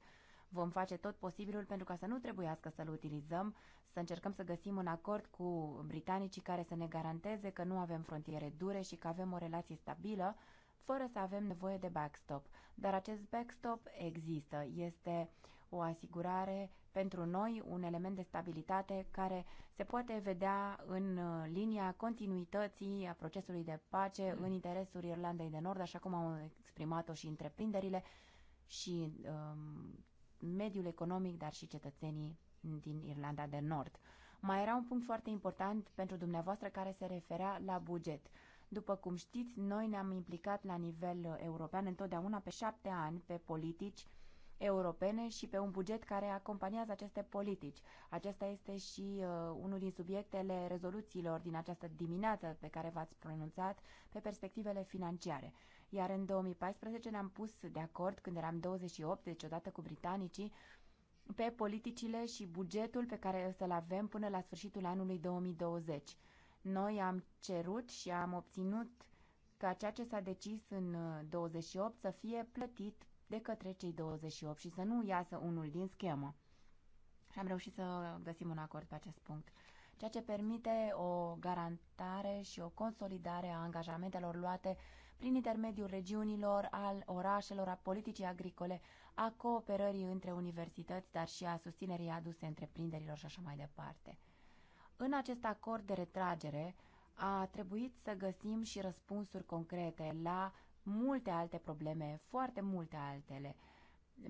Vom face tot posibilul pentru ca să nu trebuiască să-l utilizăm, să încercăm să găsim un acord cu britanicii care să ne garanteze că nu avem frontiere dure și că avem o relație stabilă, fără să avem nevoie de backstop. Dar acest backstop există, este o asigurare pentru noi un element de stabilitate care se poate vedea în uh, linia continuității a procesului de pace hmm. în interesul Irlandei de Nord, așa cum au exprimat-o și întreprinderile și um, mediul economic, dar și cetățenii din Irlanda de Nord. Mai era un punct foarte important pentru dumneavoastră care se referea la buget. După cum știți, noi ne-am implicat la nivel european întotdeauna pe șapte ani pe politici europene și pe un buget care acompaniază aceste politici. Acesta este și uh, unul din subiectele rezoluțiilor din această dimineață pe care v-ați pronunțat pe perspectivele financiare. Iar în 2014 ne-am pus de acord când eram 28, deci odată cu britanicii, pe politicile și bugetul pe care să-l avem până la sfârșitul anului 2020. Noi am cerut și am obținut ca ceea ce s-a decis în 28 uh, să fie plătit de către cei 28 și să nu iasă unul din schemă. Am reușit să găsim un acord pe acest punct, ceea ce permite o garantare și o consolidare a angajamentelor luate prin intermediul regiunilor, al orașelor, a politicii agricole, a cooperării între universități, dar și a susținerii aduse întreprinderilor și așa mai departe. În acest acord de retragere a trebuit să găsim și răspunsuri concrete la multe alte probleme, foarte multe altele.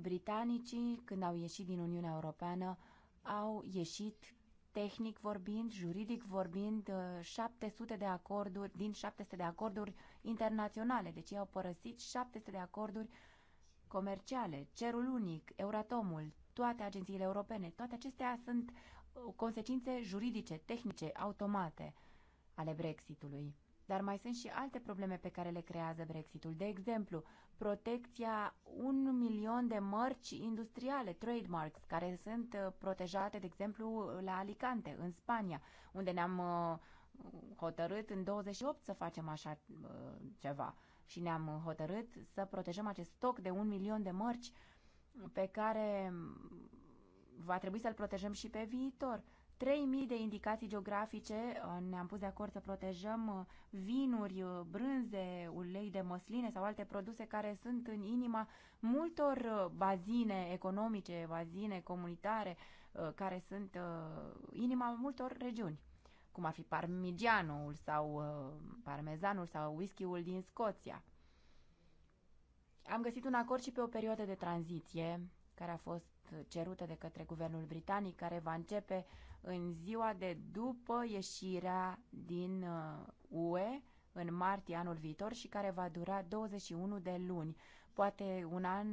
Britanicii, când au ieșit din Uniunea Europeană, au ieșit tehnic vorbind, juridic vorbind, 700 uh, de acorduri, din 700 de acorduri internaționale. Deci ei au părăsit 700 de acorduri comerciale, cerul unic, Euratomul, toate agențiile europene. Toate acestea sunt uh, consecințe juridice, tehnice, automate ale Brexitului. Dar mai sunt și alte probleme pe care le creează Brexitul. De exemplu, protecția un milion de mărci industriale, trademarks, care sunt uh, protejate, de exemplu, la Alicante, în Spania, unde ne-am uh, hotărât în 28 să facem așa uh, ceva și ne-am hotărât să protejăm acest stoc de un milion de mărci pe care mm, va trebui să-l protejăm și pe viitor. 3.000 de indicații geografice, uh, ne-am pus de acord să protejăm uh, vinuri, uh, brânze, ulei de măsline sau alte produse care sunt în inima multor bazine economice, bazine comunitare, care sunt inima multor regiuni, cum ar fi parmigianul sau parmezanul sau whisky-ul din Scoția. Am găsit un acord și pe o perioadă de tranziție care a fost cerută de către guvernul britanic, care va începe în ziua de după ieșirea din UE uh, în martie anul viitor și care va dura 21 de luni, poate un an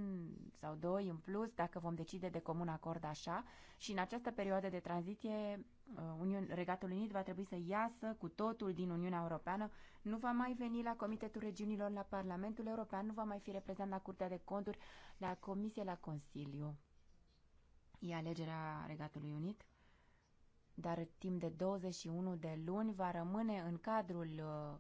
sau doi în plus dacă vom decide de comun acord așa și în această perioadă de tranziție uh, Uniun, Regatul Unit va trebui să iasă cu totul din Uniunea Europeană, nu va mai veni la Comitetul Regiunilor, la Parlamentul European, nu va mai fi reprezentat la Curtea de Conturi, la Comisie, la Consiliu. E alegerea Regatului Unit dar timp de 21 de luni va rămâne în cadrul uh,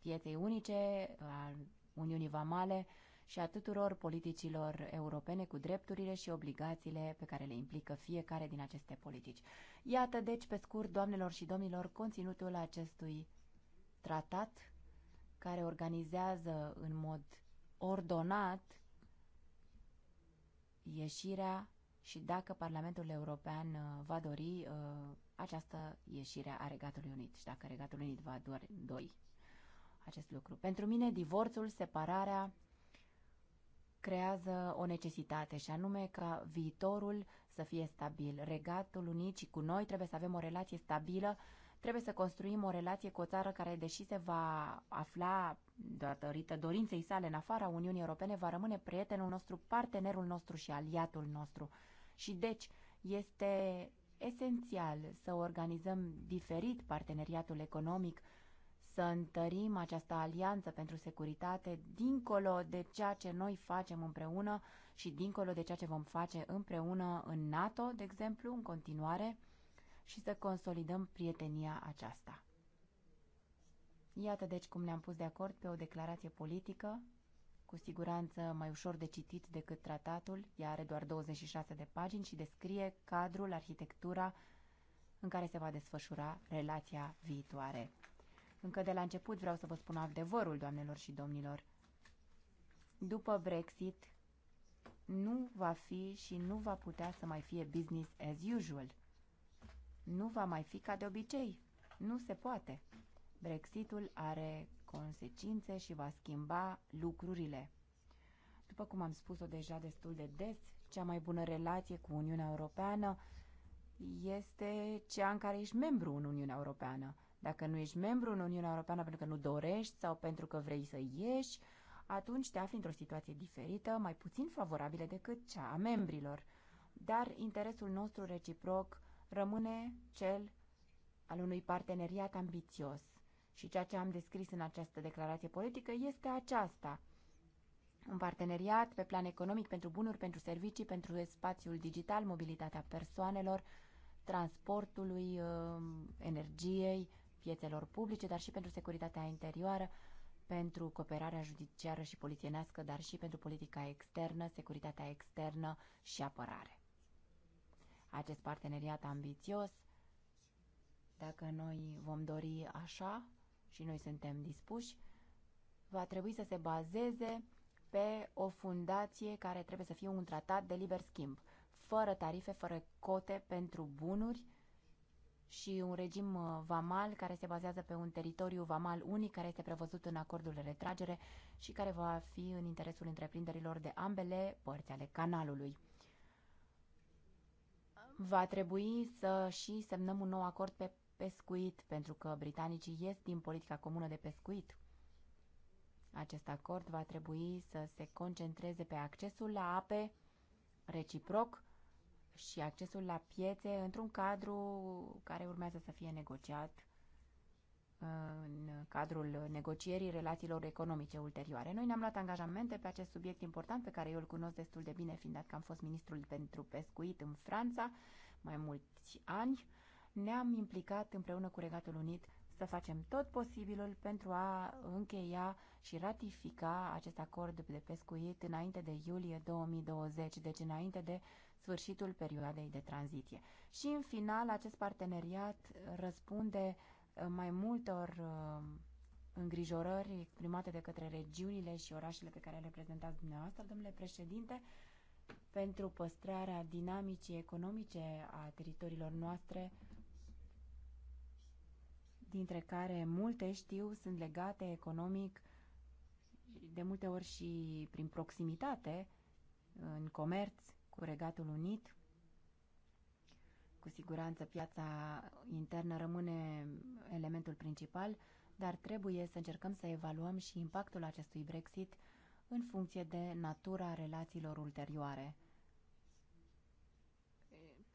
pieței unice uh, a Uniunii Vamale și a tuturor politicilor europene cu drepturile și obligațiile pe care le implică fiecare din aceste politici. Iată, deci, pe scurt, doamnelor și domnilor, conținutul acestui tratat care organizează în mod ordonat ieșirea și dacă Parlamentul European uh, va dori această ieșire a Regatului Unit și dacă Regatul Unit va doi acest lucru. Pentru mine, divorțul, separarea creează o necesitate și anume ca viitorul să fie stabil. Regatul Unit și cu noi trebuie să avem o relație stabilă, trebuie să construim o relație cu o țară care, deși se va afla datorită dorinței sale în afara Uniunii Europene, va rămâne prietenul nostru, partenerul nostru și aliatul nostru. Și deci este esențial să organizăm diferit parteneriatul economic, să întărim această alianță pentru securitate dincolo de ceea ce noi facem împreună și dincolo de ceea ce vom face împreună în NATO, de exemplu, în continuare, și să consolidăm prietenia aceasta. Iată deci cum ne-am pus de acord pe o declarație politică cu siguranță mai ușor de citit decât tratatul, ea are doar 26 de pagini și descrie cadrul, arhitectura în care se va desfășura relația viitoare. Încă de la început vreau să vă spun adevărul, doamnelor și domnilor. După Brexit, nu va fi și nu va putea să mai fie business as usual. Nu va mai fi ca de obicei. Nu se poate. Brexitul are consecințe și va schimba lucrurile. După cum am spus-o deja destul de des, cea mai bună relație cu Uniunea Europeană este cea în care ești membru în Uniunea Europeană. Dacă nu ești membru în Uniunea Europeană pentru că nu dorești sau pentru că vrei să ieși, atunci te afli într-o situație diferită, mai puțin favorabilă decât cea a membrilor. Dar interesul nostru reciproc rămâne cel al unui parteneriat ambițios. Și ceea ce am descris în această declarație politică este aceasta. Un parteneriat pe plan economic pentru bunuri, pentru servicii, pentru spațiul digital, mobilitatea persoanelor, transportului, um, energiei, piețelor publice, dar și pentru securitatea interioară, pentru cooperarea judiciară și polițienească, dar și pentru politica externă, securitatea externă și apărare. Acest parteneriat ambițios, dacă noi vom dori așa, și noi suntem dispuși, va trebui să se bazeze pe o fundație care trebuie să fie un tratat de liber schimb, fără tarife, fără cote pentru bunuri și un regim uh, vamal care se bazează pe un teritoriu vamal unic care este prevăzut în acordul de retragere și care va fi în interesul întreprinderilor de ambele părți ale canalului. Va trebui să și semnăm un nou acord pe pescuit, pentru că britanicii ies din politica comună de pescuit. Acest acord va trebui să se concentreze pe accesul la ape reciproc și accesul la piețe într-un cadru care urmează să fie negociat în cadrul negocierii relațiilor economice ulterioare. Noi ne-am luat angajamente pe acest subiect important pe care eu îl cunosc destul de bine, fiind dat că am fost ministrul pentru pescuit în Franța mai mulți ani ne-am implicat împreună cu Regatul Unit să facem tot posibilul pentru a încheia și ratifica acest acord de pescuit înainte de iulie 2020, deci înainte de sfârșitul perioadei de tranziție. Și în final, acest parteneriat răspunde uh, mai multor uh, îngrijorări exprimate de către regiunile și orașele pe care le reprezentați dumneavoastră, domnule președinte, pentru păstrarea dinamicii economice a teritoriilor noastre, dintre care multe, știu, sunt legate economic, de multe ori și prin proximitate, în comerț cu Regatul Unit. Cu siguranță piața internă rămâne elementul principal, dar trebuie să încercăm să evaluăm și impactul acestui Brexit în funcție de natura relațiilor ulterioare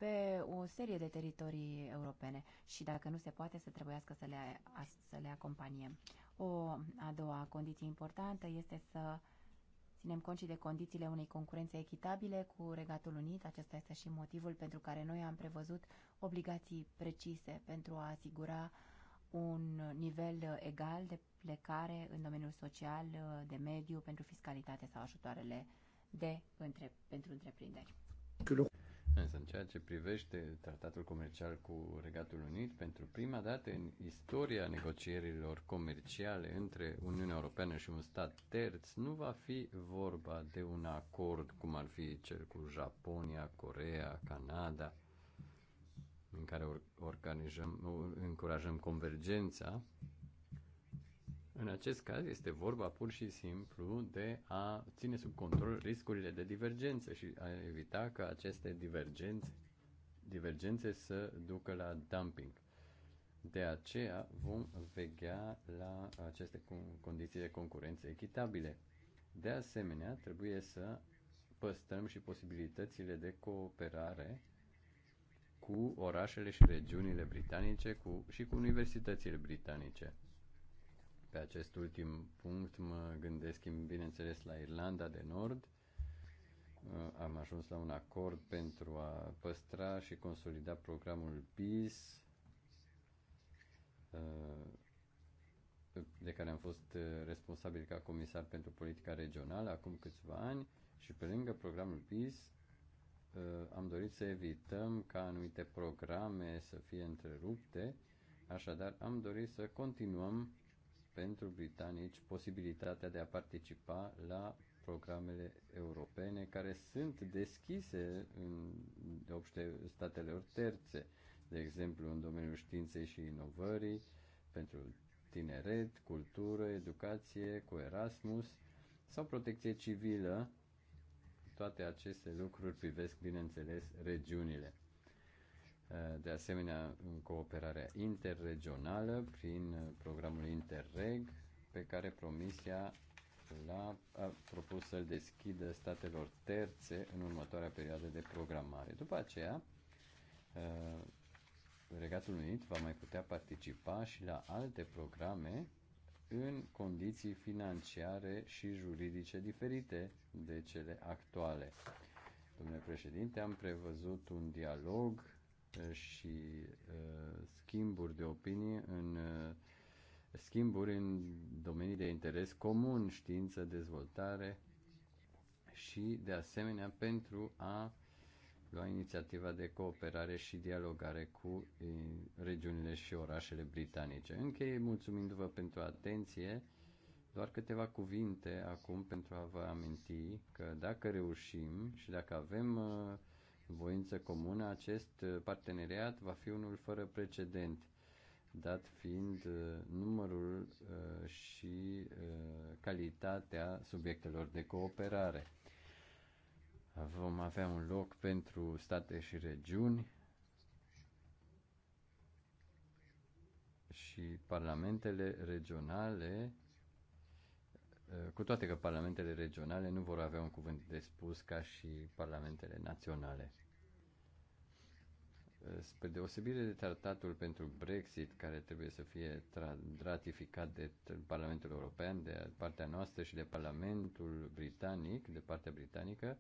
pe o serie de teritorii europene și dacă nu se poate să trebuiască să le, să le acompaniem. O a doua condiție importantă este să ținem cont și de condițiile unei concurențe echitabile cu Regatul Unit. Acesta este și motivul pentru care noi am prevăzut obligații precise pentru a asigura un nivel egal de plecare în domeniul social, de mediu, pentru fiscalitate sau ajutoarele de, între, pentru întreprinderi. Însă, în ceea ce privește tratatul comercial cu Regatul Unit, pentru prima dată în istoria negocierilor comerciale între Uniunea Europeană și un stat terț, nu va fi vorba de un acord cum ar fi cel cu Japonia, Corea, Canada, în care organizăm, încurajăm convergența, în acest caz este vorba pur și simplu de a ține sub control riscurile de divergență și a evita ca aceste divergențe, divergențe să ducă la dumping. De aceea vom vegea la aceste condiții de concurență echitabile. De asemenea, trebuie să păstrăm și posibilitățile de cooperare cu orașele și regiunile britanice cu, și cu universitățile britanice pe acest ultim punct mă gândesc, bineînțeles, la Irlanda de Nord. Uh, am ajuns la un acord pentru a păstra și consolida programul PIS, uh, de care am fost uh, responsabil ca comisar pentru politica regională acum câțiva ani și pe lângă programul PIS am dorit să evităm ca anumite programe să fie întrerupte, așadar am dorit să continuăm pentru britanici posibilitatea de a participa la programele europene care sunt deschise în statele terțe, de exemplu în domeniul științei și inovării, pentru tineret, cultură, educație, cu Erasmus sau protecție civilă. Toate aceste lucruri privesc, bineînțeles, regiunile de asemenea cooperarea interregională prin programul Interreg pe care Promisia l-a propus să-l deschidă statelor terțe în următoarea perioadă de programare. După aceea, uh, Regatul Unit va mai putea participa și la alte programe în condiții financiare și juridice diferite de cele actuale. Domnule președinte, am prevăzut un dialog și uh, schimburi de opinie în uh, schimburi în domenii de interes comun, știință, dezvoltare și, de asemenea, pentru a lua inițiativa de cooperare și dialogare cu uh, regiunile și orașele britanice. Închei mulțumindu-vă pentru atenție. Doar câteva cuvinte acum pentru a vă aminti că dacă reușim și dacă avem voință comună, acest uh, parteneriat va fi unul fără precedent, dat fiind uh, numărul uh, și calitatea subiectelor de cooperare. Vom avea un loc pentru state și regiuni și parlamentele regionale cu toate că parlamentele regionale nu vor avea un cuvânt de spus ca și parlamentele naționale. Uh, spre deosebire de tratatul pentru Brexit, care trebuie să fie ratificat de Parlamentul European, de partea noastră și de Parlamentul Britanic, de partea britanică,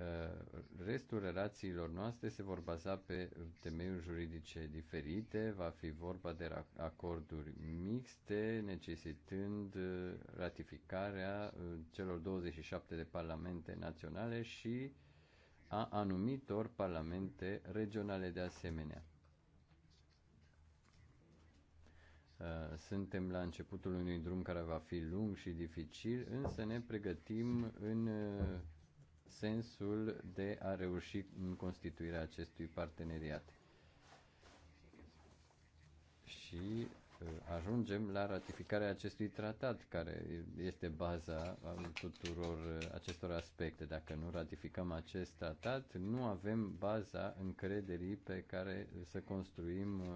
uh, restul relațiilor noastre se vor baza pe temeiuri juridice diferite, va fi vorba de acorduri mixte, necesitând uh, ratificarea celor 27 de parlamente naționale și a anumitor parlamente regionale de asemenea. Uh, suntem la începutul unui drum care va fi lung și dificil, însă ne pregătim în uh, sensul de a reuși în constituirea acestui parteneriat. Și ajungem la ratificarea acestui tratat, care este baza tuturor uh, acestor aspecte. Dacă nu ratificăm acest tratat, nu avem baza încrederii pe care să construim uh,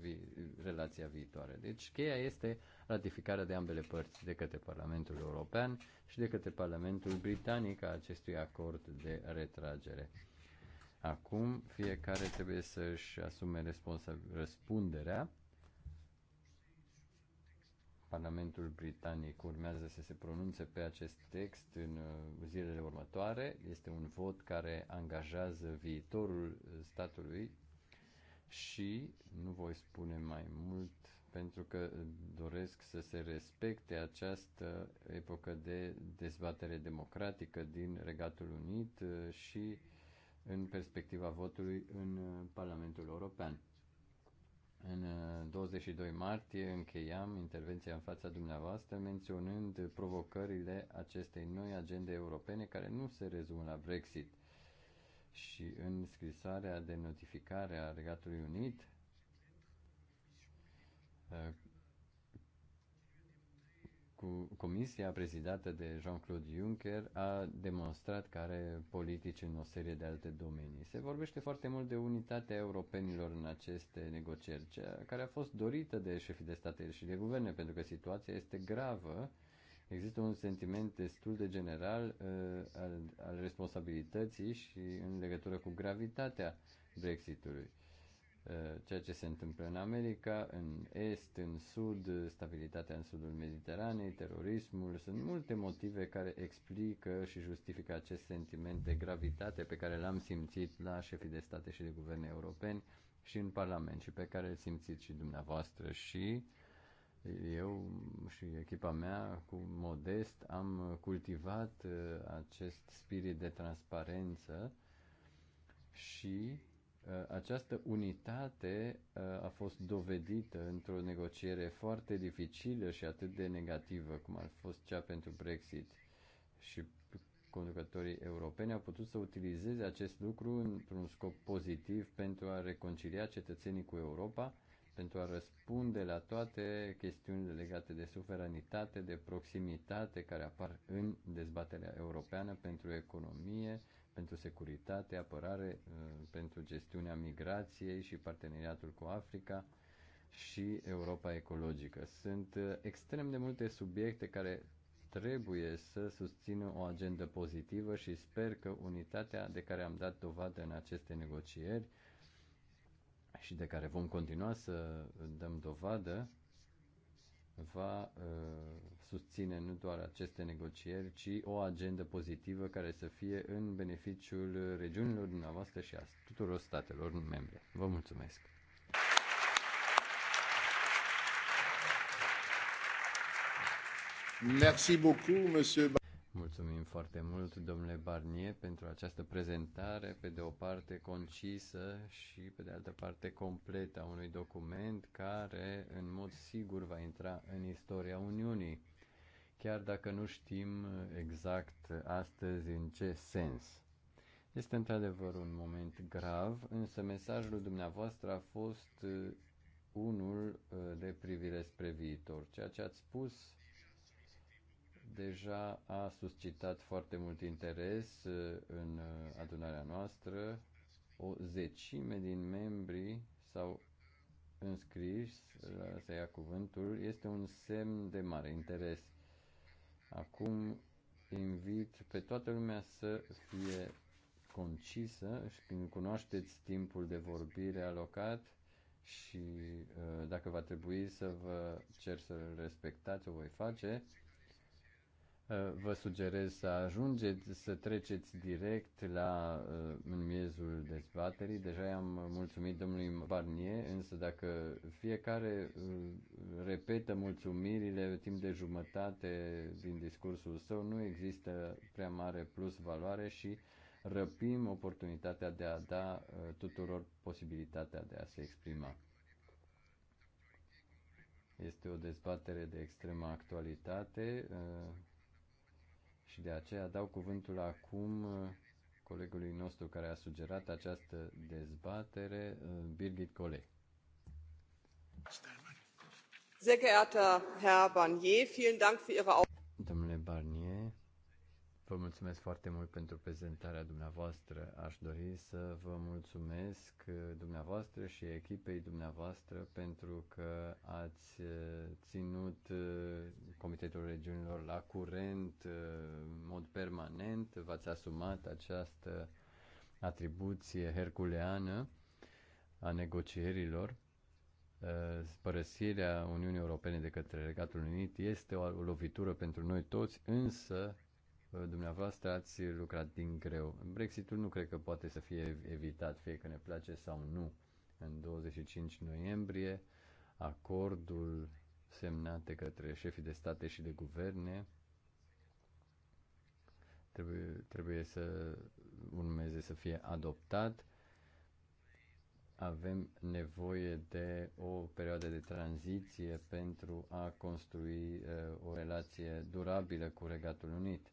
vi- relația viitoare. Deci, cheia este ratificarea de ambele părți, de către Parlamentul European și de către Parlamentul Britanic a acestui acord de retragere. Acum, fiecare trebuie să-și asume răspunderea Parlamentul Britanic urmează să se pronunțe pe acest text în uh, zilele următoare. Este un vot care angajează viitorul uh, statului și nu voi spune mai mult pentru că uh, doresc să se respecte această epocă de dezbatere democratică din Regatul Unit și în perspectiva votului în Parlamentul European. În 22 uh, martie încheiam intervenția în fața dumneavoastră menționând provocările acestei noi agende europene care nu se rezumă la Brexit. Și în scrisarea de notificare a Regatului Unit, uh, cu comisia prezidată de Jean-Claude Juncker a demonstrat că are politici în o serie de alte domenii. Se vorbește foarte mult de unitatea europenilor în aceste negocieri, care a fost dorită de șefii de state și de guverne, pentru că situația este gravă. Există un sentiment destul de general uh, al, al responsabilității și în legătură cu gravitatea Brexitului. Uh, Uh, ceea ce se întâmplă în America, în Est, în Sud, stabilitatea în Sudul Mediteranei, terorismul. Sunt multe motive care explică și justifică acest sentiment de gravitate pe care l-am simțit la șefii de state și de guverne europeni și în Parlament și pe care îl simțit și dumneavoastră și eu și echipa mea cu modest am cultivat uh, acest spirit de transparență și Uh, această unitate uh, a fost dovedită într-o negociere foarte dificilă și atât de negativă cum a fost cea pentru Brexit și conducătorii europeni au putut să utilizeze acest lucru într-un scop pozitiv pentru a reconcilia cetățenii cu Europa, pentru a răspunde la toate chestiunile legate de suveranitate, de proximitate care apar în dezbaterea europeană pentru economie, pentru securitate, apărare, uh, pentru gestiunea migrației și parteneriatul cu Africa și Europa ecologică. Sunt uh, extrem de multe subiecte care trebuie să susțină o agendă pozitivă și sper că unitatea de care am dat dovadă în aceste negocieri și de care vom continua să dăm dovadă va uh, susține nu doar aceste negocieri, ci o agendă pozitivă care să fie în beneficiul regiunilor dumneavoastră și a tuturor statelor membre. Vă mulțumesc! Merci beaucoup, monsieur. Mulțumim foarte mult, domnule Barnier, pentru această prezentare, pe de o parte concisă și pe de altă parte completă a unui document care, în mod sigur, va intra în istoria Uniunii, chiar dacă nu știm exact astăzi în ce sens. Este într-adevăr un moment grav, însă mesajul dumneavoastră a fost unul uh, de privire spre viitor. Ceea ce ați spus deja a suscitat foarte mult interes uh, în uh, adunarea noastră. O zecime din membrii s-au înscris la uh, să ia cuvântul. Este un semn de mare interes. Acum invit pe toată lumea să fie concisă și când cunoașteți timpul de vorbire alocat și dacă va trebui să vă cer să respectați, o voi face. Uh, vă sugerez să ajungeți, să treceți direct la uh, în miezul dezbaterii. Deja i-am mulțumit domnului Barnier, însă dacă fiecare uh, repetă mulțumirile timp de jumătate din discursul său, nu există prea mare plus valoare și răpim oportunitatea de a da tuturor posibilitatea de a se exprima. Este o dezbatere de extremă actualitate și de aceea dau cuvântul acum uh, colegului nostru care a sugerat această dezbatere, uh, Birgit Cole. Sehr geehrter Herr Barnier, vielen Dank für Ihre Vă mulțumesc foarte mult pentru prezentarea dumneavoastră. Aș dori să vă mulțumesc uh, dumneavoastră și echipei dumneavoastră pentru că ați uh, ținut uh, Comitetul Regiunilor la curent în mod permanent, v-ați asumat această atribuție herculeană a negocierilor părăsirea Uniunii Europene de către Regatul Unit este o lovitură pentru noi toți, însă dumneavoastră ați lucrat din greu. Brexitul nu cred că poate să fie evitat, fie că ne place sau nu. În 25 noiembrie, acordul semnat de către șefii de state și de guverne trebuie, trebuie să urmeze să fie adoptat. Avem nevoie de o perioadă de tranziție pentru a construi uh, o relație durabilă cu Regatul Unit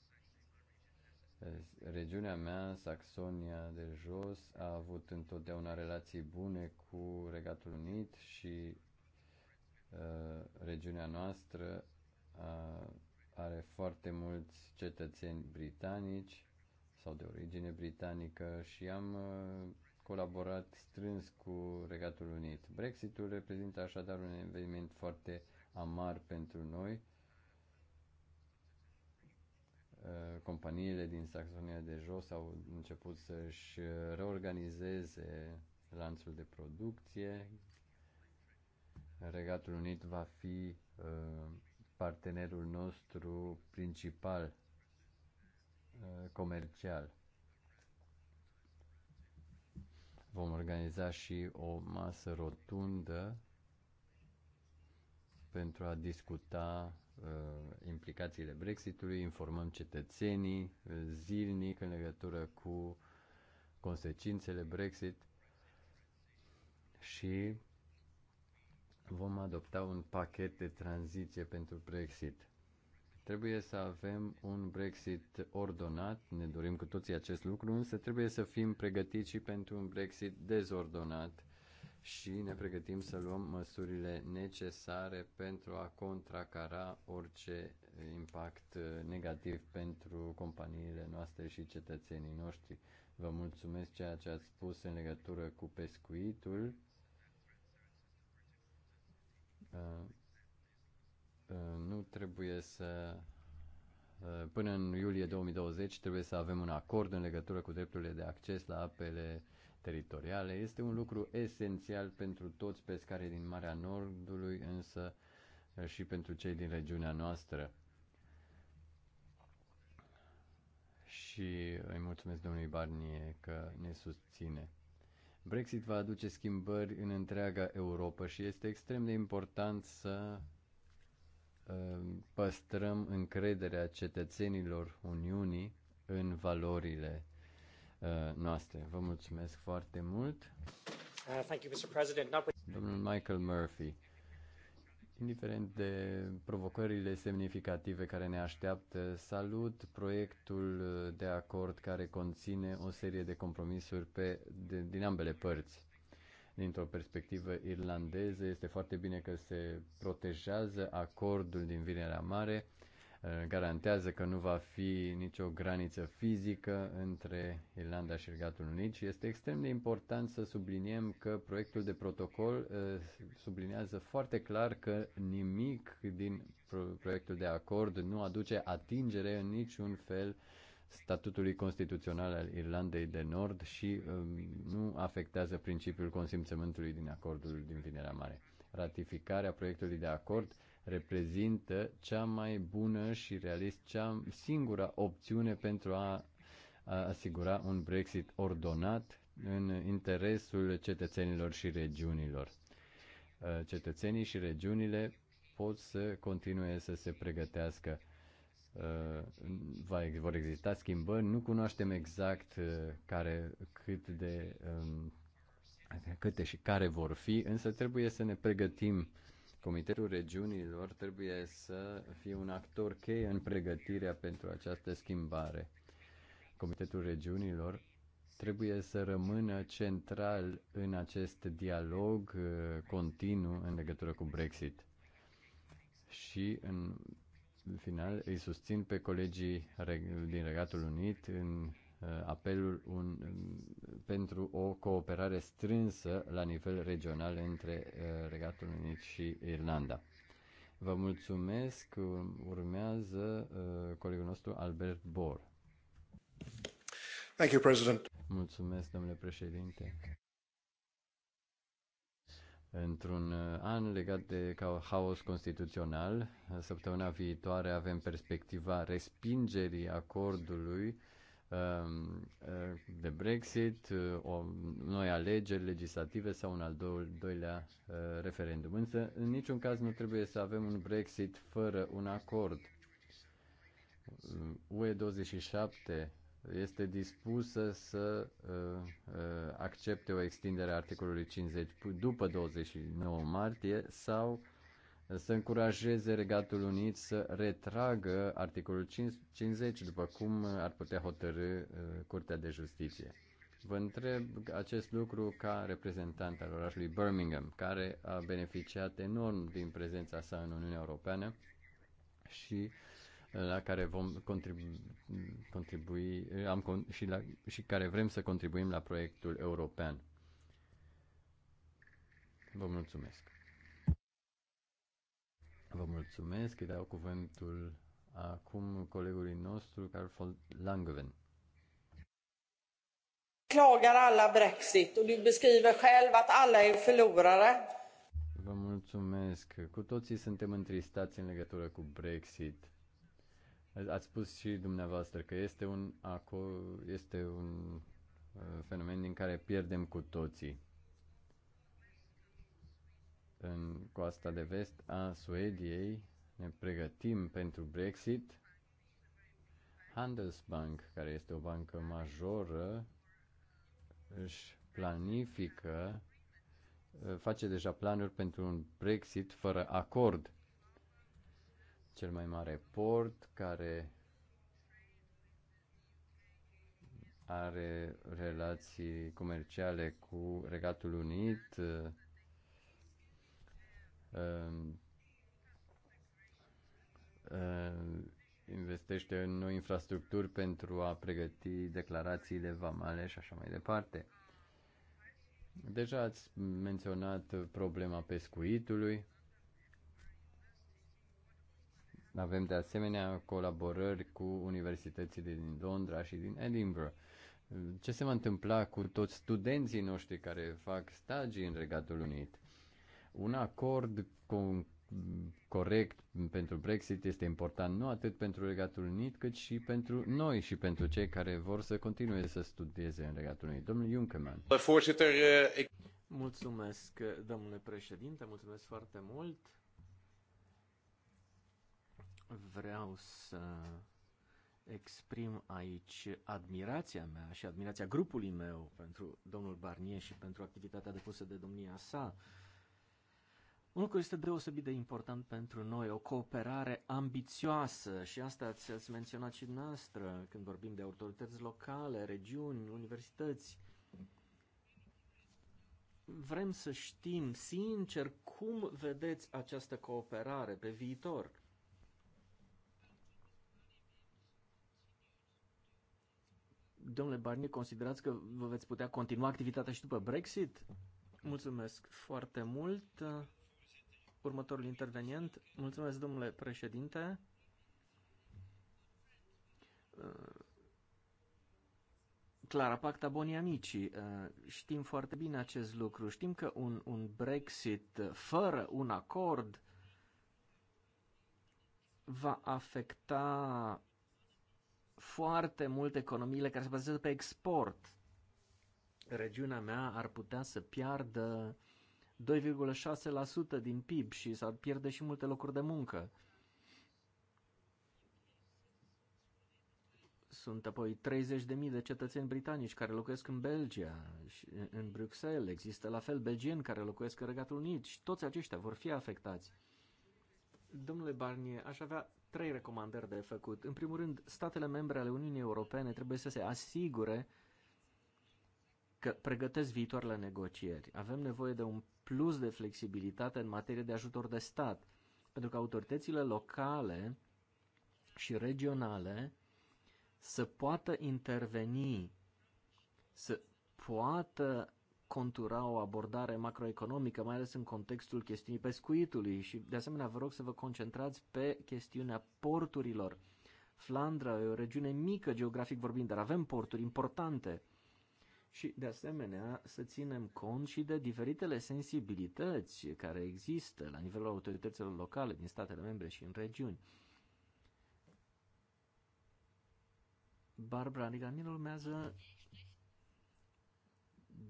Regiunea mea, Saxonia de jos, a avut întotdeauna relații bune cu Regatul Unit și uh, regiunea noastră uh, are foarte mulți cetățeni britanici sau de origine britanică și am uh, colaborat strâns cu Regatul Unit. Brexitul reprezintă așadar un eveniment foarte amar pentru noi Uh, companiile din Saxonia de jos au început să-și reorganizeze lanțul de producție. Regatul Unit va fi uh, partenerul nostru principal uh, comercial. Vom organiza și o masă rotundă pentru a discuta Uh, implicațiile Brexitului, informăm cetățenii uh, zilnic în legătură cu consecințele Brexit și vom adopta un pachet de tranziție pentru Brexit. Trebuie să avem un Brexit ordonat, ne dorim cu toții acest lucru, însă trebuie să fim pregătiți și pentru un Brexit dezordonat și ne pregătim să luăm măsurile necesare pentru a contracara orice impact negativ pentru companiile noastre și cetățenii noștri. Vă mulțumesc ceea ce ați spus în legătură cu pescuitul. Uh, uh, nu trebuie să uh, până în iulie 2020 trebuie să avem un acord în legătură cu drepturile de acces la apele teritoriale este un lucru esențial pentru toți pescarii din Marea Nordului, însă și pentru cei din regiunea noastră. Și îi mulțumesc domnului Barnie că ne susține. Brexit va aduce schimbări în întreaga Europa și este extrem de important să ă, păstrăm încrederea cetățenilor Uniunii în valorile Uh, noastre. Vă mulțumesc foarte mult. Uh, thank you, Mr. President. Not... Domnul Michael Murphy, indiferent de provocările semnificative care ne așteaptă, salut proiectul de acord care conține o serie de compromisuri pe, de, din ambele părți dintr-o perspectivă irlandeză. Este foarte bine că se protejează acordul din Vinerea Mare Eh, garantează că nu va fi nicio graniță fizică între Irlanda și Regatul Unit și este extrem de important să subliniem că proiectul de protocol eh, sublinează foarte clar că nimic din proiectul de acord nu aduce atingere în niciun fel statutului constituțional al Irlandei de Nord și eh, nu afectează principiul consimțământului din acordul din Vinerea Mare. Ratificarea proiectului de acord reprezintă cea mai bună și realist cea singura opțiune pentru a, a asigura un Brexit ordonat în interesul cetățenilor și regiunilor. Uh, cetățenii și regiunile pot să continue să se pregătească. Uh, vor exista schimbări, nu cunoaștem exact uh, care, cât de, um, câte și care vor fi, însă trebuie să ne pregătim Comitetul Regiunilor trebuie să fie un actor cheie în pregătirea pentru această schimbare. Comitetul Regiunilor trebuie să rămână central în acest dialog uh, continuu în legătură cu Brexit. Și în final îi susțin pe colegii din Regatul Unit în Uh, apelul un, uh, pentru o cooperare strânsă la nivel regional între uh, Regatul Unit și Irlanda. Vă mulțumesc. Urmează colegul nostru Albert Bor. Thank you, President. Mulțumesc, domnule președinte. Într-un an legat de haos constituțional, săptămâna viitoare avem perspectiva respingerii acordului Um, uh, de Brexit, uh, o, noi alegeri legislative sau un al doilea uh, referendum. Însă, în niciun caz nu trebuie să avem un Brexit fără un acord. UE27 este dispusă să accepte o extindere a articolului 50 după 29 martie sau să încurajeze Regatul Unit să retragă articolul 50, după cum ar putea hotărâ uh, Curtea de Justiție. Vă întreb acest lucru ca reprezentant al orașului Birmingham, care a beneficiat enorm din prezența sa în Uniunea Europeană și uh, la care vom contribu- contribui uh, am, și, la, și care vrem să contribuim la proiectul european. Vă mulțumesc. Vă mulțumesc. Îi dau cuvântul acum colegului nostru, Carl Langeven. Klagar alla Brexit och du beskriver själv att alla är förlorare. Vă mulțumesc. Cu toții suntem întristați în legătură cu Brexit. Ați spus și dumneavoastră că este un, este un uh, fenomen din care pierdem cu toții în coasta de vest a Suediei. Ne pregătim pentru Brexit. Handelsbank, care este o bancă majoră, își planifică, face deja planuri pentru un Brexit fără acord. Cel mai mare port care are relații comerciale cu Regatul Unit, Ehm, ehm, investește în noi infrastructuri pentru a pregăti declarațiile vamale și așa mai departe. Deja ați menționat problema pescuitului. Avem de asemenea colaborări cu universitățile din Londra și din Edinburgh. Ce se va întâmpla cu toți studenții noștri care fac stagii în Regatul Unit? Un acord cu, corect pentru Brexit este important nu atât pentru Regatul Unit, cât și pentru noi și pentru cei care vor să continue să studieze în Regatul Unit. Domnul Junckerman. Eh, mulțumesc, domnule președinte, mulțumesc foarte mult. Vreau să exprim aici admirația mea și admirația grupului meu pentru domnul Barnier și pentru activitatea depusă de domnia sa. Uh, un lucru este deosebit de important pentru noi, o cooperare ambițioasă și asta ați, ați menționat și noastră când vorbim de autorități locale, regiuni, universități. Vrem să știm sincer cum vedeți această cooperare pe viitor. Domnule Barnier, considerați că vă veți putea continua activitatea și după Brexit? Mulțumesc foarte mult următorul intervenient. Mulțumesc, domnule președinte. Clara Pacta Bonii Amici, știm foarte bine acest lucru. Știm că un, un Brexit fără un acord va afecta foarte mult economiile care se bazează pe export. Regiunea mea ar putea să piardă uh, 2,6% din PIB și s-ar pierde și multe locuri de muncă. Sunt apoi 30.000 de cetățeni britanici care locuiesc în Belgia și în Bruxelles. Există la fel belgieni care locuiesc în Regatul Unit și toți aceștia vor fi afectați. Domnule Barnier, aș avea trei recomandări de făcut. În primul rând, statele membre ale Uniunii Europene trebuie să se asigure că pregătesc viitoarele negocieri. Avem nevoie de un plus de flexibilitate în materie de ajutor de stat, pentru că autoritățile locale și regionale să poată interveni, să poată contura o abordare macroeconomică, mai ales în contextul chestiunii pescuitului și de asemenea vă rog să vă concentrați pe chestiunea porturilor. Flandra e o regiune mică geografic vorbind, dar avem porturi importante și, de asemenea, să ținem cont și de diferitele sensibilități care există la nivelul autorităților locale din statele membre și în regiuni. Barbara Riganin urmează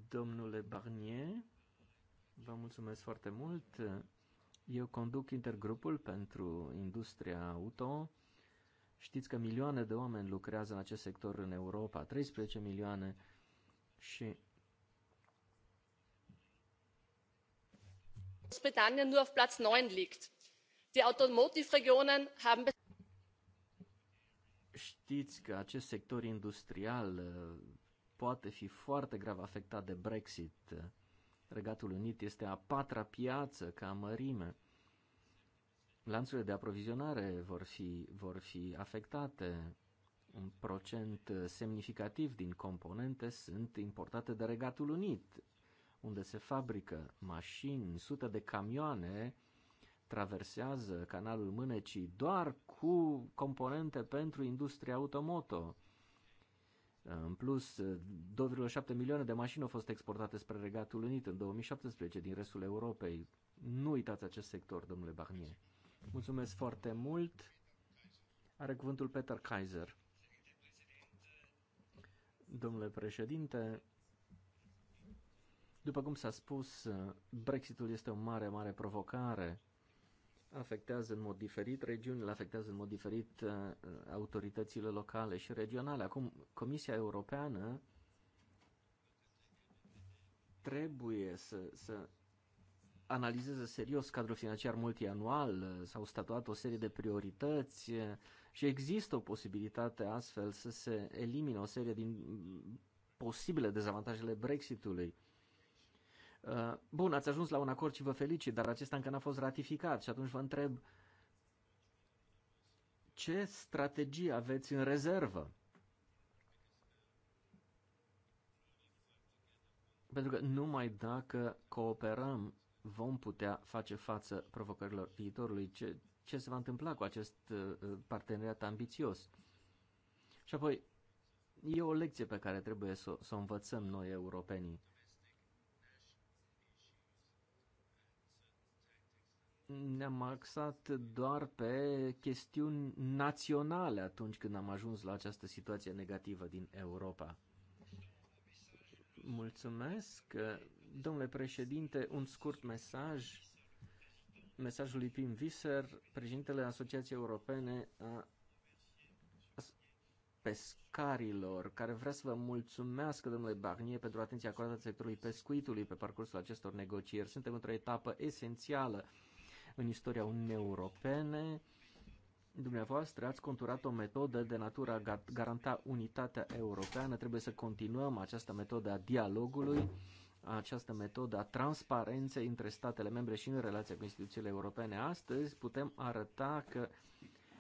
domnule Barnier. Vă mulțumesc foarte mult. Eu conduc intergrupul pentru industria auto. Știți că milioane de oameni lucrează în acest sector în Europa, 13 milioane și Großbritannien nur auf Platz 9 liegt. Die Automotive-Regionen haben Știți că acest sector industrial uh, poate fi foarte grav afectat de Brexit. Regatul Unit este a patra piață ca mărime. Lanțurile de aprovizionare vor fi, vor fi afectate. Un procent uh, semnificativ din componente sunt importate de Regatul Unit, unde se fabrică mașini, sute de camioane traversează canalul Mânecii doar cu componente pentru industria automoto. Uh, în plus, 2,7 uh, milioane de mașini au fost exportate spre Regatul Unit în 2017 din restul Europei. Nu uitați acest sector, domnule Barnier. Mulțumesc foarte mult. Are cuvântul Peter Kaiser. Domnule președinte, după cum s-a spus, Brexitul este o mare, mare provocare. Afectează în mod diferit regiunile, afectează în mod diferit uh, autoritățile locale și regionale. Acum, Comisia Europeană trebuie să, să analizeze serios cadrul financiar multianual, s-au statuat o serie de priorități, și există o posibilitate astfel să se elimine o serie din posibile dezavantajele Brexitului. Uh, bun, ați ajuns la un acord și vă felicit, dar acesta încă n-a fost ratificat și atunci vă întreb ce strategie aveți în rezervă? Pentru că numai dacă cooperăm vom putea face față provocărilor viitorului. Ce, ce se va întâmpla cu acest uh, uh, parteneriat ambițios. Și apoi, e o lecție pe care trebuie să, să o învățăm noi, europenii. ne-am axat doar pe chestiuni naționale atunci când am ajuns la această situație negativă din Europa. Mulțumesc. Domnule președinte, un scurt mesaj mesajul lui Pim Visser, președintele Asociației Europene a pescarilor, care vrea să vă mulțumească, domnule Barnier, pentru atenția acordată sectorului pescuitului pe parcursul acestor negocieri. Suntem într-o etapă esențială în istoria Uniunii Europene. Dumneavoastră ați conturat o metodă de natură a garanta unitatea europeană. Trebuie să continuăm această metodă a dialogului această metodă a transparenței între statele membre și în relația cu instituțiile europene astăzi, putem arăta că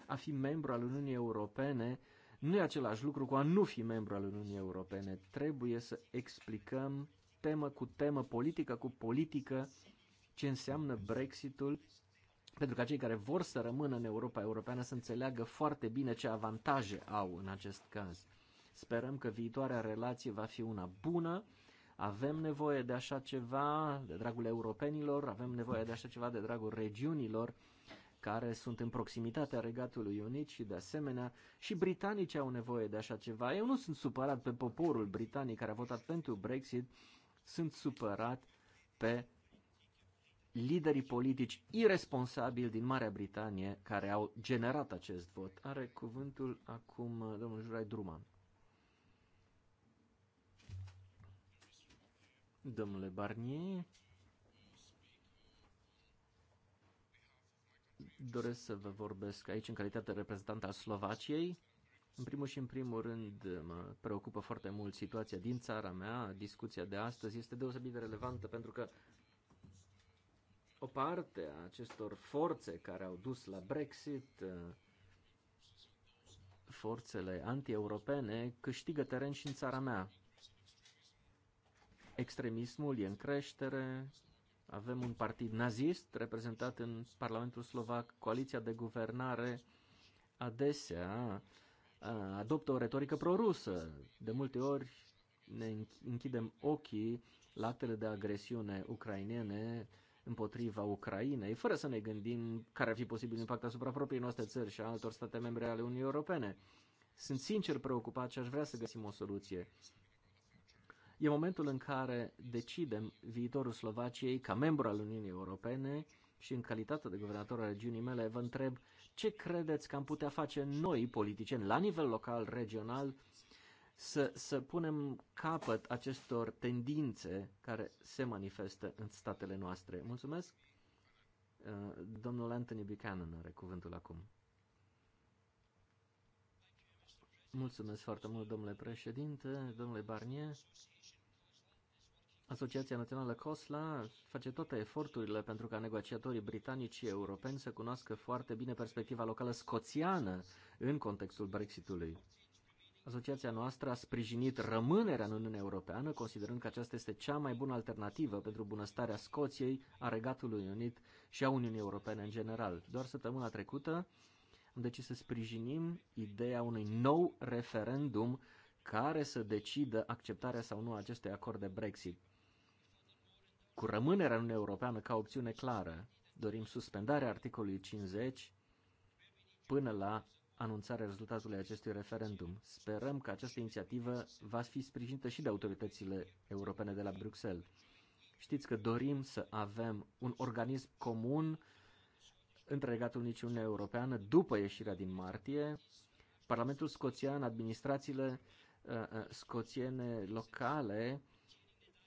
a fi membru al Uniunii Europene nu e același lucru cu a nu fi membru al Uniunii Europene. Trebuie să explicăm temă cu temă, politică cu politică, ce înseamnă Brexitul, pentru ca cei care vor să rămână în Europa Europeană să înțeleagă foarte bine ce avantaje au în acest caz. Sperăm că viitoarea relație va fi una bună avem nevoie de așa ceva de dragul europenilor, avem nevoie de așa ceva de dragul regiunilor care sunt în proximitatea Regatului Unit și de asemenea și britanicii au nevoie de așa ceva. Eu nu sunt supărat pe poporul britanic care a votat pentru Brexit, sunt supărat pe liderii politici irresponsabili din Marea Britanie care au generat acest vot. Are cuvântul acum domnul Jurai Druman. domnule Barnier. Doresc să vă vorbesc aici în calitate de reprezentant al Slovaciei. În primul și în primul rând mă preocupă foarte mult situația din țara mea. Discuția de astăzi este deosebit de relevantă pentru că o parte a acestor forțe care au dus la Brexit, forțele anti-europene, câștigă teren și în țara mea. Extremismul e în creștere, avem un partid nazist reprezentat în Parlamentul Slovac, coaliția de guvernare adesea adoptă o retorică prorusă. De multe ori ne închidem ochii la actele de agresiune ucrainene împotriva Ucrainei, fără să ne gândim care ar fi posibil impact asupra propriei noastre țări și a altor state membre ale Uniunii Europene. Sunt sincer preocupat și aș vrea să găsim o soluție. E momentul în care decidem viitorul Slovaciei ca membru al Uniunii Europene și în calitate de guvernator al regiunii mele vă întreb ce credeți că am putea face noi politicieni la nivel local, regional, să, să punem capăt acestor tendințe care se manifestă în statele noastre. Mulțumesc! Uh, domnul Anthony Buchanan are cuvântul acum. Mulțumesc foarte mult, domnule președinte, domnule Barnier. Asociația Națională COSLA face toate eforturile pentru ca negociatorii britanici și europeni să cunoască foarte bine perspectiva locală scoțiană în contextul Brexitului. Asociația noastră a sprijinit rămânerea în Uniunea Europeană, considerând că aceasta este cea mai bună alternativă pentru bunăstarea Scoției, a Regatului Unit și a Uniunii Europene în general. Doar săptămâna trecută, am decis să sprijinim ideea unui nou referendum care să decidă acceptarea sau nu acestui acord de Brexit. Cu rămânerea în Uniunea Europeană ca opțiune clară, dorim suspendarea articolului 50 până la anunțarea rezultatului acestui referendum. Sperăm că această inițiativă va fi sprijinită și de autoritățile europene de la Bruxelles. Știți că dorim să avem un organism comun între Regatul Uniunea Europeană după ieșirea din martie. Parlamentul scoțian, administrațiile uh, uh, scoțiene locale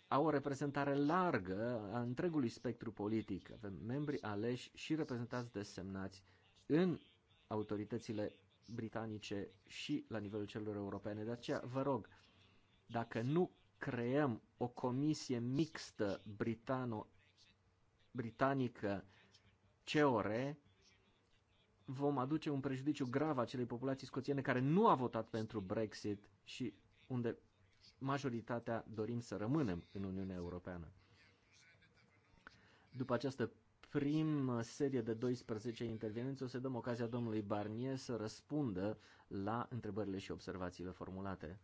au o reprezentare largă a întregului spectru politic. Avem membri aleși și reprezentanți desemnați în autoritățile britanice și la nivelul celor europene. De aceea vă rog, dacă nu creăm o comisie mixtă britano-britanică COR, vom aduce un prejudiciu grav acelei populații scoțiene care nu a votat pentru Brexit și unde majoritatea dorim să rămânem în Uniunea Europeană. După această prim serie de 12 intervenenți, o să dăm ocazia domnului Barnier să răspundă la întrebările și observațiile formulate.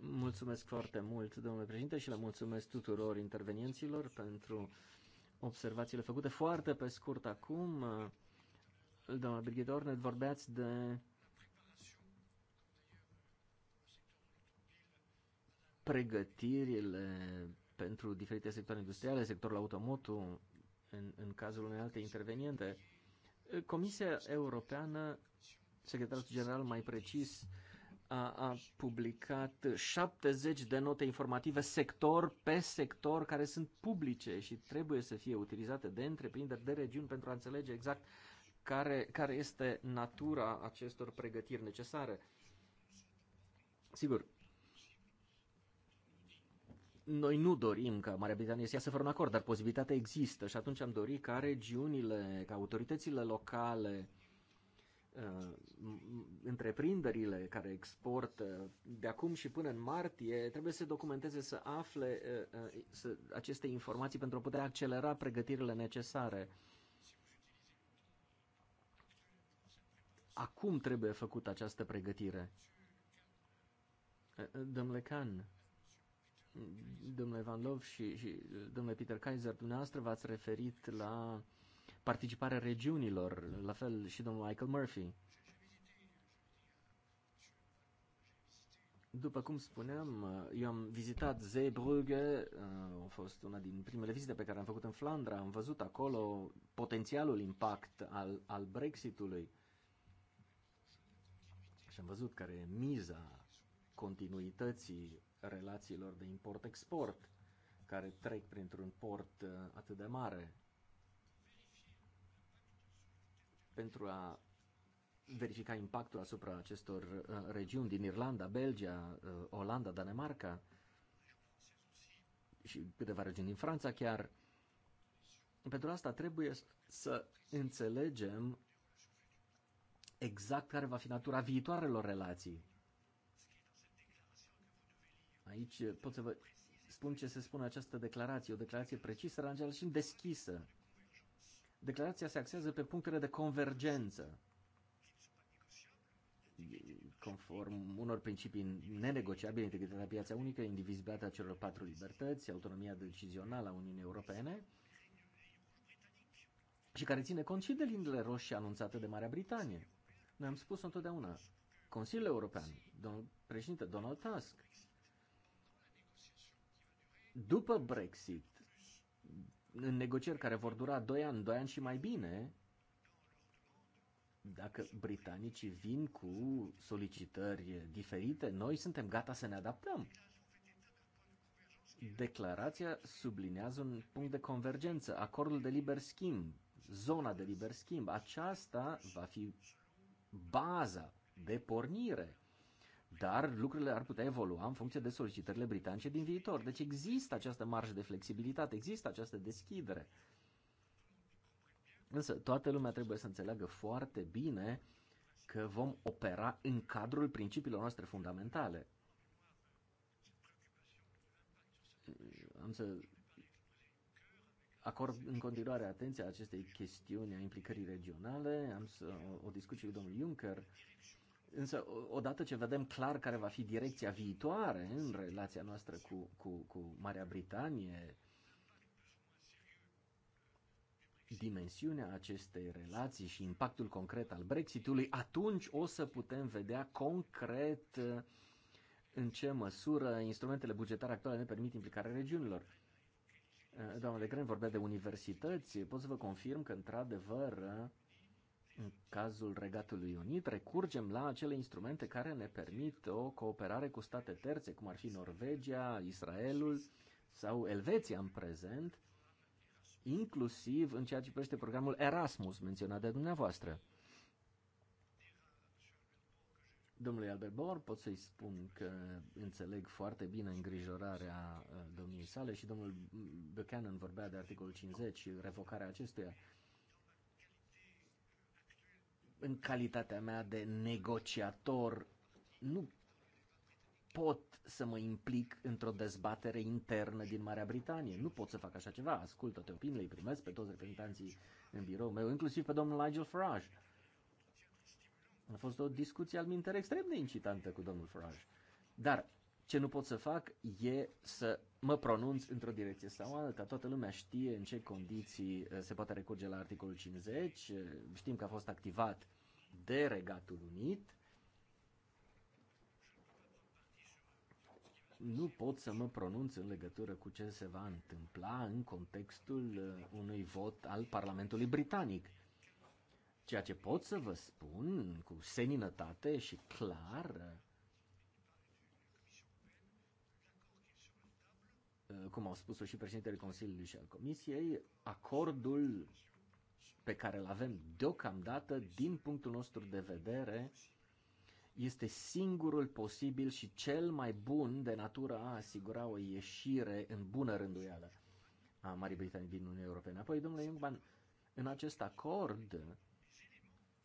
Mulțumesc foarte mult, domnule președinte, și le mulțumesc tuturor intervenienților pentru observațiile făcute. Foarte pe scurt acum, uh, doamna Brigitte Ornet, vorbeați de pregătirile pentru diferite sectoare industriale, sectorul automotu, în, în cazul unei alte interveniente. Comisia Europeană, secretarul general mai precis, a, a publicat 70 de note informative sector pe sector care sunt publice și trebuie să fie utilizate de întreprinderi, de regiuni pentru a înțelege exact care, care este natura acestor pregătiri necesare. Sigur, noi nu dorim ca Marea Britanie să iasă fără un acord, dar posibilitatea există și atunci am dorit ca regiunile, ca autoritățile locale, Uh, întreprinderile care exportă de acum și până în martie trebuie să documenteze, să afle uh, uh, să, aceste informații pentru a putea accelera pregătirile necesare. Acum trebuie făcută această pregătire. Domnule Can, domnule Van Lov și, și domnule Peter Kaiser, dumneavoastră v-ați referit la participarea regiunilor, la fel și domnul Michael Murphy. După cum spuneam, eu am vizitat Zeebrugge, uh, a fost una din primele vizite pe care am făcut în Flandra, am văzut acolo potențialul impact al, al Brexitului și am văzut care e miza continuității relațiilor de import-export care trec printr-un port uh, atât de mare. pentru a verifica impactul asupra acestor uh, regiuni din Irlanda, Belgia, uh, Olanda, Danemarca și câteva regiuni din Franța chiar. Pentru asta trebuie să înțelegem exact care va fi natura viitoarelor relații. Aici pot să vă spun ce se spune această declarație, o declarație precisă, dar în și deschisă. Declarația se axează pe punctele de convergență, conform unor principii nenegociabile, integritatea piața unică, indivizibilitatea celor patru libertăți, autonomia decizională a Uniunii Europene, și care ține cont și de lindele roșii anunțate de Marea Britanie. Noi am spus întotdeauna, Consiliul European, domnul președinte Donald Tusk, după Brexit, în negocieri care vor dura 2 ani, 2 ani și mai bine, dacă britanicii vin cu solicitări diferite, noi suntem gata să ne adaptăm. Declarația sublinează un punct de convergență, acordul de liber schimb, zona de liber schimb. Aceasta va fi baza de pornire dar lucrurile ar putea evolua în funcție de solicitările britanice din viitor. Deci există această marjă de flexibilitate, există această deschidere. Însă toată lumea trebuie să înțeleagă foarte bine că vom opera în cadrul principiilor noastre fundamentale. Am să acord în continuare atenția acestei chestiuni a implicării regionale. Am să o, o discuție cu domnul Juncker Însă, odată ce vedem clar care va fi direcția viitoare în relația noastră cu, cu, cu Marea Britanie, dimensiunea acestei relații și impactul concret al Brexitului, atunci o să putem vedea concret uh, în ce măsură instrumentele bugetare actuale ne permit implicarea regiunilor. Uh, doamna de Gren vorbea de universități. Pot să vă confirm că, într-adevăr, uh, în cazul Regatului Unit, recurgem la acele instrumente care ne permit o cooperare cu state terțe, cum ar fi Norvegia, Israelul sau Elveția în prezent, inclusiv în ceea ce privește programul Erasmus menționat de dumneavoastră. Domnului Albert Bor, pot să-i spun că înțeleg foarte bine îngrijorarea uh, domniei sale și domnul Buchanan vorbea de articolul 50 și revocarea acestuia în calitatea mea de negociator nu pot să mă implic într-o dezbatere internă din Marea Britanie. Nu pot să fac așa ceva. Ascultă-te opiniile, îi primesc pe toți reprezentanții în birou meu, inclusiv pe domnul Nigel Farage. A fost o discuție al minter extrem de incitantă cu domnul Farage. Dar ce nu pot să fac e să mă pronunț într-o direcție sau alta. Toată lumea știe în ce condiții uh, se poate recurge la articolul 50. Uh, știm că a fost activat de Regatul Unit. Nu pot să mă pronunț în legătură cu ce se va întâmpla în contextul uh, unui vot al Parlamentului Britanic. Ceea ce pot să vă spun cu seninătate și clar Uh, cum au spus-o și președintele Consiliului și al Comisiei, acordul pe care îl avem deocamdată, din punctul nostru de vedere, este singurul posibil și cel mai bun de natură a asigura o ieșire în bună rânduială a Marii Britanii din Uniunea Europeană. Apoi, domnule Jungman, în acest acord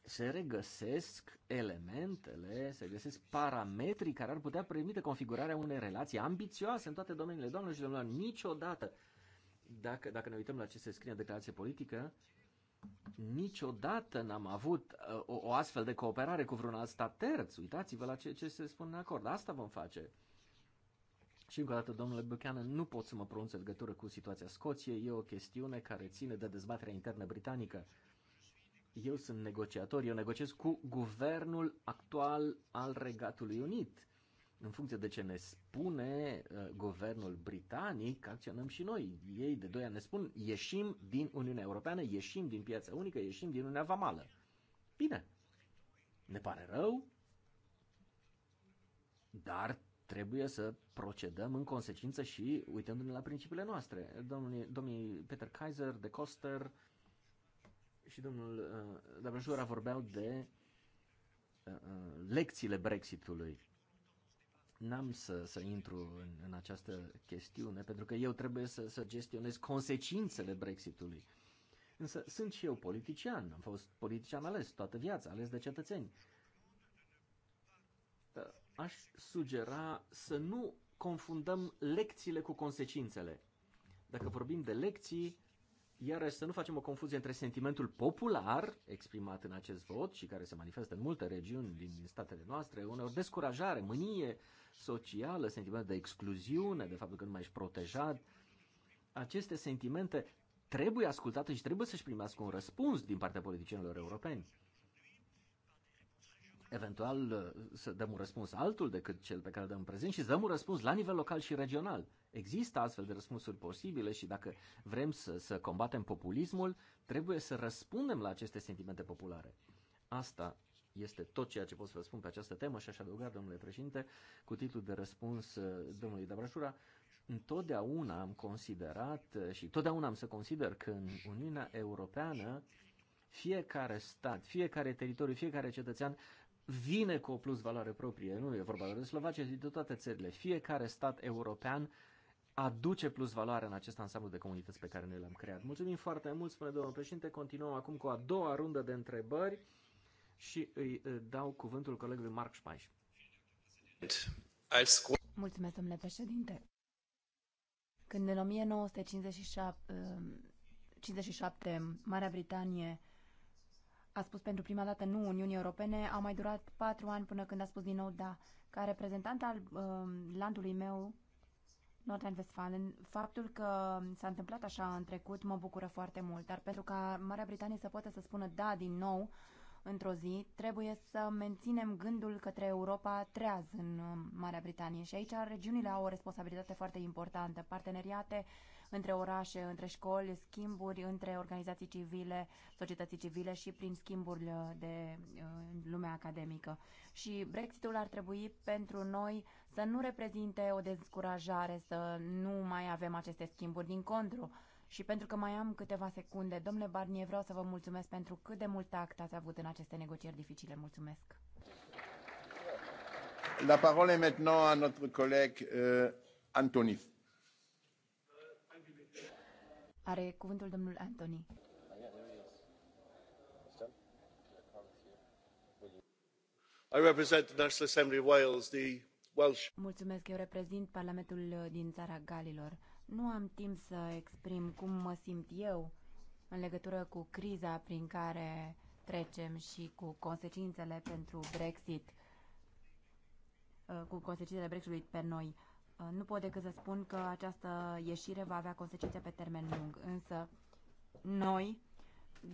se regăsesc elementele, se găsesc parametrii care ar putea permite configurarea unei relații ambițioase în toate domeniile. Doamne și domnilor, niciodată, dacă, dacă ne uităm la ce se scrie în declarație politică, niciodată n-am avut uh, o, o astfel de cooperare cu vreun alt stat terț. Uitați-vă la ce, ce se spune în acord. Asta vom face. Și încă o dată, domnule Buchanan, nu pot să mă pronunț în legătură cu situația Scoției. E o chestiune care ține de dezbaterea internă britanică eu sunt negociator, eu negociez cu guvernul actual al Regatului Unit. În funcție de ce ne spune uh, guvernul britanic, acționăm și noi. Ei de doi ani ne spun ieșim din Uniunea Europeană, ieșim din piața unică, ieșim din Uniunea Vamală. Bine, ne pare rău, dar trebuie să procedăm în consecință și uitându-ne la principiile noastre. Domnul, domnii Peter Kaiser, De Coster, și domnul uh, Dabrașura vorbeau de uh, uh, lecțiile Brexitului. N-am să, să intru în, în această chestiune, pentru că eu trebuie să, să gestionez consecințele Brexitului. Însă sunt și eu politician, am fost politician ales toată viața, ales de cetățeni. Aș sugera să nu confundăm lecțiile cu consecințele. Dacă vorbim de lecții, Iarăși să nu facem o confuzie între sentimentul popular exprimat în acest vot și care se manifestă în multe regiuni din, statele noastre, uneori descurajare, mânie socială, sentiment de excluziune, de faptul că nu mai ești protejat. Aceste sentimente trebuie ascultate și trebuie să-și primească un răspuns din partea politicienilor europeni. Eventual să dăm un răspuns altul decât cel pe care îl dăm în prezent și să dăm un răspuns la nivel local și regional. Există astfel de răspunsuri posibile și dacă vrem să, să combatem populismul, trebuie să răspundem la aceste sentimente populare. Asta este tot ceea ce pot să vă spun pe această temă și aș adăuga, domnule președinte, cu titlul de răspuns uh, domnului Dabrașura, întotdeauna am considerat uh, și totdeauna am să consider că în Uniunea Europeană fiecare stat, fiecare teritoriu, fiecare cetățean vine cu o plus valoare proprie. Nu e vorba de Slovacia, ci de toate țările. Fiecare stat european aduce plus valoare în acest ansamblu de comunități pe care noi le-am creat. Mulțumim foarte mult, spune domnul președinte. Continuăm acum cu a doua rundă de întrebări și îi dau cuvântul colegului Marc Spaiș. Mulțumesc, domnule președinte. Când în 1957 57, um, Marea Britanie a spus pentru prima dată nu Uniunii Europene, au mai durat patru ani până când a spus din nou da. Ca reprezentant al uh, landului meu, Nordrhein-Westfalen. Faptul că s-a întâmplat așa în trecut mă bucură foarte mult, dar pentru ca Marea Britanie să poată să spună da din nou într-o zi, trebuie să menținem gândul către Europa treaz în Marea Britanie și aici regiunile au o responsabilitate foarte importantă. Parteneriate uh, între orașe, între școli, schimburi între organizații civile, societății civile și prin schimburi uh, de uh, lumea academică. Și Brexitul ar trebui pentru noi să nu reprezinte o descurajare, să nu mai avem aceste schimburi din contru. Și pentru că mai am câteva secunde, domnule Barnier, vreau să vă mulțumesc pentru cât de mult tact ați avut în aceste negocieri dificile. Mulțumesc! La parole maintenant à notre collègue euh, Anthony. Are cuvântul domnul Anthony. I represent the National Assembly of Wales, the Welsh. Mulțumesc, eu reprezint Parlamentul din țara Galilor. Nu am timp să exprim cum mă simt eu în legătură cu criza prin care trecem și cu consecințele pentru Brexit, uh, cu consecințele Brexitului pe noi. Uh, nu pot decât să spun că această ieșire va avea consecințe pe termen lung, însă noi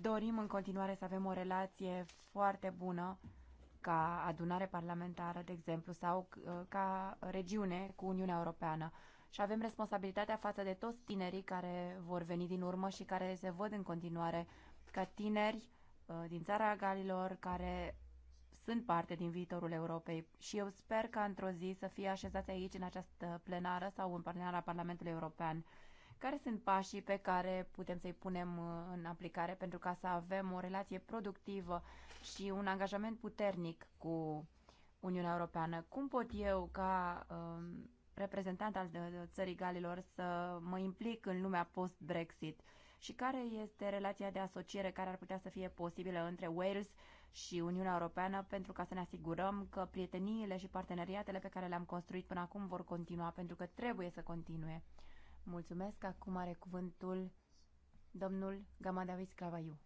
dorim în continuare să avem o relație foarte bună ca adunare parlamentară, de exemplu, sau uh, ca regiune cu Uniunea Europeană. Și avem responsabilitatea față de toți tinerii care vor veni din urmă și care se văd în continuare ca tineri uh, din țara Galilor, care sunt parte din viitorul Europei și eu sper ca într-o zi să fie așezați aici, în această plenară sau în plenara Parlamentului European. Care sunt pașii pe care putem să-i punem uh, în aplicare pentru ca să avem o relație productivă și un angajament puternic cu Uniunea Europeană? Cum pot eu, ca um, reprezentant al uh, țării Galilor, să mă implic în lumea post-Brexit? Și care este relația de asociere care ar putea să fie posibilă între Wales și Uniunea Europeană pentru ca să ne asigurăm că prieteniile și parteneriatele pe care le-am construit până acum vor continua, pentru că trebuie să continue. Mulțumesc. Acum are cuvântul domnul Gamadavis Clavaiu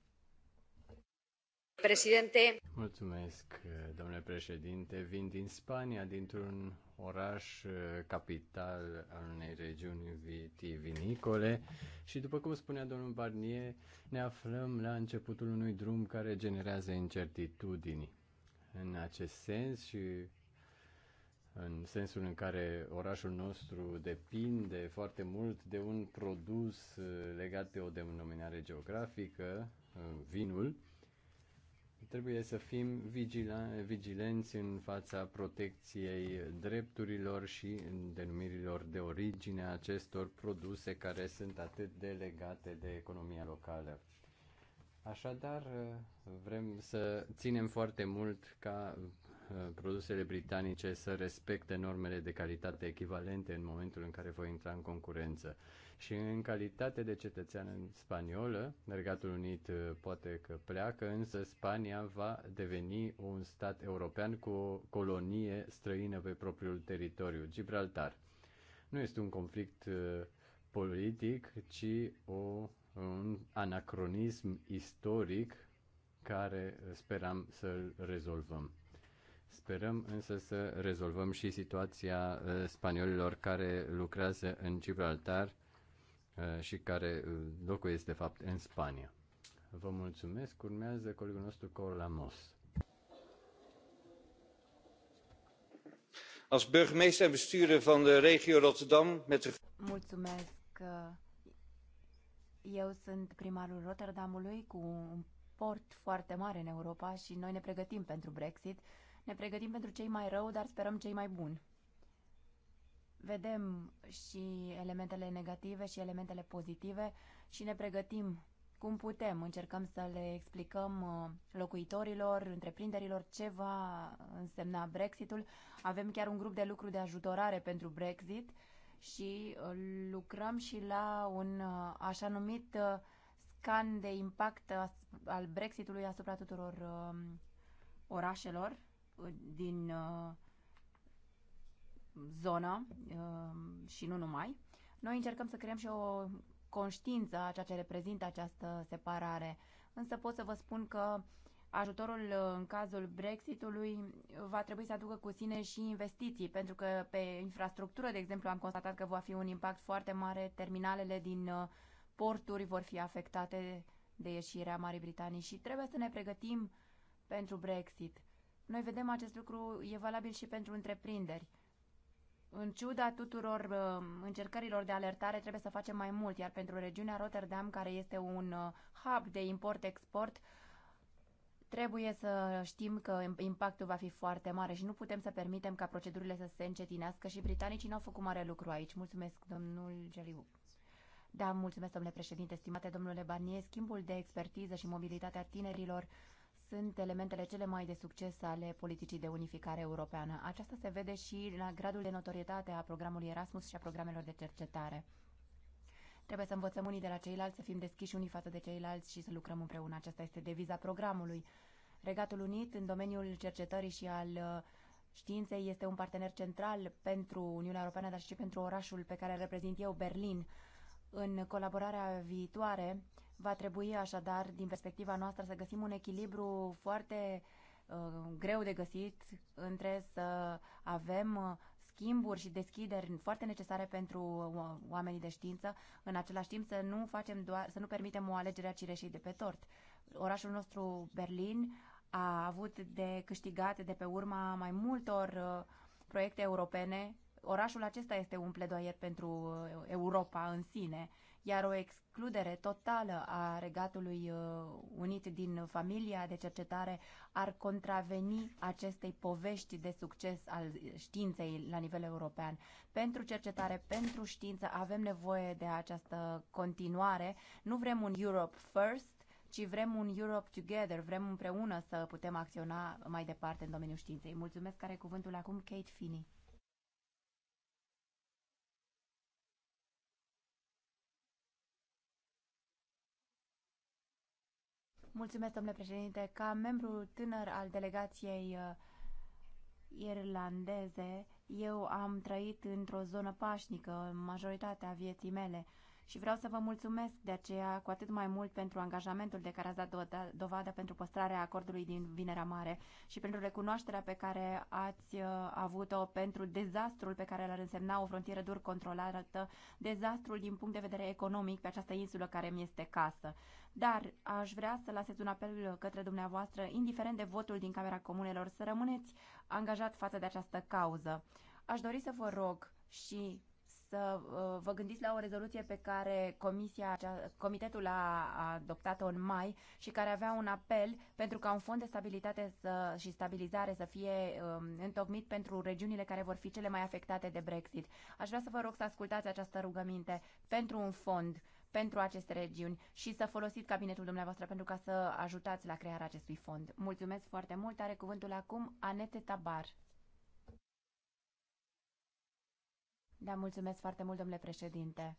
președinte. Mulțumesc, domnule președinte. Vin din Spania, dintr-un oraș eh, capital al unei regiuni vitivinicole și, după cum spunea domnul Barnier, ne aflăm la începutul unui drum care generează incertitudini. În acest sens și în sensul în care orașul nostru depinde foarte mult de un produs eh, legat de o denominare geografică, eh, vinul, trebuie să fim vigila, vigilenți în fața protecției drepturilor și denumirilor de origine a acestor produse care sunt atât de legate de economia locală. Așadar, vrem să ținem foarte mult ca Uh, produsele britanice să respecte normele de calitate echivalente în momentul în care voi intra în concurență. Și în calitate de cetățean în spaniolă, Regatul Unit uh, poate că pleacă, însă Spania va deveni un stat european cu o colonie străină pe propriul teritoriu, Gibraltar. Nu este un conflict uh, politic, ci o, un anacronism istoric care speram să-l rezolvăm. Sperăm însă să rezolvăm și situația uh, spaniolilor care lucrează în Gibraltar uh, și care uh, locuiesc de fapt în Spania. Vă mulțumesc. Urmează colegul nostru Corla Als burgemeester en bestuurder van de regio Rotterdam met de... Mulțumesc. Eu sunt primarul Rotterdamului cu un port foarte mare în Europa și noi ne pregătim pentru Brexit ne pregătim pentru cei mai rău, dar sperăm cei mai buni. Vedem și elementele negative și elementele pozitive și ne pregătim cum putem. Încercăm să le explicăm uh, locuitorilor, întreprinderilor ce va însemna Brexitul. Avem chiar un grup de lucru de ajutorare pentru Brexit și uh, lucrăm și la un uh, așa numit scan de impact al Brexitului asupra tuturor um, orașelor din uh, zonă uh, și nu numai. Noi încercăm să creăm și o conștiință a ceea ce reprezintă această separare, însă pot să vă spun că ajutorul uh, în cazul Brexitului va trebui să aducă cu sine și investiții, pentru că pe infrastructură, de exemplu, am constatat că va fi un impact foarte mare, terminalele din porturi vor fi afectate de ieșirea Marii Britanii și trebuie să ne pregătim pentru Brexit. Noi vedem acest lucru e valabil și pentru întreprinderi. În ciuda tuturor uh, încercărilor de alertare, trebuie să facem mai mult, iar pentru regiunea Rotterdam, care este un uh, hub de import-export, trebuie să știm că impactul va fi foarte mare și nu putem să permitem ca procedurile să se încetinească și britanicii n-au făcut mare lucru aici. Mulțumesc, domnul Geliu. Da, mulțumesc, domnule președinte, stimate domnule Barnier. Schimbul de expertiză și mobilitatea tinerilor sunt elementele cele mai de succes ale politicii de unificare europeană. Aceasta se vede și la gradul de notorietate a programului Erasmus și a programelor de cercetare. Trebuie să învățăm unii de la ceilalți, să fim deschiși unii față de ceilalți și să lucrăm împreună. Aceasta este deviza programului. Regatul Unit, în domeniul cercetării și al uh, științei, este un partener central pentru Uniunea Europeană, dar și pentru orașul pe care îl reprezint eu, Berlin. În colaborarea viitoare, Va trebui așadar, din perspectiva noastră, să găsim un echilibru foarte uh, greu de găsit între să avem uh, schimburi și deschideri foarte necesare pentru uh, oamenii de știință, în același timp să nu facem doar, să nu permitem o alegere a cireșei de pe tort. Orașul nostru Berlin a avut de câștigat de pe urma mai multor uh, proiecte europene. Orașul acesta este un pledoier pentru uh, Europa în sine iar o excludere totală a Regatului uh, Unit din familia de cercetare ar contraveni acestei povești de succes al științei la nivel european. Pentru cercetare, pentru știință avem nevoie de această continuare. Nu vrem un Europe First, ci vrem un Europe Together, vrem împreună să putem acționa mai departe în domeniul științei. Mulțumesc, care cuvântul acum Kate Finney. Mulțumesc, domnule președinte. Ca membru tânăr al delegației uh, irlandeze, eu am trăit într-o zonă pașnică majoritatea vieții mele și vreau să vă mulțumesc de aceea cu atât mai mult pentru angajamentul de care ați dat dovadă pentru păstrarea acordului din Vinerea Mare și pentru recunoașterea pe care ați uh, avut-o pentru dezastrul pe care l-ar însemna o frontieră dur controlată, dezastrul din punct de vedere economic pe această insulă care mi este casă. Dar aș vrea să lasez un apel către dumneavoastră, indiferent de votul din Camera Comunelor, să rămâneți angajat față de această cauză. Aș dori să vă rog și să uh, vă gândiți la o rezoluție pe care comisia, comitetul a adoptat-o în mai și care avea un apel pentru ca un fond de stabilitate să, și stabilizare să fie um, întocmit pentru regiunile care vor fi cele mai afectate de Brexit. Aș vrea să vă rog să ascultați această rugăminte pentru un fond pentru aceste regiuni și să folosiți cabinetul dumneavoastră pentru ca să ajutați la crearea acestui fond. Mulțumesc foarte mult. Are cuvântul acum Anete Tabar. Da, mulțumesc foarte mult, domnule președinte.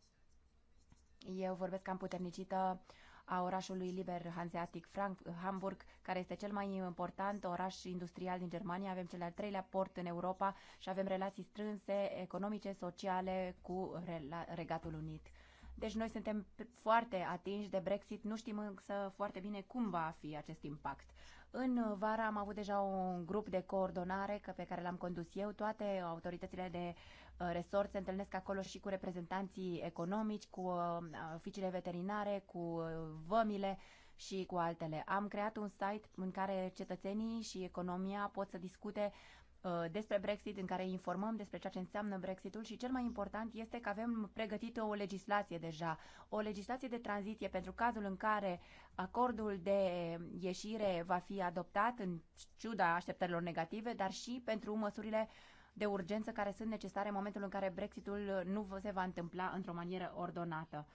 Eu vorbesc cam puternicită a orașului liber hanseatic Frank, Hamburg, care este cel mai important oraș industrial din Germania. Avem cel al treilea port în Europa și avem relații strânse, economice, sociale cu Regatul Unit. Deci noi suntem foarte atinși de Brexit, nu știm însă foarte bine cum va fi acest impact. În vara am avut deja un grup de coordonare pe care l-am condus eu, toate autoritățile de Uh, resort se întâlnesc acolo și cu reprezentanții economici, cu uh, oficiile veterinare, cu uh, vămile și cu altele. Am creat un site în care cetățenii și economia pot să discute despre Brexit, în care informăm despre ceea ce înseamnă Brexitul și cel mai important este că avem pregătită o legislație deja, o legislație de tranziție pentru cazul în care acordul de ieșire va fi adoptat în ciuda așteptărilor negative, dar și pentru măsurile uh, de urgență care sunt necesare în momentul în care Brexitul nu se va întâmpla într-o manieră ordonată.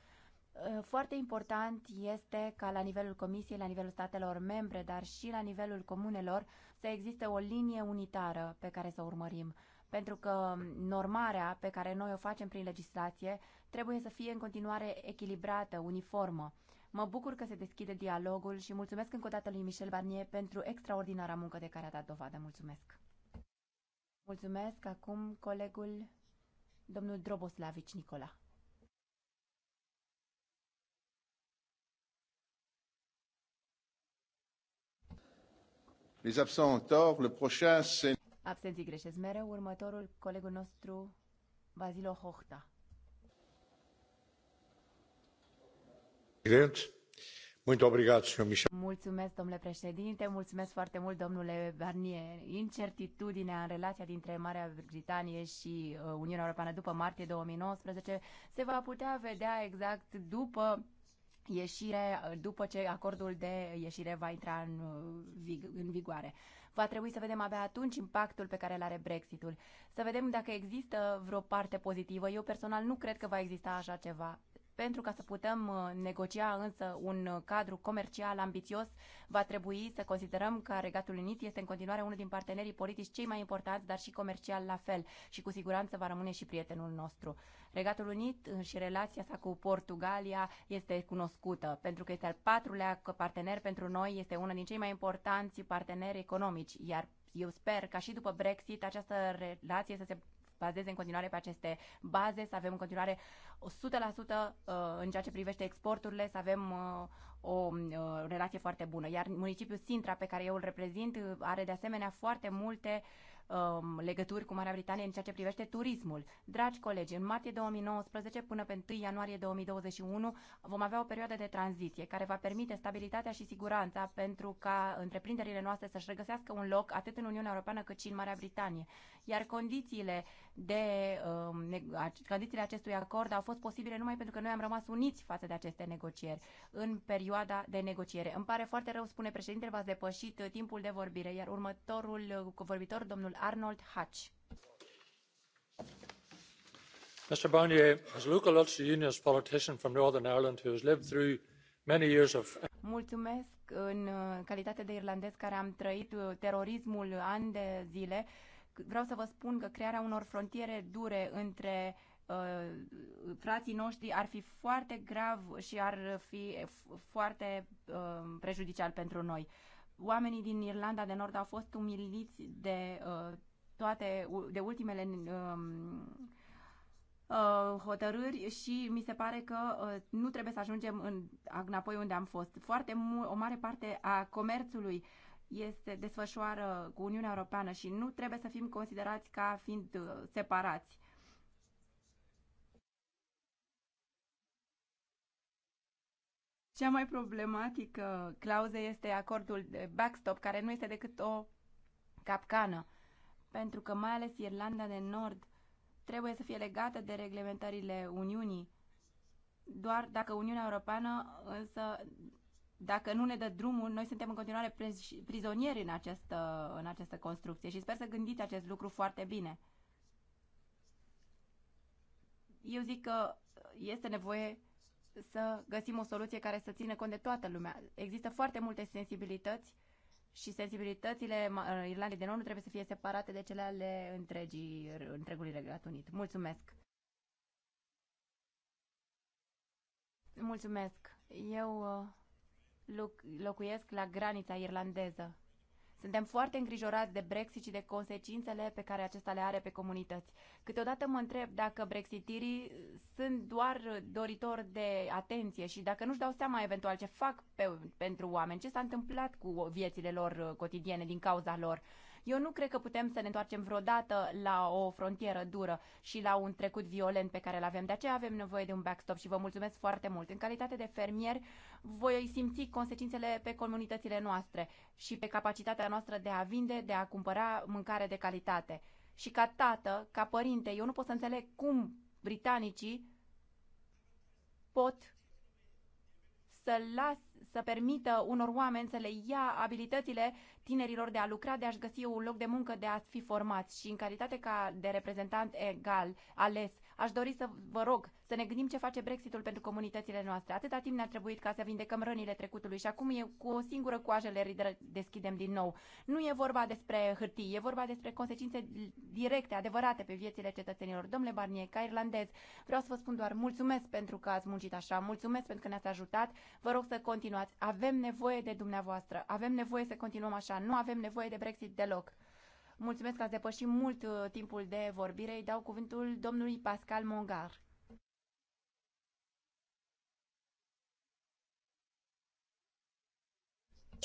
Ă, foarte important este ca la nivelul Comisiei, la nivelul statelor membre, dar și la nivelul comunelor să existe o linie unitară pe care să o urmărim. Pentru că normarea pe care noi o facem prin legislație trebuie să fie în continuare echilibrată, uniformă. Mă bucur că se deschide dialogul și mulțumesc încă o dată lui Michel Barnier pentru extraordinara muncă de care a dat dovadă. Mulțumesc! Mulțumesc. Acum colegul domnul Droboslavici Nicola. Les absents ont tort, le prochain c'est... Absenții greșesc mereu, următorul colegul nostru, Basilo Hochta. Mulțumesc, domnule președinte, mulțumesc foarte mult, domnule Barnier. Incertitudinea în relația dintre Marea Britanie și uh, Uniunea Europeană după martie 2019 se va putea vedea exact după ieșire, după ce acordul de ieșire va intra în, uh, în vigoare. Va trebui să vedem abia atunci impactul pe care îl are Brexitul. Să vedem dacă există vreo parte pozitivă. Eu personal nu cred că va exista așa ceva pentru ca să putem uh, negocia însă un uh, cadru comercial ambițios, va trebui să considerăm că Regatul Unit este în continuare unul din partenerii politici cei mai importanți, dar și comercial la fel și cu siguranță va rămâne și prietenul nostru. Regatul Unit uh, și relația sa cu Portugalia este cunoscută pentru că este al patrulea partener pentru noi, este unul din cei mai importanți parteneri economici, iar eu sper ca și după Brexit această relație să se bazeze în continuare pe aceste baze, să avem în continuare 100% uh, în ceea ce privește exporturile, să avem uh, o uh, relație foarte bună. Iar municipiul Sintra, pe care eu îl reprezint, are de asemenea foarte multe um, legături cu Marea Britanie în ceea ce privește turismul. Dragi colegi, în martie 2019 până pe 1 ianuarie 2021 vom avea o perioadă de tranziție care va permite stabilitatea și siguranța pentru ca întreprinderile noastre să-și regăsească un loc atât în Uniunea Europeană cât și în Marea Britanie iar condițiile, de, uh, condițiile acestui acord au fost posibile numai pentru că noi am rămas uniți față de aceste negocieri în perioada de negociere. Îmi pare foarte rău, spune președintele, v-ați depășit uh, timpul de vorbire, iar următorul uh, vorbitor, domnul Arnold Hatch. Mr Barnier, as local Ulster Unionist politician from Northern Ireland who has lived through many years of Mulțumesc în uh, calitate de irlandez care am trăit terorismul ani de zile. Uh, vreau să vă spun că crearea unor frontiere dure între uh, frații noștri ar fi foarte grav și ar fi foarte uh, prejudicial pentru noi. Oamenii din Irlanda de Nord au fost umiliți de uh, toate, de ultimele uh, uh, hotărâri și mi se pare că uh, nu trebuie să ajungem în, înapoi unde am fost. Foarte o mare parte a comerțului uh, este, desfășoară cu Uniunea Europeană și nu trebuie să fim considerați ca fiind uh, separați. Cea mai problematică clauză este acordul de backstop, care nu este decât o capcană, pentru că mai ales Irlanda de Nord trebuie să fie legată de reglementările Uniunii, doar dacă Uniunea Europeană însă dacă nu ne dă drumul, noi suntem în continuare prizonieri în această, în această construcție și sper să gândiți acest lucru foarte bine. Eu zic că este nevoie să găsim o soluție care să țină cont de toată lumea. Există foarte multe sensibilități și sensibilitățile Irlandei de Nord nu trebuie să fie separate de cele ale întregii, întregului Regat Unit. Mulțumesc! Mulțumesc! Eu uh, locuiesc la granița irlandeză. Suntem foarte îngrijorați de Brexit și de consecințele pe care acesta le are pe comunități. Câteodată mă întreb dacă brexitirii sunt doar doritori de atenție și dacă nu-și dau seama eventual ce fac pe, pentru oameni, ce s-a întâmplat cu viețile lor uh, cotidiene din cauza lor. Eu nu cred că putem să ne întoarcem vreodată la o frontieră dură și la un trecut violent pe care îl avem. De aceea avem nevoie de un backstop și vă mulțumesc foarte mult. În calitate de fermier, voi simți consecințele pe comunitățile noastre și pe capacitatea noastră de a vinde, de a cumpăra mâncare de calitate. Și ca tată, ca părinte, eu nu pot să înțeleg cum britanicii pot să las să permită unor oameni să le ia abilitățile tinerilor de a lucra, de a-și găsi un loc de muncă, de a fi formați și în calitate ca de reprezentant egal ales Aș dori să vă rog să ne gândim ce face Brexitul pentru comunitățile noastre. Atâta timp ne-a trebuit ca să vindecăm rănile trecutului și acum e cu o singură coajă le deschidem din nou. Nu e vorba despre hârtii, e vorba despre consecințe directe, adevărate pe viețile cetățenilor. Domnule Barnier, ca irlandez, vreau să vă spun doar mulțumesc pentru că ați muncit așa, mulțumesc pentru că ne-ați ajutat. Vă rog să continuați. Avem nevoie de dumneavoastră, avem nevoie să continuăm așa, nu avem nevoie de Brexit deloc. Mulțumesc că ați depășit mult uh, timpul de vorbire. Îi dau cuvântul domnului Pascal Mongar.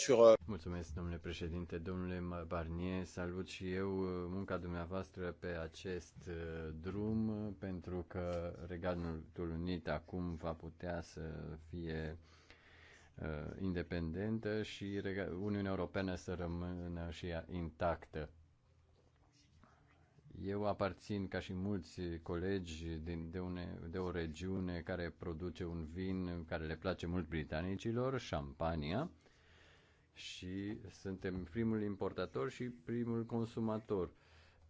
Uh, Mulțumesc, domnule președinte. Domnule Barnier, salut și eu uh, munca dumneavoastră pe acest drum, pentru că Regatul Unit acum va putea să fie independentă și Uniunea Europeană să rămână și ea intactă. Eu aparțin, ca și mulți colegi, din, de, une, de o regiune care produce un vin care le place mult britanicilor, Champania, și suntem primul importator și primul consumator.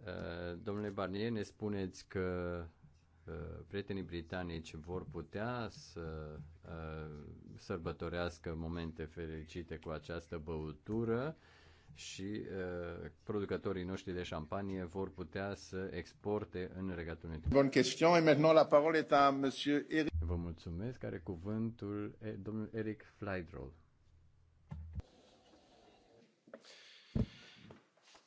Eh, domnule Barnier, ne spuneți că eh, prietenii britanici vor putea să eh, sărbătorească momente fericite cu această băutură și uh, producătorii noștri de șampanie vor putea să exporte în Regatul Unit. Bună question et maintenant la parole est à monsieur Eric. Vă mulțumesc, care cuvântul e, eh, domnul Eric Flydroll.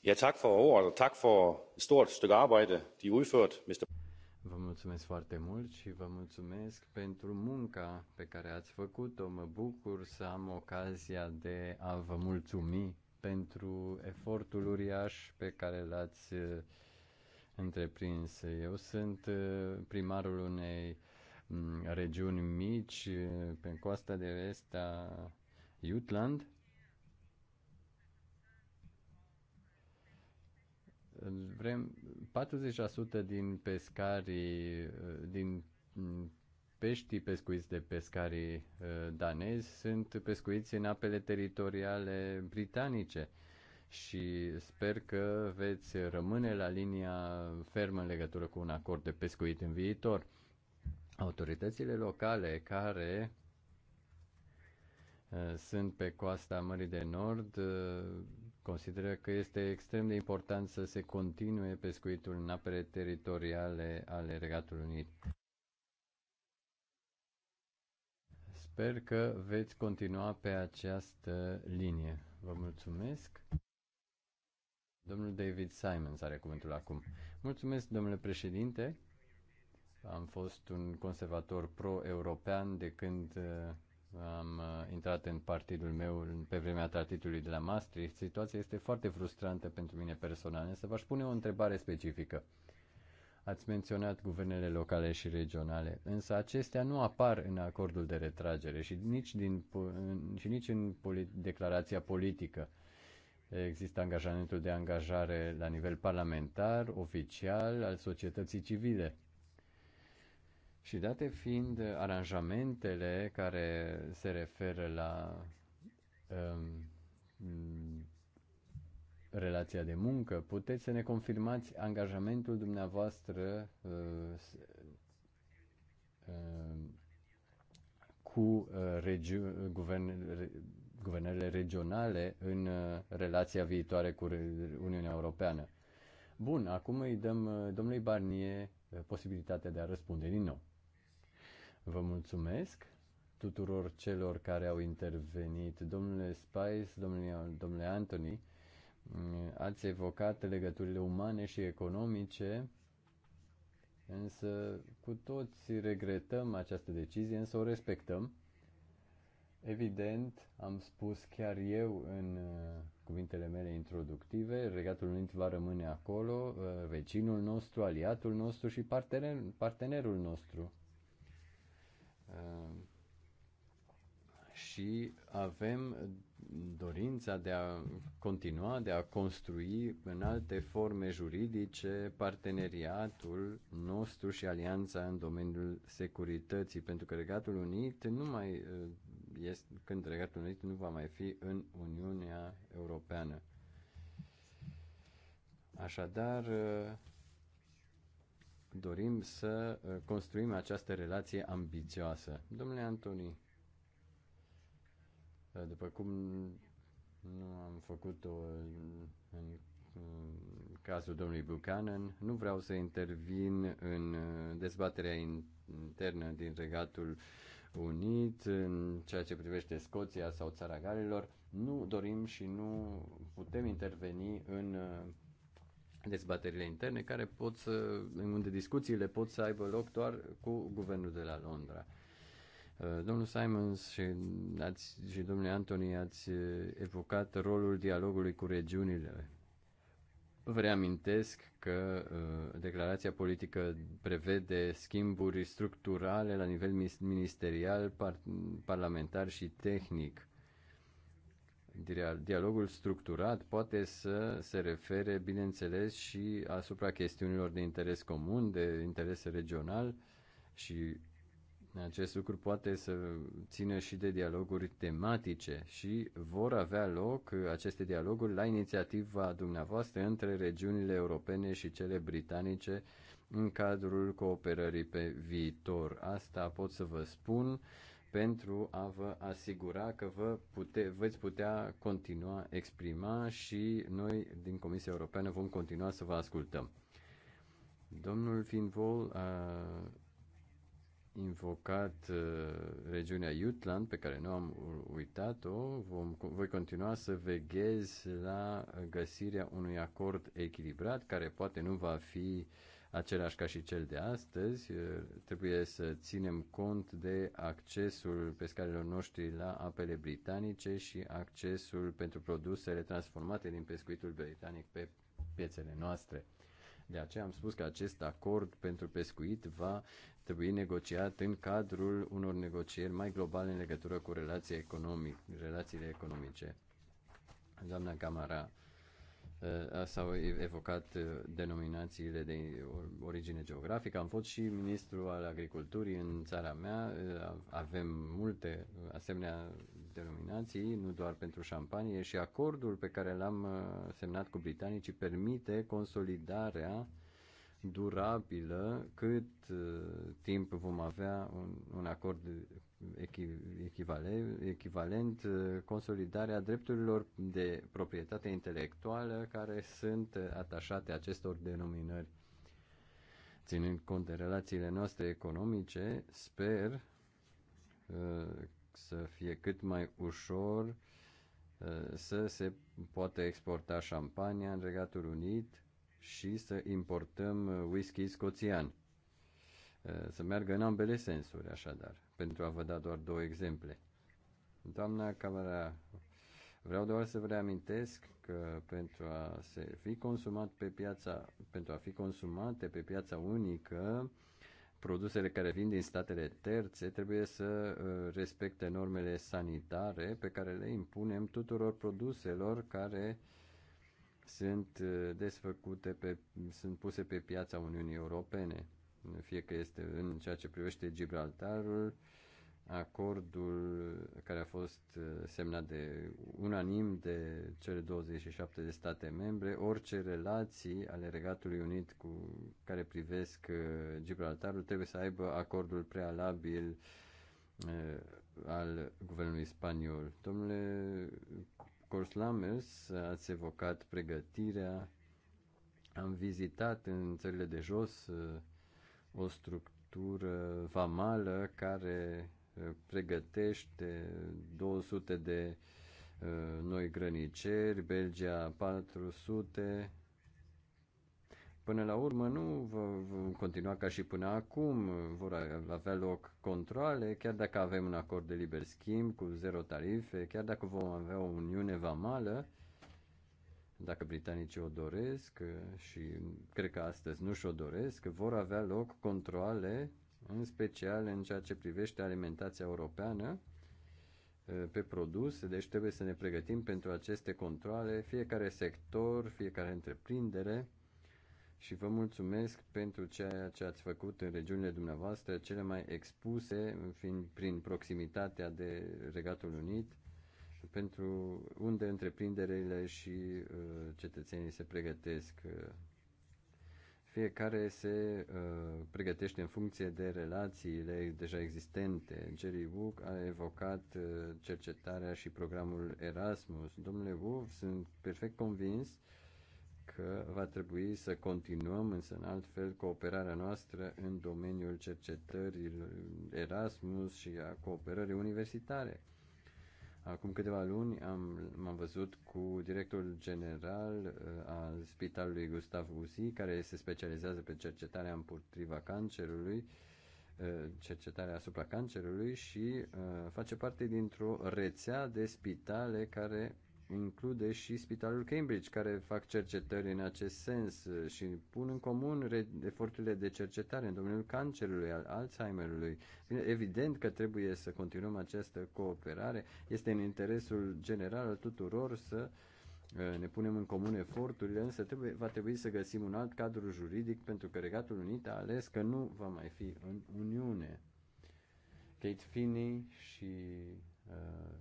Ja, tak for ordet, og tak for et stort stykke arbejde, de har udført, Mr. Vă mulțumesc foarte mult și vă mulțumesc pentru munca pe care ați făcut-o. Mă bucur să am ocazia de a vă mulțumi pentru efortul uriaș pe care l-ați uh, întreprins. Eu sunt uh, primarul unei mm, regiuni mici uh, pe coasta de vest a Jutland. Vrem 40% din pescarii din mm, peștii pescuiți de pescarii uh, danezi sunt pescuiți în apele teritoriale britanice și sper că veți rămâne la linia fermă în legătură cu un acord de pescuit în viitor. Autoritățile locale care uh, sunt pe coasta Mării de Nord uh, consideră că este extrem de important să se continue pescuitul în apele teritoriale ale Regatului Unit. Sper că veți continua pe această linie. Vă mulțumesc. Domnul David Simons are cuvântul acum. Mulțumesc, domnule președinte. Am fost un conservator pro-european de când uh, am uh, intrat în partidul meu pe vremea tratitului de la Maastricht. Situația este foarte frustrantă pentru mine personal, Să vă aș pune o întrebare specifică. Ați menționat guvernele locale și regionale, însă acestea nu apar în acordul de retragere și nici, din, și nici în polit, declarația politică. Există angajamentul de angajare la nivel parlamentar, oficial, al societății civile. Și date fiind aranjamentele care se referă la um, relația de muncă. Puteți să ne confirmați angajamentul dumneavoastră uh, uh, cu uh, regi- guvern- re- guvernele regionale în uh, relația viitoare cu Uniunea Europeană. Bun, acum îi dăm uh, domnului Barnier posibilitatea de a răspunde din nou. Vă mulțumesc tuturor celor care au intervenit, domnule Spice, domnule, domnule Anthony, Ați evocat legăturile umane și economice, însă cu toți regretăm această decizie, însă o respectăm. Evident, am spus chiar eu în uh, cuvintele mele introductive, Regatul Unit va rămâne acolo, uh, vecinul nostru, aliatul nostru și partener, partenerul nostru. Uh, și avem dorința de a continua, de a construi în alte forme juridice parteneriatul nostru și alianța în domeniul securității, pentru că Regatul Unit nu mai eh, este, când Regatul Unit nu va mai fi în Uniunea Europeană. Așadar, eh, dorim să eh, construim această relație ambițioasă. Domnule Antoni. Eh, după cum nu am făcut-o în cazul domnului Buchanan, nu vreau să intervin în eh, dezbaterea internă din Regatul Unit, în ceea ce privește Scoția sau Țara Galilor. Nu dorim și nu putem interveni în eh, dezbaterile interne care pot să, unde discuțiile pot să aibă loc doar cu guvernul de la Londra. Uh, domnul Simons și, ați, și domnule Anthony ați uh, evocat rolul dialogului cu regiunile. Vă reamintesc că uh, declarația politică prevede schimburi structurale la nivel ministerial, par, parlamentar și tehnic. Dialogul structurat poate să se refere, bineînțeles, și asupra chestiunilor de interes comun, de interes regional și acest lucru poate să țină și de dialoguri tematice și vor avea loc aceste dialoguri la inițiativa dumneavoastră între regiunile europene și cele britanice în cadrul cooperării pe viitor. Asta pot să vă spun pentru a vă asigura că vă pute, veți putea continua exprima și noi din Comisia Europeană vom continua să vă ascultăm. Domnul Finvol uh, invocat uh, regiunea Jutland, pe care nu am uitat-o, vom, voi continua să veghez la găsirea unui acord echilibrat, care poate nu va fi același ca și cel de astăzi. Uh, trebuie să ținem cont de accesul pescarilor noștri la apele britanice și accesul pentru produsele transformate din pescuitul britanic pe piețele noastre. De aceea am spus că acest acord pentru pescuit va trebui negociat în cadrul unor negocieri mai globale în legătură cu relații economic, relațiile economice. Doamna Camara eh, s-au evocat eh, denominațiile de origine geografică. Am fost și ministru al agriculturii în țara mea. Eh, avem multe asemenea denominații, nu doar pentru șampanie, și acordul pe care l-am uh, semnat cu britanicii permite consolidarea durabilă cât uh, timp vom avea un, un acord echivalent, echivalent, uh, consolidarea drepturilor de proprietate intelectuală care sunt atașate acestor denominări. Ținând cont de relațiile noastre economice, sper să fie cât mai ușor uh, să se poată exporta șampania în Regatul Unit și să importăm uh, whisky scoțian. Uh, să meargă în ambele sensuri, așadar, pentru a vă da doar două exemple. Doamna Camara, vreau doar să vă reamintesc că pentru a se fi consumat pe piața, pentru a fi consumate pe piața unică, produsele care vin din statele terțe trebuie să uh, respecte normele sanitare pe care le impunem tuturor produselor care sunt uh, desfăcute pe, sunt puse pe piața Uniunii Europene, fie că este în ceea ce privește Gibraltarul, acordul care a fost uh, semnat de unanim de cele 27 de state membre, orice relații ale Regatului Unit cu care privesc uh, Gibraltarul trebuie să aibă acordul prealabil uh, al guvernului spaniol. Domnule Corslamers, ați evocat pregătirea. Am vizitat în țările de jos o structură structură vamală care pregătește 200 de uh, noi grăniceri, Belgia 400. Până la urmă nu vom continua ca și până acum, vor avea loc controle, chiar dacă avem un acord de liber schimb cu zero tarife, chiar dacă vom avea o uniune vamală, dacă britanicii o doresc uh, și cred că astăzi nu și-o doresc, vor avea loc controle în special în ceea ce privește alimentația europeană pe produse, deci trebuie să ne pregătim pentru aceste controle, fiecare sector, fiecare întreprindere și vă mulțumesc pentru ceea ce ați făcut în regiunile dumneavoastră cele mai expuse, fiind prin proximitatea de Regatul Unit, pentru unde întreprinderile și cetățenii se pregătesc fiecare se uh, pregătește în funcție de relațiile deja existente. Jerry Wu a evocat uh, cercetarea și programul Erasmus. Domnule Wu, sunt perfect convins că va trebui să continuăm, însă în altfel, cooperarea noastră în domeniul cercetării Erasmus și a cooperării universitare. Acum câteva luni am, m-am văzut cu directorul general uh, al Spitalului Gustav Uzi, care se specializează pe cercetarea împotriva cancerului, uh, cercetarea asupra cancerului și uh, face parte dintr-o rețea de spitale care include și Spitalul Cambridge, care fac cercetări în acest sens uh, și pun în comun eforturile de cercetare în domeniul cancerului, al Alzheimerului. Evident că trebuie să continuăm această cooperare. Este în interesul general al tuturor să uh, ne punem în comun eforturile, însă trebuie, va trebui să găsim un alt cadru juridic pentru că Regatul Unit a ales că nu va mai fi în Uniune. Kate Finney și Uh,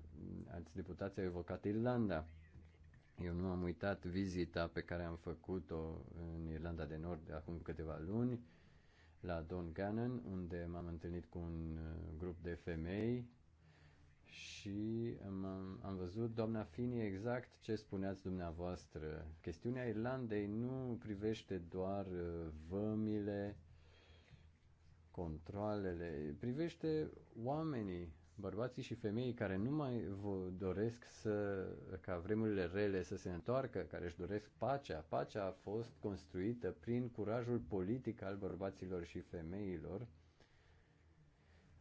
alți deputați au evocat Irlanda. Eu nu am uitat vizita pe care am făcut-o în Irlanda de Nord acum câteva luni, la Don Gannon, unde m-am întâlnit cu un uh, grup de femei și am, am văzut, doamna Fini, exact ce spuneați dumneavoastră. Chestiunea Irlandei nu privește doar uh, vămile, controlele, privește oamenii bărbații și femeii care nu mai doresc să, ca vremurile rele să se întoarcă, care își doresc pacea. Pacea a fost construită prin curajul politic al bărbaților și femeilor,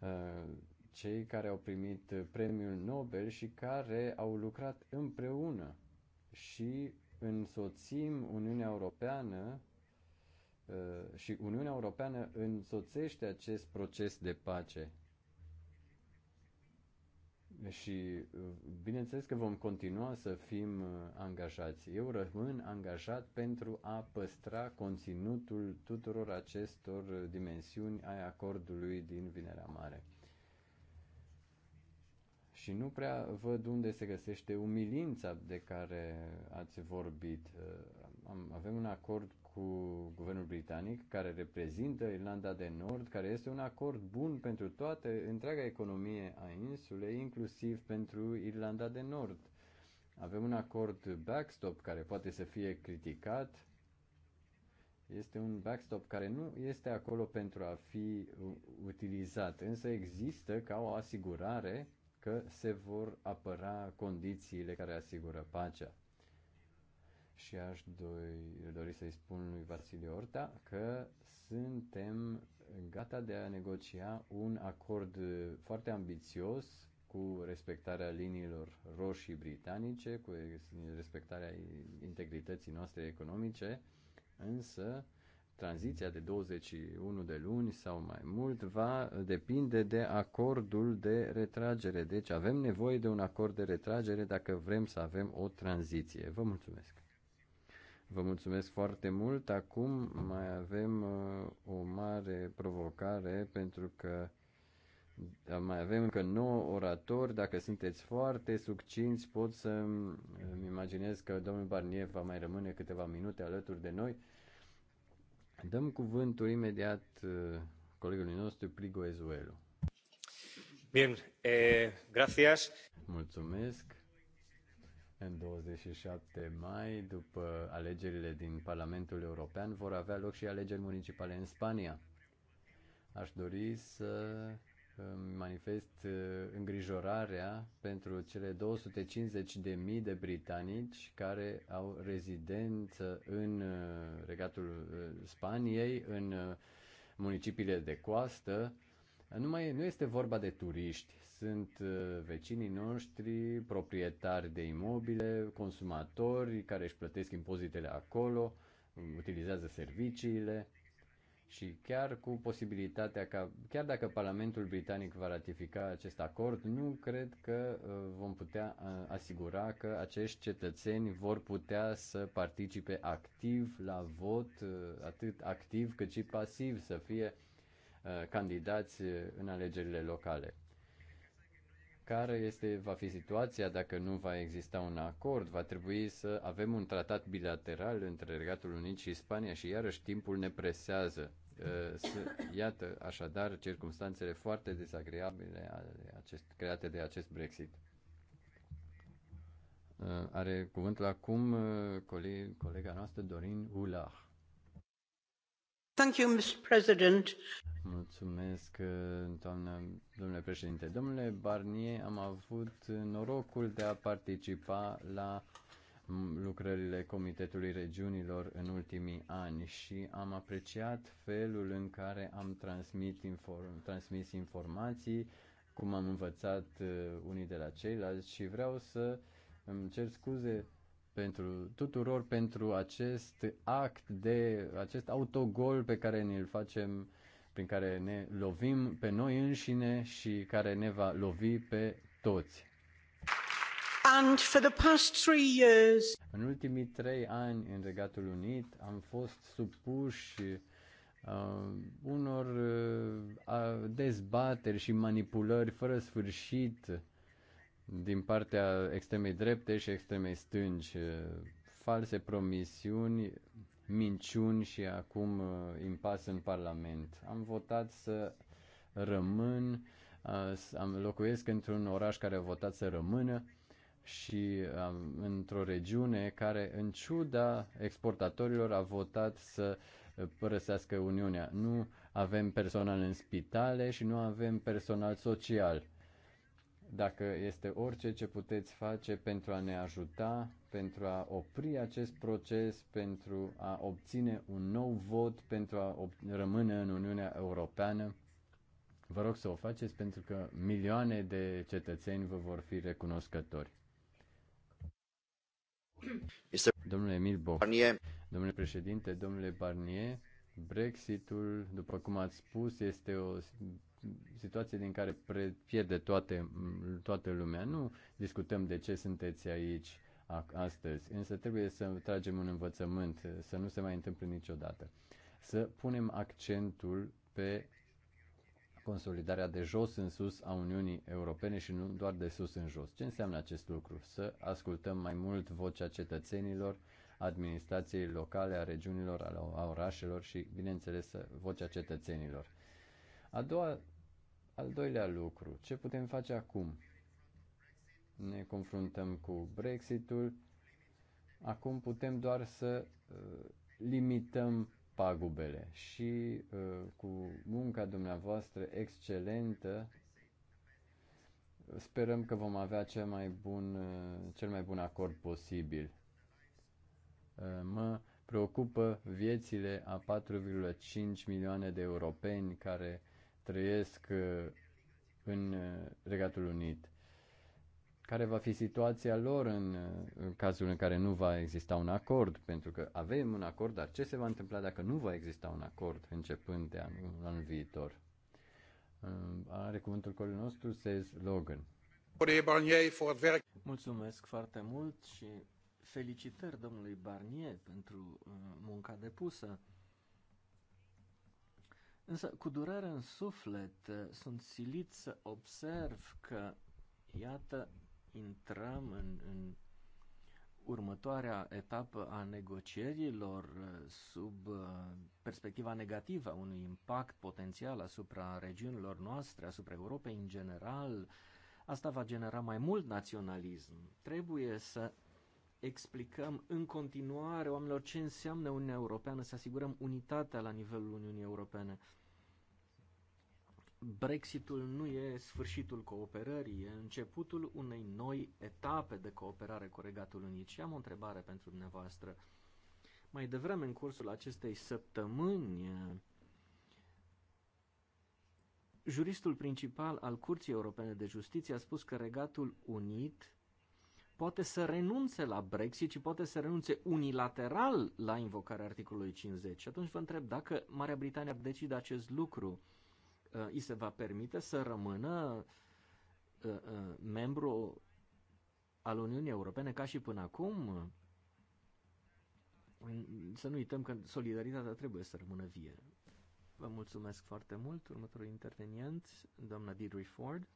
uh, cei care au primit premiul Nobel și care au lucrat împreună. Și însoțim Uniunea Europeană uh, și Uniunea Europeană însoțește acest proces de pace și uh, bineînțeles că vom continua să fim uh, angajați. Eu rămân angajat pentru a păstra conținutul tuturor acestor uh, dimensiuni ai acordului din Vinerea Mare. Și nu prea văd unde se găsește umilința de care ați vorbit. Avem un acord cu guvernul britanic, care reprezintă Irlanda de Nord, care este un acord bun pentru toată întreaga economie a insulei, inclusiv pentru Irlanda de Nord. Avem un acord backstop care poate să fie criticat. Este un backstop care nu este acolo pentru a fi utilizat, însă există ca o asigurare că se vor apăra condițiile care asigură pacea și aș doi, dori să-i spun lui Vasile Orta că suntem gata de a negocia un acord foarte ambițios cu respectarea liniilor roșii britanice, cu respectarea integrității noastre economice, însă tranziția de 21 de luni sau mai mult va depinde de acordul de retragere. Deci avem nevoie de un acord de retragere dacă vrem să avem o tranziție. Vă mulțumesc! Vă mulțumesc foarte mult. Acum mai avem uh, o mare provocare pentru că da, mai avem încă 9 oratori. Dacă sunteți foarte succinți, pot să îmi imaginez că domnul Barnier va mai rămâne câteva minute alături de noi. Dăm cuvântul imediat uh, colegului nostru, Prigo Ezuelu. Bine, eh, gracias. Mulțumesc în 27 mai, după alegerile din Parlamentul European, vor avea loc și alegeri municipale în Spania. Aș dori să uh, manifest uh, îngrijorarea pentru cele 250.000 de britanici care au rezidență în uh, regatul Spaniei, în municipiile de coastă. Nu, mai, nu este vorba de turiști sunt uh, vecinii noștri, proprietari de imobile, consumatori care își plătesc impozitele acolo, utilizează serviciile și chiar cu posibilitatea ca, chiar dacă Parlamentul Britanic va ratifica acest acord, nu cred că uh, vom putea uh, asigura că acești cetățeni vor putea să participe activ la vot, atât activ cât și pasiv, să fie candidați în alegerile locale care este, va fi situația dacă nu va exista un acord. Va trebui să avem un tratat bilateral între Regatul Unit și Spania și iarăși timpul ne presează. Uh, iată, așadar, circunstanțele foarte dezagreabile ale acest, create de acest Brexit. Uh, are cuvântul acum uh, colega noastră Dorin Ulah. Mulțumesc, uh, doamnă, domnule președinte. Domnule Barnier, am avut norocul de a participa la mm, lucrările Comitetului Regiunilor în ultimii ani și am apreciat felul în care am transmit inform, transmis informații, cum am învățat uh, unii de la ceilalți și vreau să îmi cer scuze pentru tuturor pentru acest act de acest autogol pe care ne-l facem prin care ne lovim pe noi înșine și care ne va lovi pe toți. And for the past three years... În ultimii trei ani în Regatul Unit am fost supuși uh, unor uh, dezbateri și manipulări fără sfârșit din partea extremei drepte și extremei stângi, uh, false promisiuni, minciuni și acum uh, impas în Parlament. Am votat să rămân, am locuiesc într-un oraș care a votat să rămână și într-o regiune care, în ciuda exportatorilor, a votat să uh, părăsească Uniunea. Nu avem personal în spitale și nu avem personal social dacă este orice ce puteți face pentru a ne ajuta, pentru a opri acest proces, pentru a obține un nou vot, pentru a rămâne în Uniunea Europeană. Vă rog să o faceți pentru că milioane de cetățeni vă vor fi recunoscători. Domnule Emil Boc, domnule președinte, domnule Barnier, Brexitul, după cum ați spus, este o situație din care pierde toate, toată lumea. Nu discutăm de ce sunteți aici astăzi, însă trebuie să tragem un învățământ, să nu se mai întâmple niciodată. Să punem accentul pe consolidarea de jos în sus a Uniunii Europene și nu doar de sus în jos. Ce înseamnă acest lucru? Să ascultăm mai mult vocea cetățenilor, administrației locale, a regiunilor, a orașelor și, bineînțeles, vocea cetățenilor. A doua, al doilea lucru, ce putem face acum? Ne confruntăm cu Brexitul. Acum putem doar să uh, limităm pagubele și uh, cu munca dumneavoastră excelentă sperăm că vom avea cel mai bun, uh, cel mai bun acord posibil mă preocupă viețile a 4,5 milioane de europeni care trăiesc uh, în uh, Regatul Unit. Care va fi situația lor uh, în, cazul în care nu va exista un acord? Pentru că avem un acord, dar ce se va întâmpla dacă nu va exista un acord începând de anul, anul viitor? Are cuvântul colegul nostru, Sez Logan. Mulțumesc foarte mult și Felicitări domnului Barnier pentru uh, munca depusă. Însă, cu durere în suflet, uh, sunt silit să observ că, iată, intrăm în, în următoarea etapă a negocierilor uh, sub perspectiva negativă a unui impact potențial asupra regiunilor noastre, asupra Europei în general, asta va genera mai mult naționalism. Trebuie să explicăm în continuare oamenilor ce înseamnă Uniunea Europeană, să asigurăm unitatea la nivelul Uniunii Europene. Brexitul nu e sfârșitul cooperării, e începutul unei noi etape de cooperare cu Regatul Unit. Și am o întrebare pentru dumneavoastră. Mai devreme, în cursul acestei săptămâni, juristul principal al Curții Europene de Justiție a spus că Regatul Unit poate să renunțe la Brexit și poate să renunțe unilateral la invocarea articolului 50. Și atunci vă întreb dacă Marea Britanie ar decide acest lucru, uh, îi se va permite să rămână uh, uh, membru al Uniunii Europene ca și până acum? Să nu uităm că solidaritatea trebuie să rămână vie. Vă mulțumesc foarte mult. Următorul intervenient, doamna Deirdre Ford.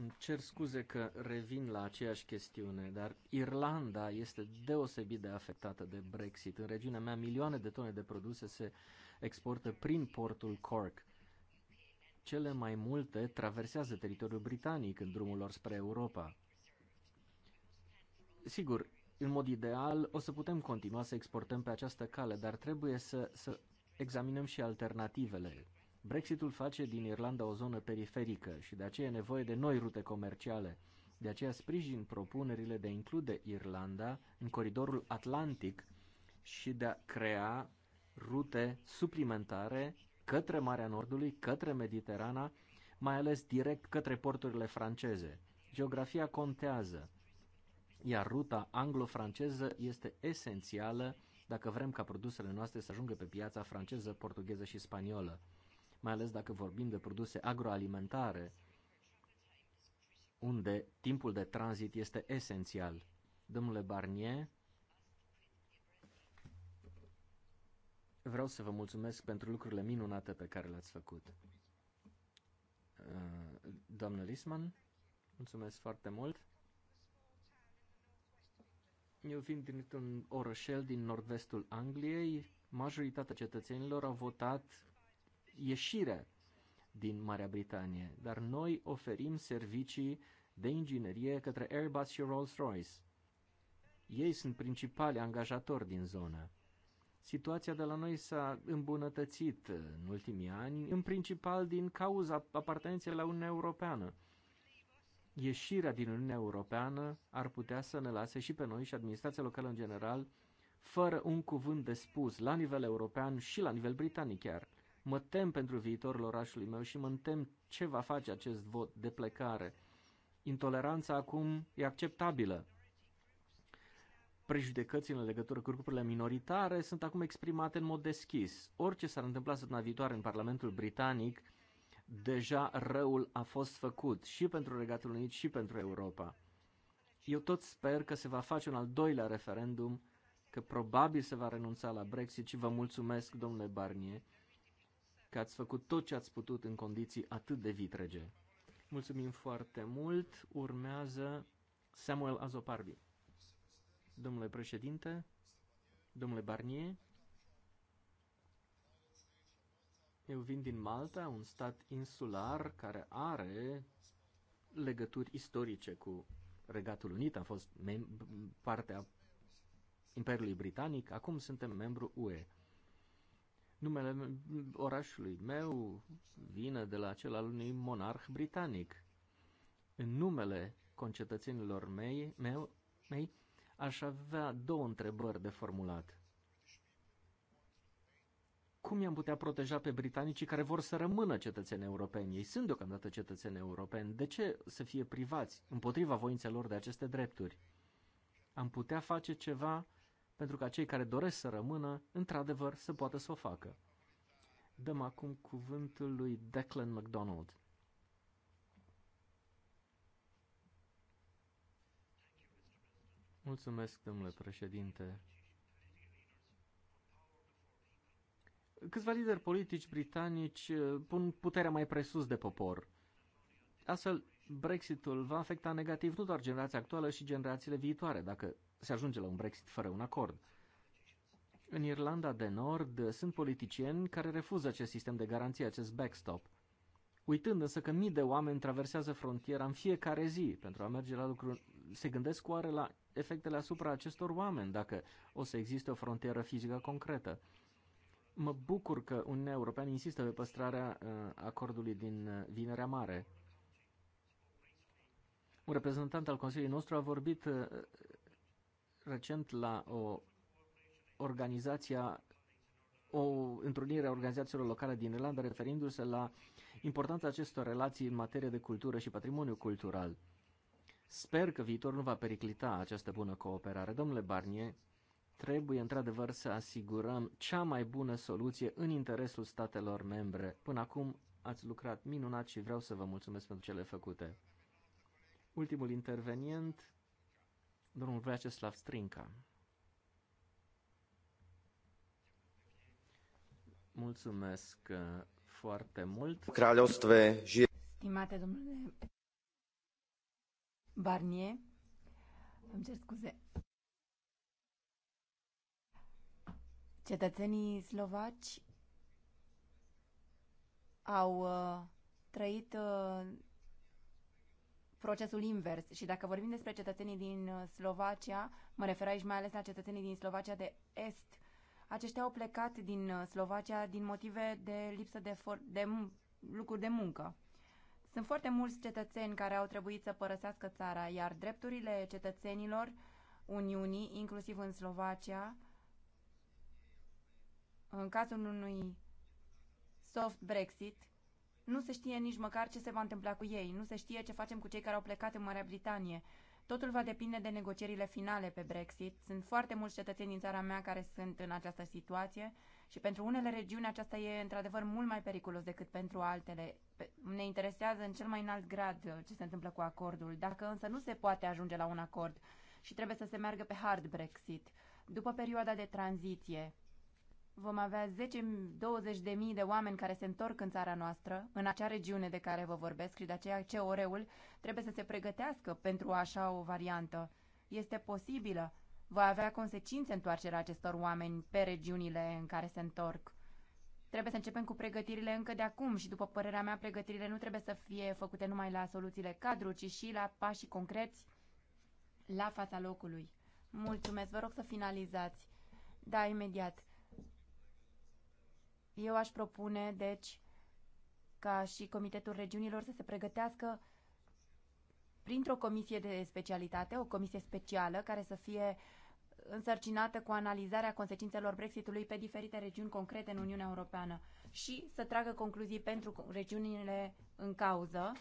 Îmi cer scuze că revin la aceeași chestiune, dar Irlanda este deosebit de afectată de Brexit. În regiunea mea, milioane de tone de produse se exportă prin portul Cork. Cele mai multe traversează teritoriul britanic în drumul lor spre Europa. Sigur, în mod ideal, o să putem continua să exportăm pe această cale, dar trebuie să, să examinăm și alternativele Brexitul face din Irlanda o zonă periferică și de aceea e nevoie de noi rute comerciale. De aceea sprijin propunerile de a include Irlanda în coridorul atlantic și de a crea rute suplimentare către Marea Nordului, către Mediterana, mai ales direct către porturile franceze. Geografia contează, iar ruta anglo-franceză este esențială dacă vrem ca produsele noastre să ajungă pe piața franceză, portugheză și spaniolă mai ales dacă vorbim de produse agroalimentare, unde timpul de tranzit este esențial. Domnule Barnier, vreau să vă mulțumesc pentru lucrurile minunate pe care le-ați făcut. Uh, doamnă Lisman, mulțumesc foarte mult. Eu vin dintr-un orășel din nord-vestul Angliei. Majoritatea cetățenilor au votat ieșire din Marea Britanie, dar noi oferim servicii de inginerie către Airbus și Rolls-Royce. Ei sunt principali angajatori din zonă. Situația de la noi s-a îmbunătățit în ultimii ani, în principal din cauza apartenenței la Uniunea Europeană. Ieșirea din Uniunea Europeană ar putea să ne lase și pe noi și administrația locală în general fără un cuvânt de spus la nivel european și la nivel britanic chiar. Mă tem pentru viitorul orașului meu și mă tem ce va face acest vot de plecare. Intoleranța acum e acceptabilă. Prejudecățile în legătură cu grupurile minoritare sunt acum exprimate în mod deschis. Orice s-ar întâmpla săptămâna viitoare în Parlamentul Britanic, deja răul a fost făcut și pentru Regatul Unit și pentru Europa. Eu tot sper că se va face un al doilea referendum, că probabil se va renunța la Brexit și vă mulțumesc, domnule Barnier, că ați făcut tot ce ați putut în condiții atât de vitrege. Mulțumim foarte mult. Urmează Samuel Azoparbi. Domnule președinte, domnule Barnier, eu vin din Malta, un stat insular care are legături istorice cu Regatul Unit, a fost parte a Imperiului Britanic, acum suntem membru UE. Numele orașului meu vine de la cel al unui monarh britanic. În numele concetățenilor mei, meu, mei aș avea două întrebări de formulat. Cum i-am putea proteja pe britanicii care vor să rămână cetățeni europeni? Ei sunt deocamdată cetățeni europeni. De ce să fie privați împotriva voințelor de aceste drepturi? Am putea face ceva pentru ca cei care doresc să rămână, într-adevăr, să poată să o facă. Dăm acum cuvântul lui Declan MacDonald. Mulțumesc, domnule președinte. Câțiva lideri politici britanici uh, pun puterea mai presus de popor. Astfel, Brexitul va afecta negativ nu doar generația actuală și generațiile viitoare, dacă se ajunge la un Brexit fără un acord. În Irlanda de Nord sunt politicieni care refuză acest sistem de garanție, acest backstop, uitând însă că mii de oameni traversează frontiera în fiecare zi pentru a merge la lucru. Se gândesc oare la efectele asupra acestor oameni, dacă o să existe o frontieră fizică concretă. Mă bucur că Uniunea Europeană insistă pe păstrarea uh, acordului din uh, Vinerea Mare. Un reprezentant al Consiliului nostru a vorbit uh, recent la o organizația o întrunire a organizațiilor locale din Irlanda referindu-se la importanța acestor relații în materie de cultură și patrimoniu cultural. Sper că viitorul nu va periclita această bună cooperare. Domnule Barnier, trebuie într-adevăr să asigurăm cea mai bună soluție în interesul statelor membre. Până acum ați lucrat minunat și vreau să vă mulțumesc pentru cele făcute. Ultimul intervenient, domnul Vyacheslav Strinca. Mulțumesc uh, foarte mult. Kraljostve Stimate domnule Barnier, îmi cer scuze. Cetățenii slovaci au uh, trăit uh, procesul invers. Și dacă vorbim despre cetățenii din uh, Slovacia, mă refer aici mai ales la cetățenii din Slovacia de Est, aceștia au plecat din uh, Slovacia din motive de lipsă de, for- de lucruri de muncă. Sunt foarte mulți cetățeni care au trebuit să părăsească țara, iar drepturile cetățenilor Uniunii, inclusiv în Slovacia, în cazul unui soft Brexit, nu se știe nici măcar ce se va întâmpla cu ei, nu se știe ce facem cu cei care au plecat în Marea Britanie. Totul va depinde de negocierile finale pe Brexit. Sunt foarte mulți cetățeni din țara mea care sunt în această situație și pentru unele regiuni aceasta e într-adevăr mult mai periculos decât pentru altele. Ne interesează în cel mai înalt grad uh, ce se întâmplă cu acordul, dacă însă nu se poate ajunge la un acord și trebuie să se meargă pe hard Brexit, după perioada de tranziție, vom avea 10-20 de mii de oameni care se întorc în țara noastră, în acea regiune de care vă vorbesc și de aceea ce oreul trebuie să se pregătească pentru așa o variantă. Este posibilă. Va avea consecințe întoarcerea acestor oameni pe regiunile în care se întorc. Trebuie să începem cu pregătirile încă de acum și, după părerea mea, pregătirile nu trebuie să fie făcute numai la soluțiile cadru, ci și la pașii concreți la fața locului. Mulțumesc, vă rog să finalizați. Da, imediat. Eu aș propune, deci, ca și Comitetul Regiunilor să se pregătească printr-o comisie de specialitate, o comisie specială care să fie însărcinată cu analizarea consecințelor Brexitului pe diferite regiuni concrete în Uniunea Europeană și să tragă concluzii pentru regiunile în cauză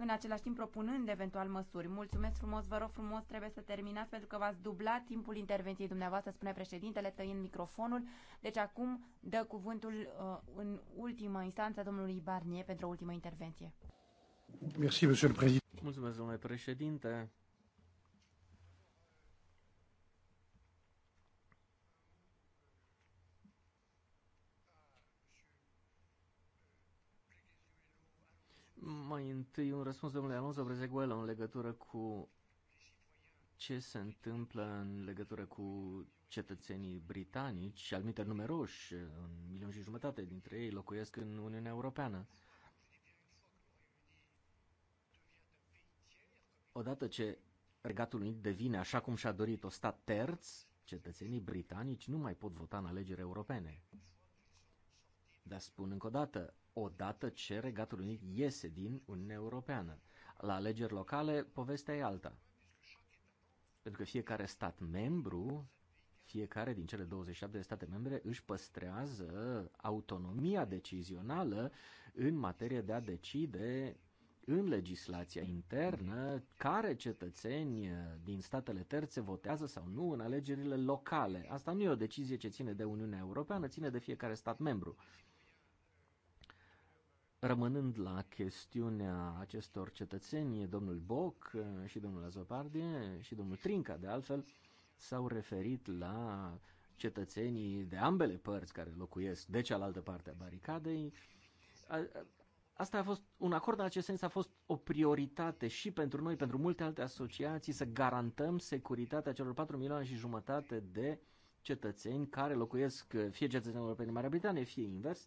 în același timp propunând eventual măsuri. Mulțumesc frumos, vă rog frumos, trebuie să terminați pentru că v-ați dublat timpul intervenției dumneavoastră, spune președintele, tăind microfonul. Deci acum dă cuvântul uh, în ultima instanță domnului Barnier pentru o ultimă intervenție. Mulțumesc, domnule președinte. Mai întâi un răspuns domnului Alonso Brezeguela în legătură cu ce se întâmplă în legătură cu cetățenii britanici, și anumite numeroși, un milion și jumătate dintre ei locuiesc în Uniunea Europeană. Odată ce Regatul Unit devine, așa cum și-a dorit, o stat terț, cetățenii britanici nu mai pot vota în alegeri europene. Dar spun încă o dată, odată ce Regatul Unit iese din Uniunea Europeană. La alegeri locale, povestea e alta. Pentru că fiecare stat membru, fiecare din cele 27 de state membre își păstrează autonomia decizională în materie de a decide în legislația internă care cetățeni din statele terțe votează sau nu în alegerile locale. Asta nu e o decizie ce ține de Uniunea Europeană, ține de fiecare stat membru. Rămânând la chestiunea acestor cetățeni, domnul Boc și domnul Azopardie și domnul Trinca, de altfel, s-au referit la cetățenii de ambele părți care locuiesc de cealaltă parte a baricadei. Asta a fost, un acord în acest sens a fost o prioritate și pentru noi, pentru multe alte asociații, să garantăm securitatea celor 4 milioane și jumătate de cetățeni care locuiesc fie cetățenii europeni în Marea Britanie, fie invers, uh,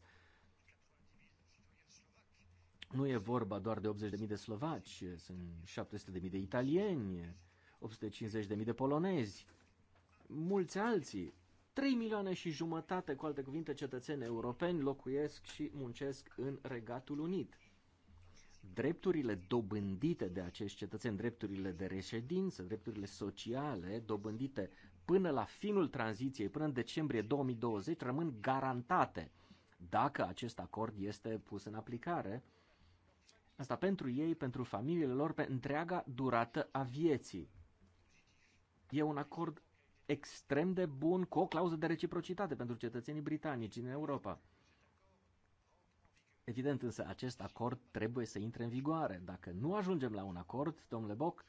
nu e vorba doar de 80.000 de slovaci, sunt 700.000 de italieni, 850.000 de polonezi, mulți alții. 3 milioane și jumătate, cu alte cuvinte, cetățeni europeni locuiesc și muncesc în Regatul Unit. Drepturile dobândite de acești cetățeni, drepturile de reședință, drepturile sociale dobândite până la finul tranziției, până în decembrie 2020, rămân garantate dacă acest acord este pus în aplicare Asta pentru ei, pentru familiile lor, pe întreaga durată a vieții. E un acord extrem de bun cu o clauză de reciprocitate pentru cetățenii britanici în Europa. Evident însă, acest acord trebuie să intre în vigoare. Dacă nu ajungem la un acord, domnule Boc,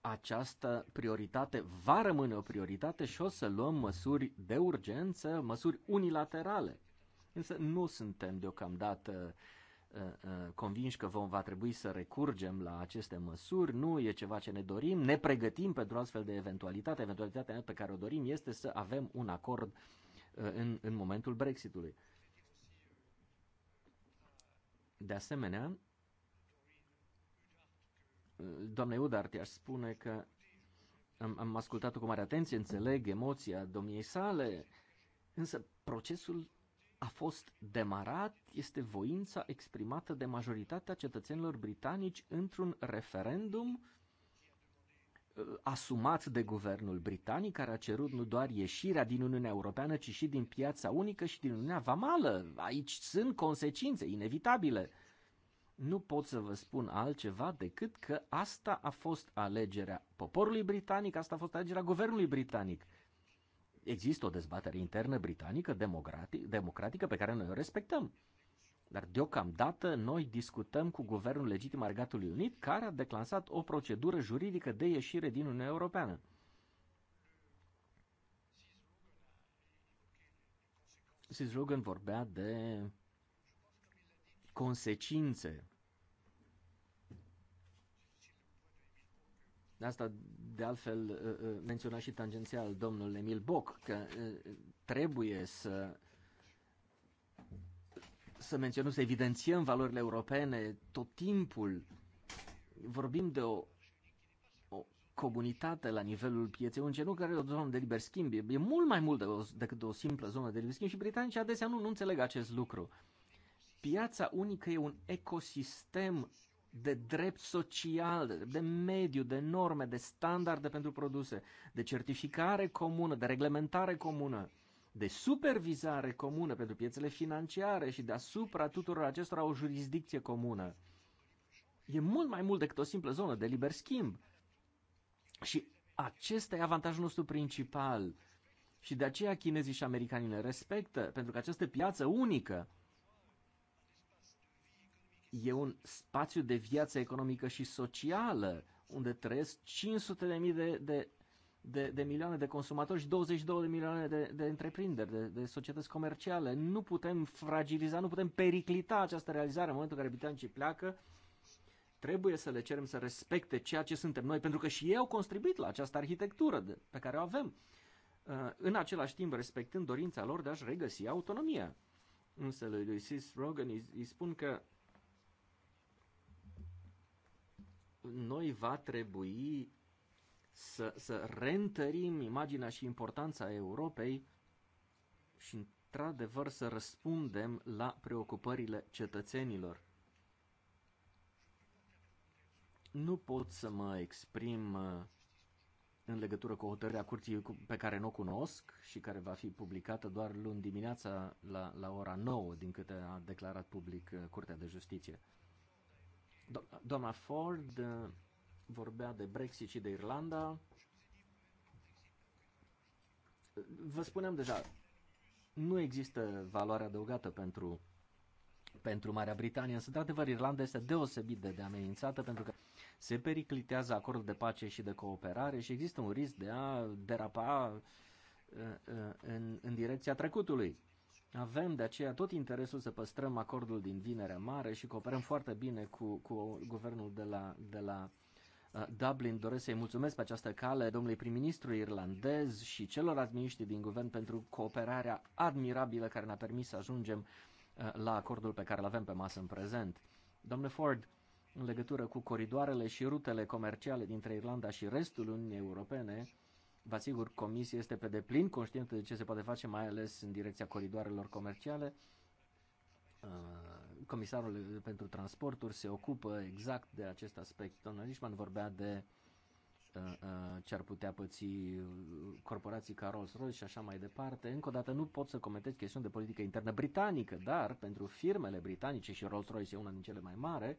această prioritate va rămâne o prioritate și o să luăm măsuri de urgență, măsuri unilaterale. Însă nu suntem deocamdată uh, uh, convinși că vom va trebui să recurgem la aceste măsuri, nu e ceva ce ne dorim, ne pregătim pentru astfel de eventualitate. Eventualitatea pe care o dorim este să avem un acord uh, în, în momentul Brexitului. De asemenea, doamne Udart aș spune că am, am ascultat-o cu mare atenție, înțeleg emoția domniei sale, însă procesul a fost demarat este voința exprimată de majoritatea cetățenilor britanici într-un referendum uh, asumat de guvernul britanic, care a cerut nu doar ieșirea din Uniunea Europeană, ci și din piața unică și din Uniunea Vamală. Aici sunt consecințe inevitabile. Nu pot să vă spun altceva decât că asta a fost alegerea poporului britanic, asta a fost alegerea guvernului britanic există o dezbatere internă britanică, democratică, pe care noi o respectăm. Dar deocamdată noi discutăm cu guvernul legitim al Regatului Unit, care a declansat o procedură juridică de ieșire din Uniunea Europeană. Sisrogan vorbea de consecințe De asta, de altfel, uh, uh, menționa și tangențial domnul Emil Boc că uh, trebuie să să menționăm, să evidențiem valorile europene tot timpul. Vorbim de o, o comunitate la nivelul pieței unice, nu care e o zonă de liber schimb, e, e mult mai mult de o, decât o simplă zonă de liber schimb și britanicii adesea nu, nu înțeleg acest lucru. Piața unică e un ecosistem de drept social, de mediu, de norme, de standarde pentru produse, de certificare comună, de reglementare comună, de supervizare comună pentru piețele financiare și deasupra tuturor acestora o jurisdicție comună. E mult mai mult decât o simplă zonă de liber schimb. Și acesta e avantajul nostru principal. Și de aceea chinezii și americanii ne respectă, pentru că această piață unică e un spațiu de viață economică și socială unde trăiesc 500 de mii de, de, de, de milioane de consumatori și 22 de milioane de, de întreprinderi, de, de societăți comerciale. Nu putem fragiliza, nu putem periclita această realizare în momentul în care britanicii pleacă. Trebuie să le cerem să respecte ceea ce suntem noi, pentru că și ei au contribuit la această arhitectură de, pe care o avem, uh, în același timp respectând dorința lor de a-și regăsi autonomia. Însă lui Sis Rogan îi, îi spun că noi va trebui să, să reîntărim imaginea și importanța Europei și, într-adevăr, să răspundem la preocupările cetățenilor. Nu pot să mă exprim uh, în legătură cu hotărârea curții pe care nu o cunosc și care va fi publicată doar luni dimineața la, la ora 9, din câte a declarat public uh, Curtea de Justiție. Do doamna Ford uh, vorbea de Brexit și de Irlanda. Vă spuneam deja, nu există valoare adăugată pentru, pentru Marea Britanie, însă, de adevăr, Irlanda este deosebit de, de amenințată pentru că se periclitează acordul de pace și de cooperare și există un risc de a derapa uh, uh, în, în direcția trecutului. Avem de aceea tot interesul să păstrăm acordul din Vinerea Mare și cooperăm foarte bine cu, cu guvernul de la, de la uh, Dublin. Doresc să-i mulțumesc pe această cale domnului prim-ministru irlandez și celor miniștri din guvern pentru cooperarea admirabilă care ne-a permis să ajungem uh, la acordul pe care îl avem pe masă în prezent. Domnule Ford, în legătură cu coridoarele și rutele comerciale dintre Irlanda și restul Uniunii Europene, Vă asigur, Comisia este pe deplin conștientă de ce se poate face, mai ales în direcția coridoarelor comerciale. Uh, comisarul pentru transporturi se ocupă exact de acest aspect. Domnul Lișman vorbea de uh, uh, ce ar putea păți corporații ca Rolls-Royce și așa mai departe. Încă o dată nu pot să comentez chestiuni de politică internă britanică, dar pentru firmele britanice și Rolls-Royce e una din cele mai mari,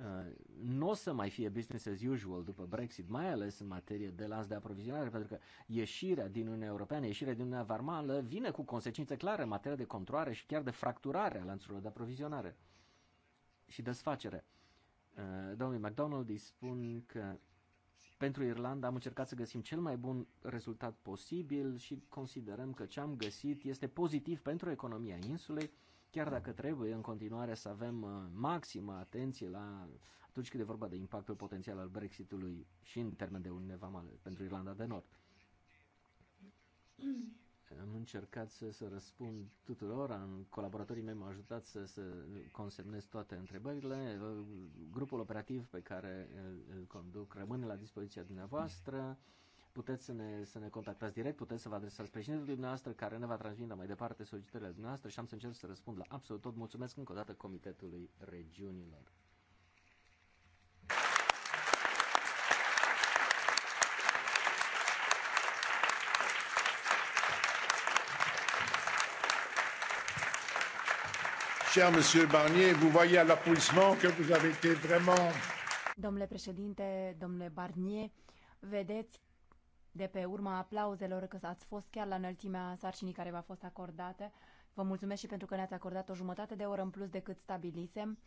Uh, nu o să mai fie business as usual după Brexit, mai ales în materie de lanț de aprovizionare, pentru că ieșirea din Uniunea Europeană, ieșirea din Uniunea Varmală vine cu consecințe clare în materie de controare și chiar de fracturare a lanțurilor de aprovizionare și desfacere. Uh, domnul McDonald îi spun că pentru Irlanda am încercat să găsim cel mai bun rezultat posibil și considerăm că ce am găsit este pozitiv pentru economia insulei, Chiar dacă trebuie în continuare să avem uh, maximă atenție la atunci când e vorba de impactul potențial al Brexitului și în termen de Uniune Vamală pentru Irlanda de Nord. [clears throat] Am încercat să, să răspund tuturor, am, colaboratorii mei m-au ajutat să, să consemnez toate întrebările. Grupul operativ pe care îl, uh, îl conduc rămâne la dispoziția dumneavoastră. Mm puteți să ne, să ne contactați direct, puteți să vă adresați președintelui dumneavoastră care ne va transmite mai departe solicitările dumneavoastră și am să încerc să răspund la absolut tot. Mulțumesc încă o dată Comitetului Regiunilor. Cher Monsieur Barnier, vous voyez à l'applaudissement que vous avez été vraiment... Domnule președinte, domnule Barnier, vedeți de pe urma aplauzelor că ați fost chiar la înălțimea sarcinii care v-a fost acordată. Vă mulțumesc și pentru că ne-ați acordat o jumătate de oră în plus decât stabilisem.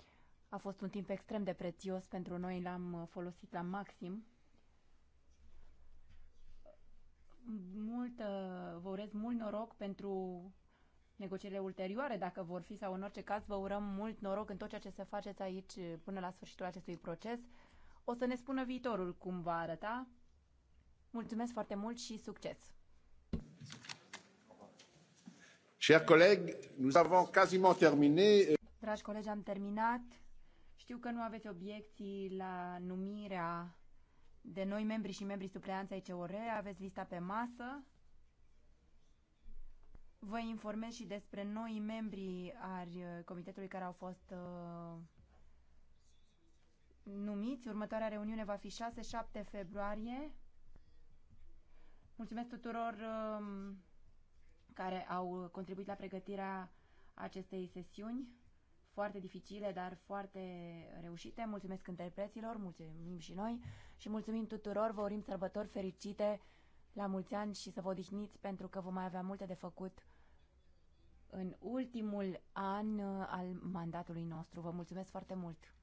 A fost un timp extrem de prețios pentru noi, l-am folosit la maxim. Mult, vă urez mult noroc pentru negocierile ulterioare, dacă vor fi sau în orice caz, vă urăm mult noroc în tot ceea ce se faceți aici până la sfârșitul acestui proces. O să ne spună viitorul cum va arăta. Mulțumesc foarte mult și succes! Chers collègues, nous avons quasiment terminé. Dragi colegi, am terminat. Știu că nu aveți obiecții la numirea de noi membri și membrii supleanței CORE. Aveți lista pe masă. Vă informez și despre noi membri ai comitetului care au fost uh, numiți. Următoarea reuniune va fi 6-7 februarie Mulțumesc tuturor um, care au contribuit la pregătirea acestei sesiuni foarte dificile, dar foarte reușite. Mulțumesc interpreților, mulțumim și noi și mulțumim tuturor. Vă urim sărbători fericite, la mulți ani și să vă odihniți pentru că vom mai avea multe de făcut în ultimul an al mandatului nostru. Vă mulțumesc foarte mult!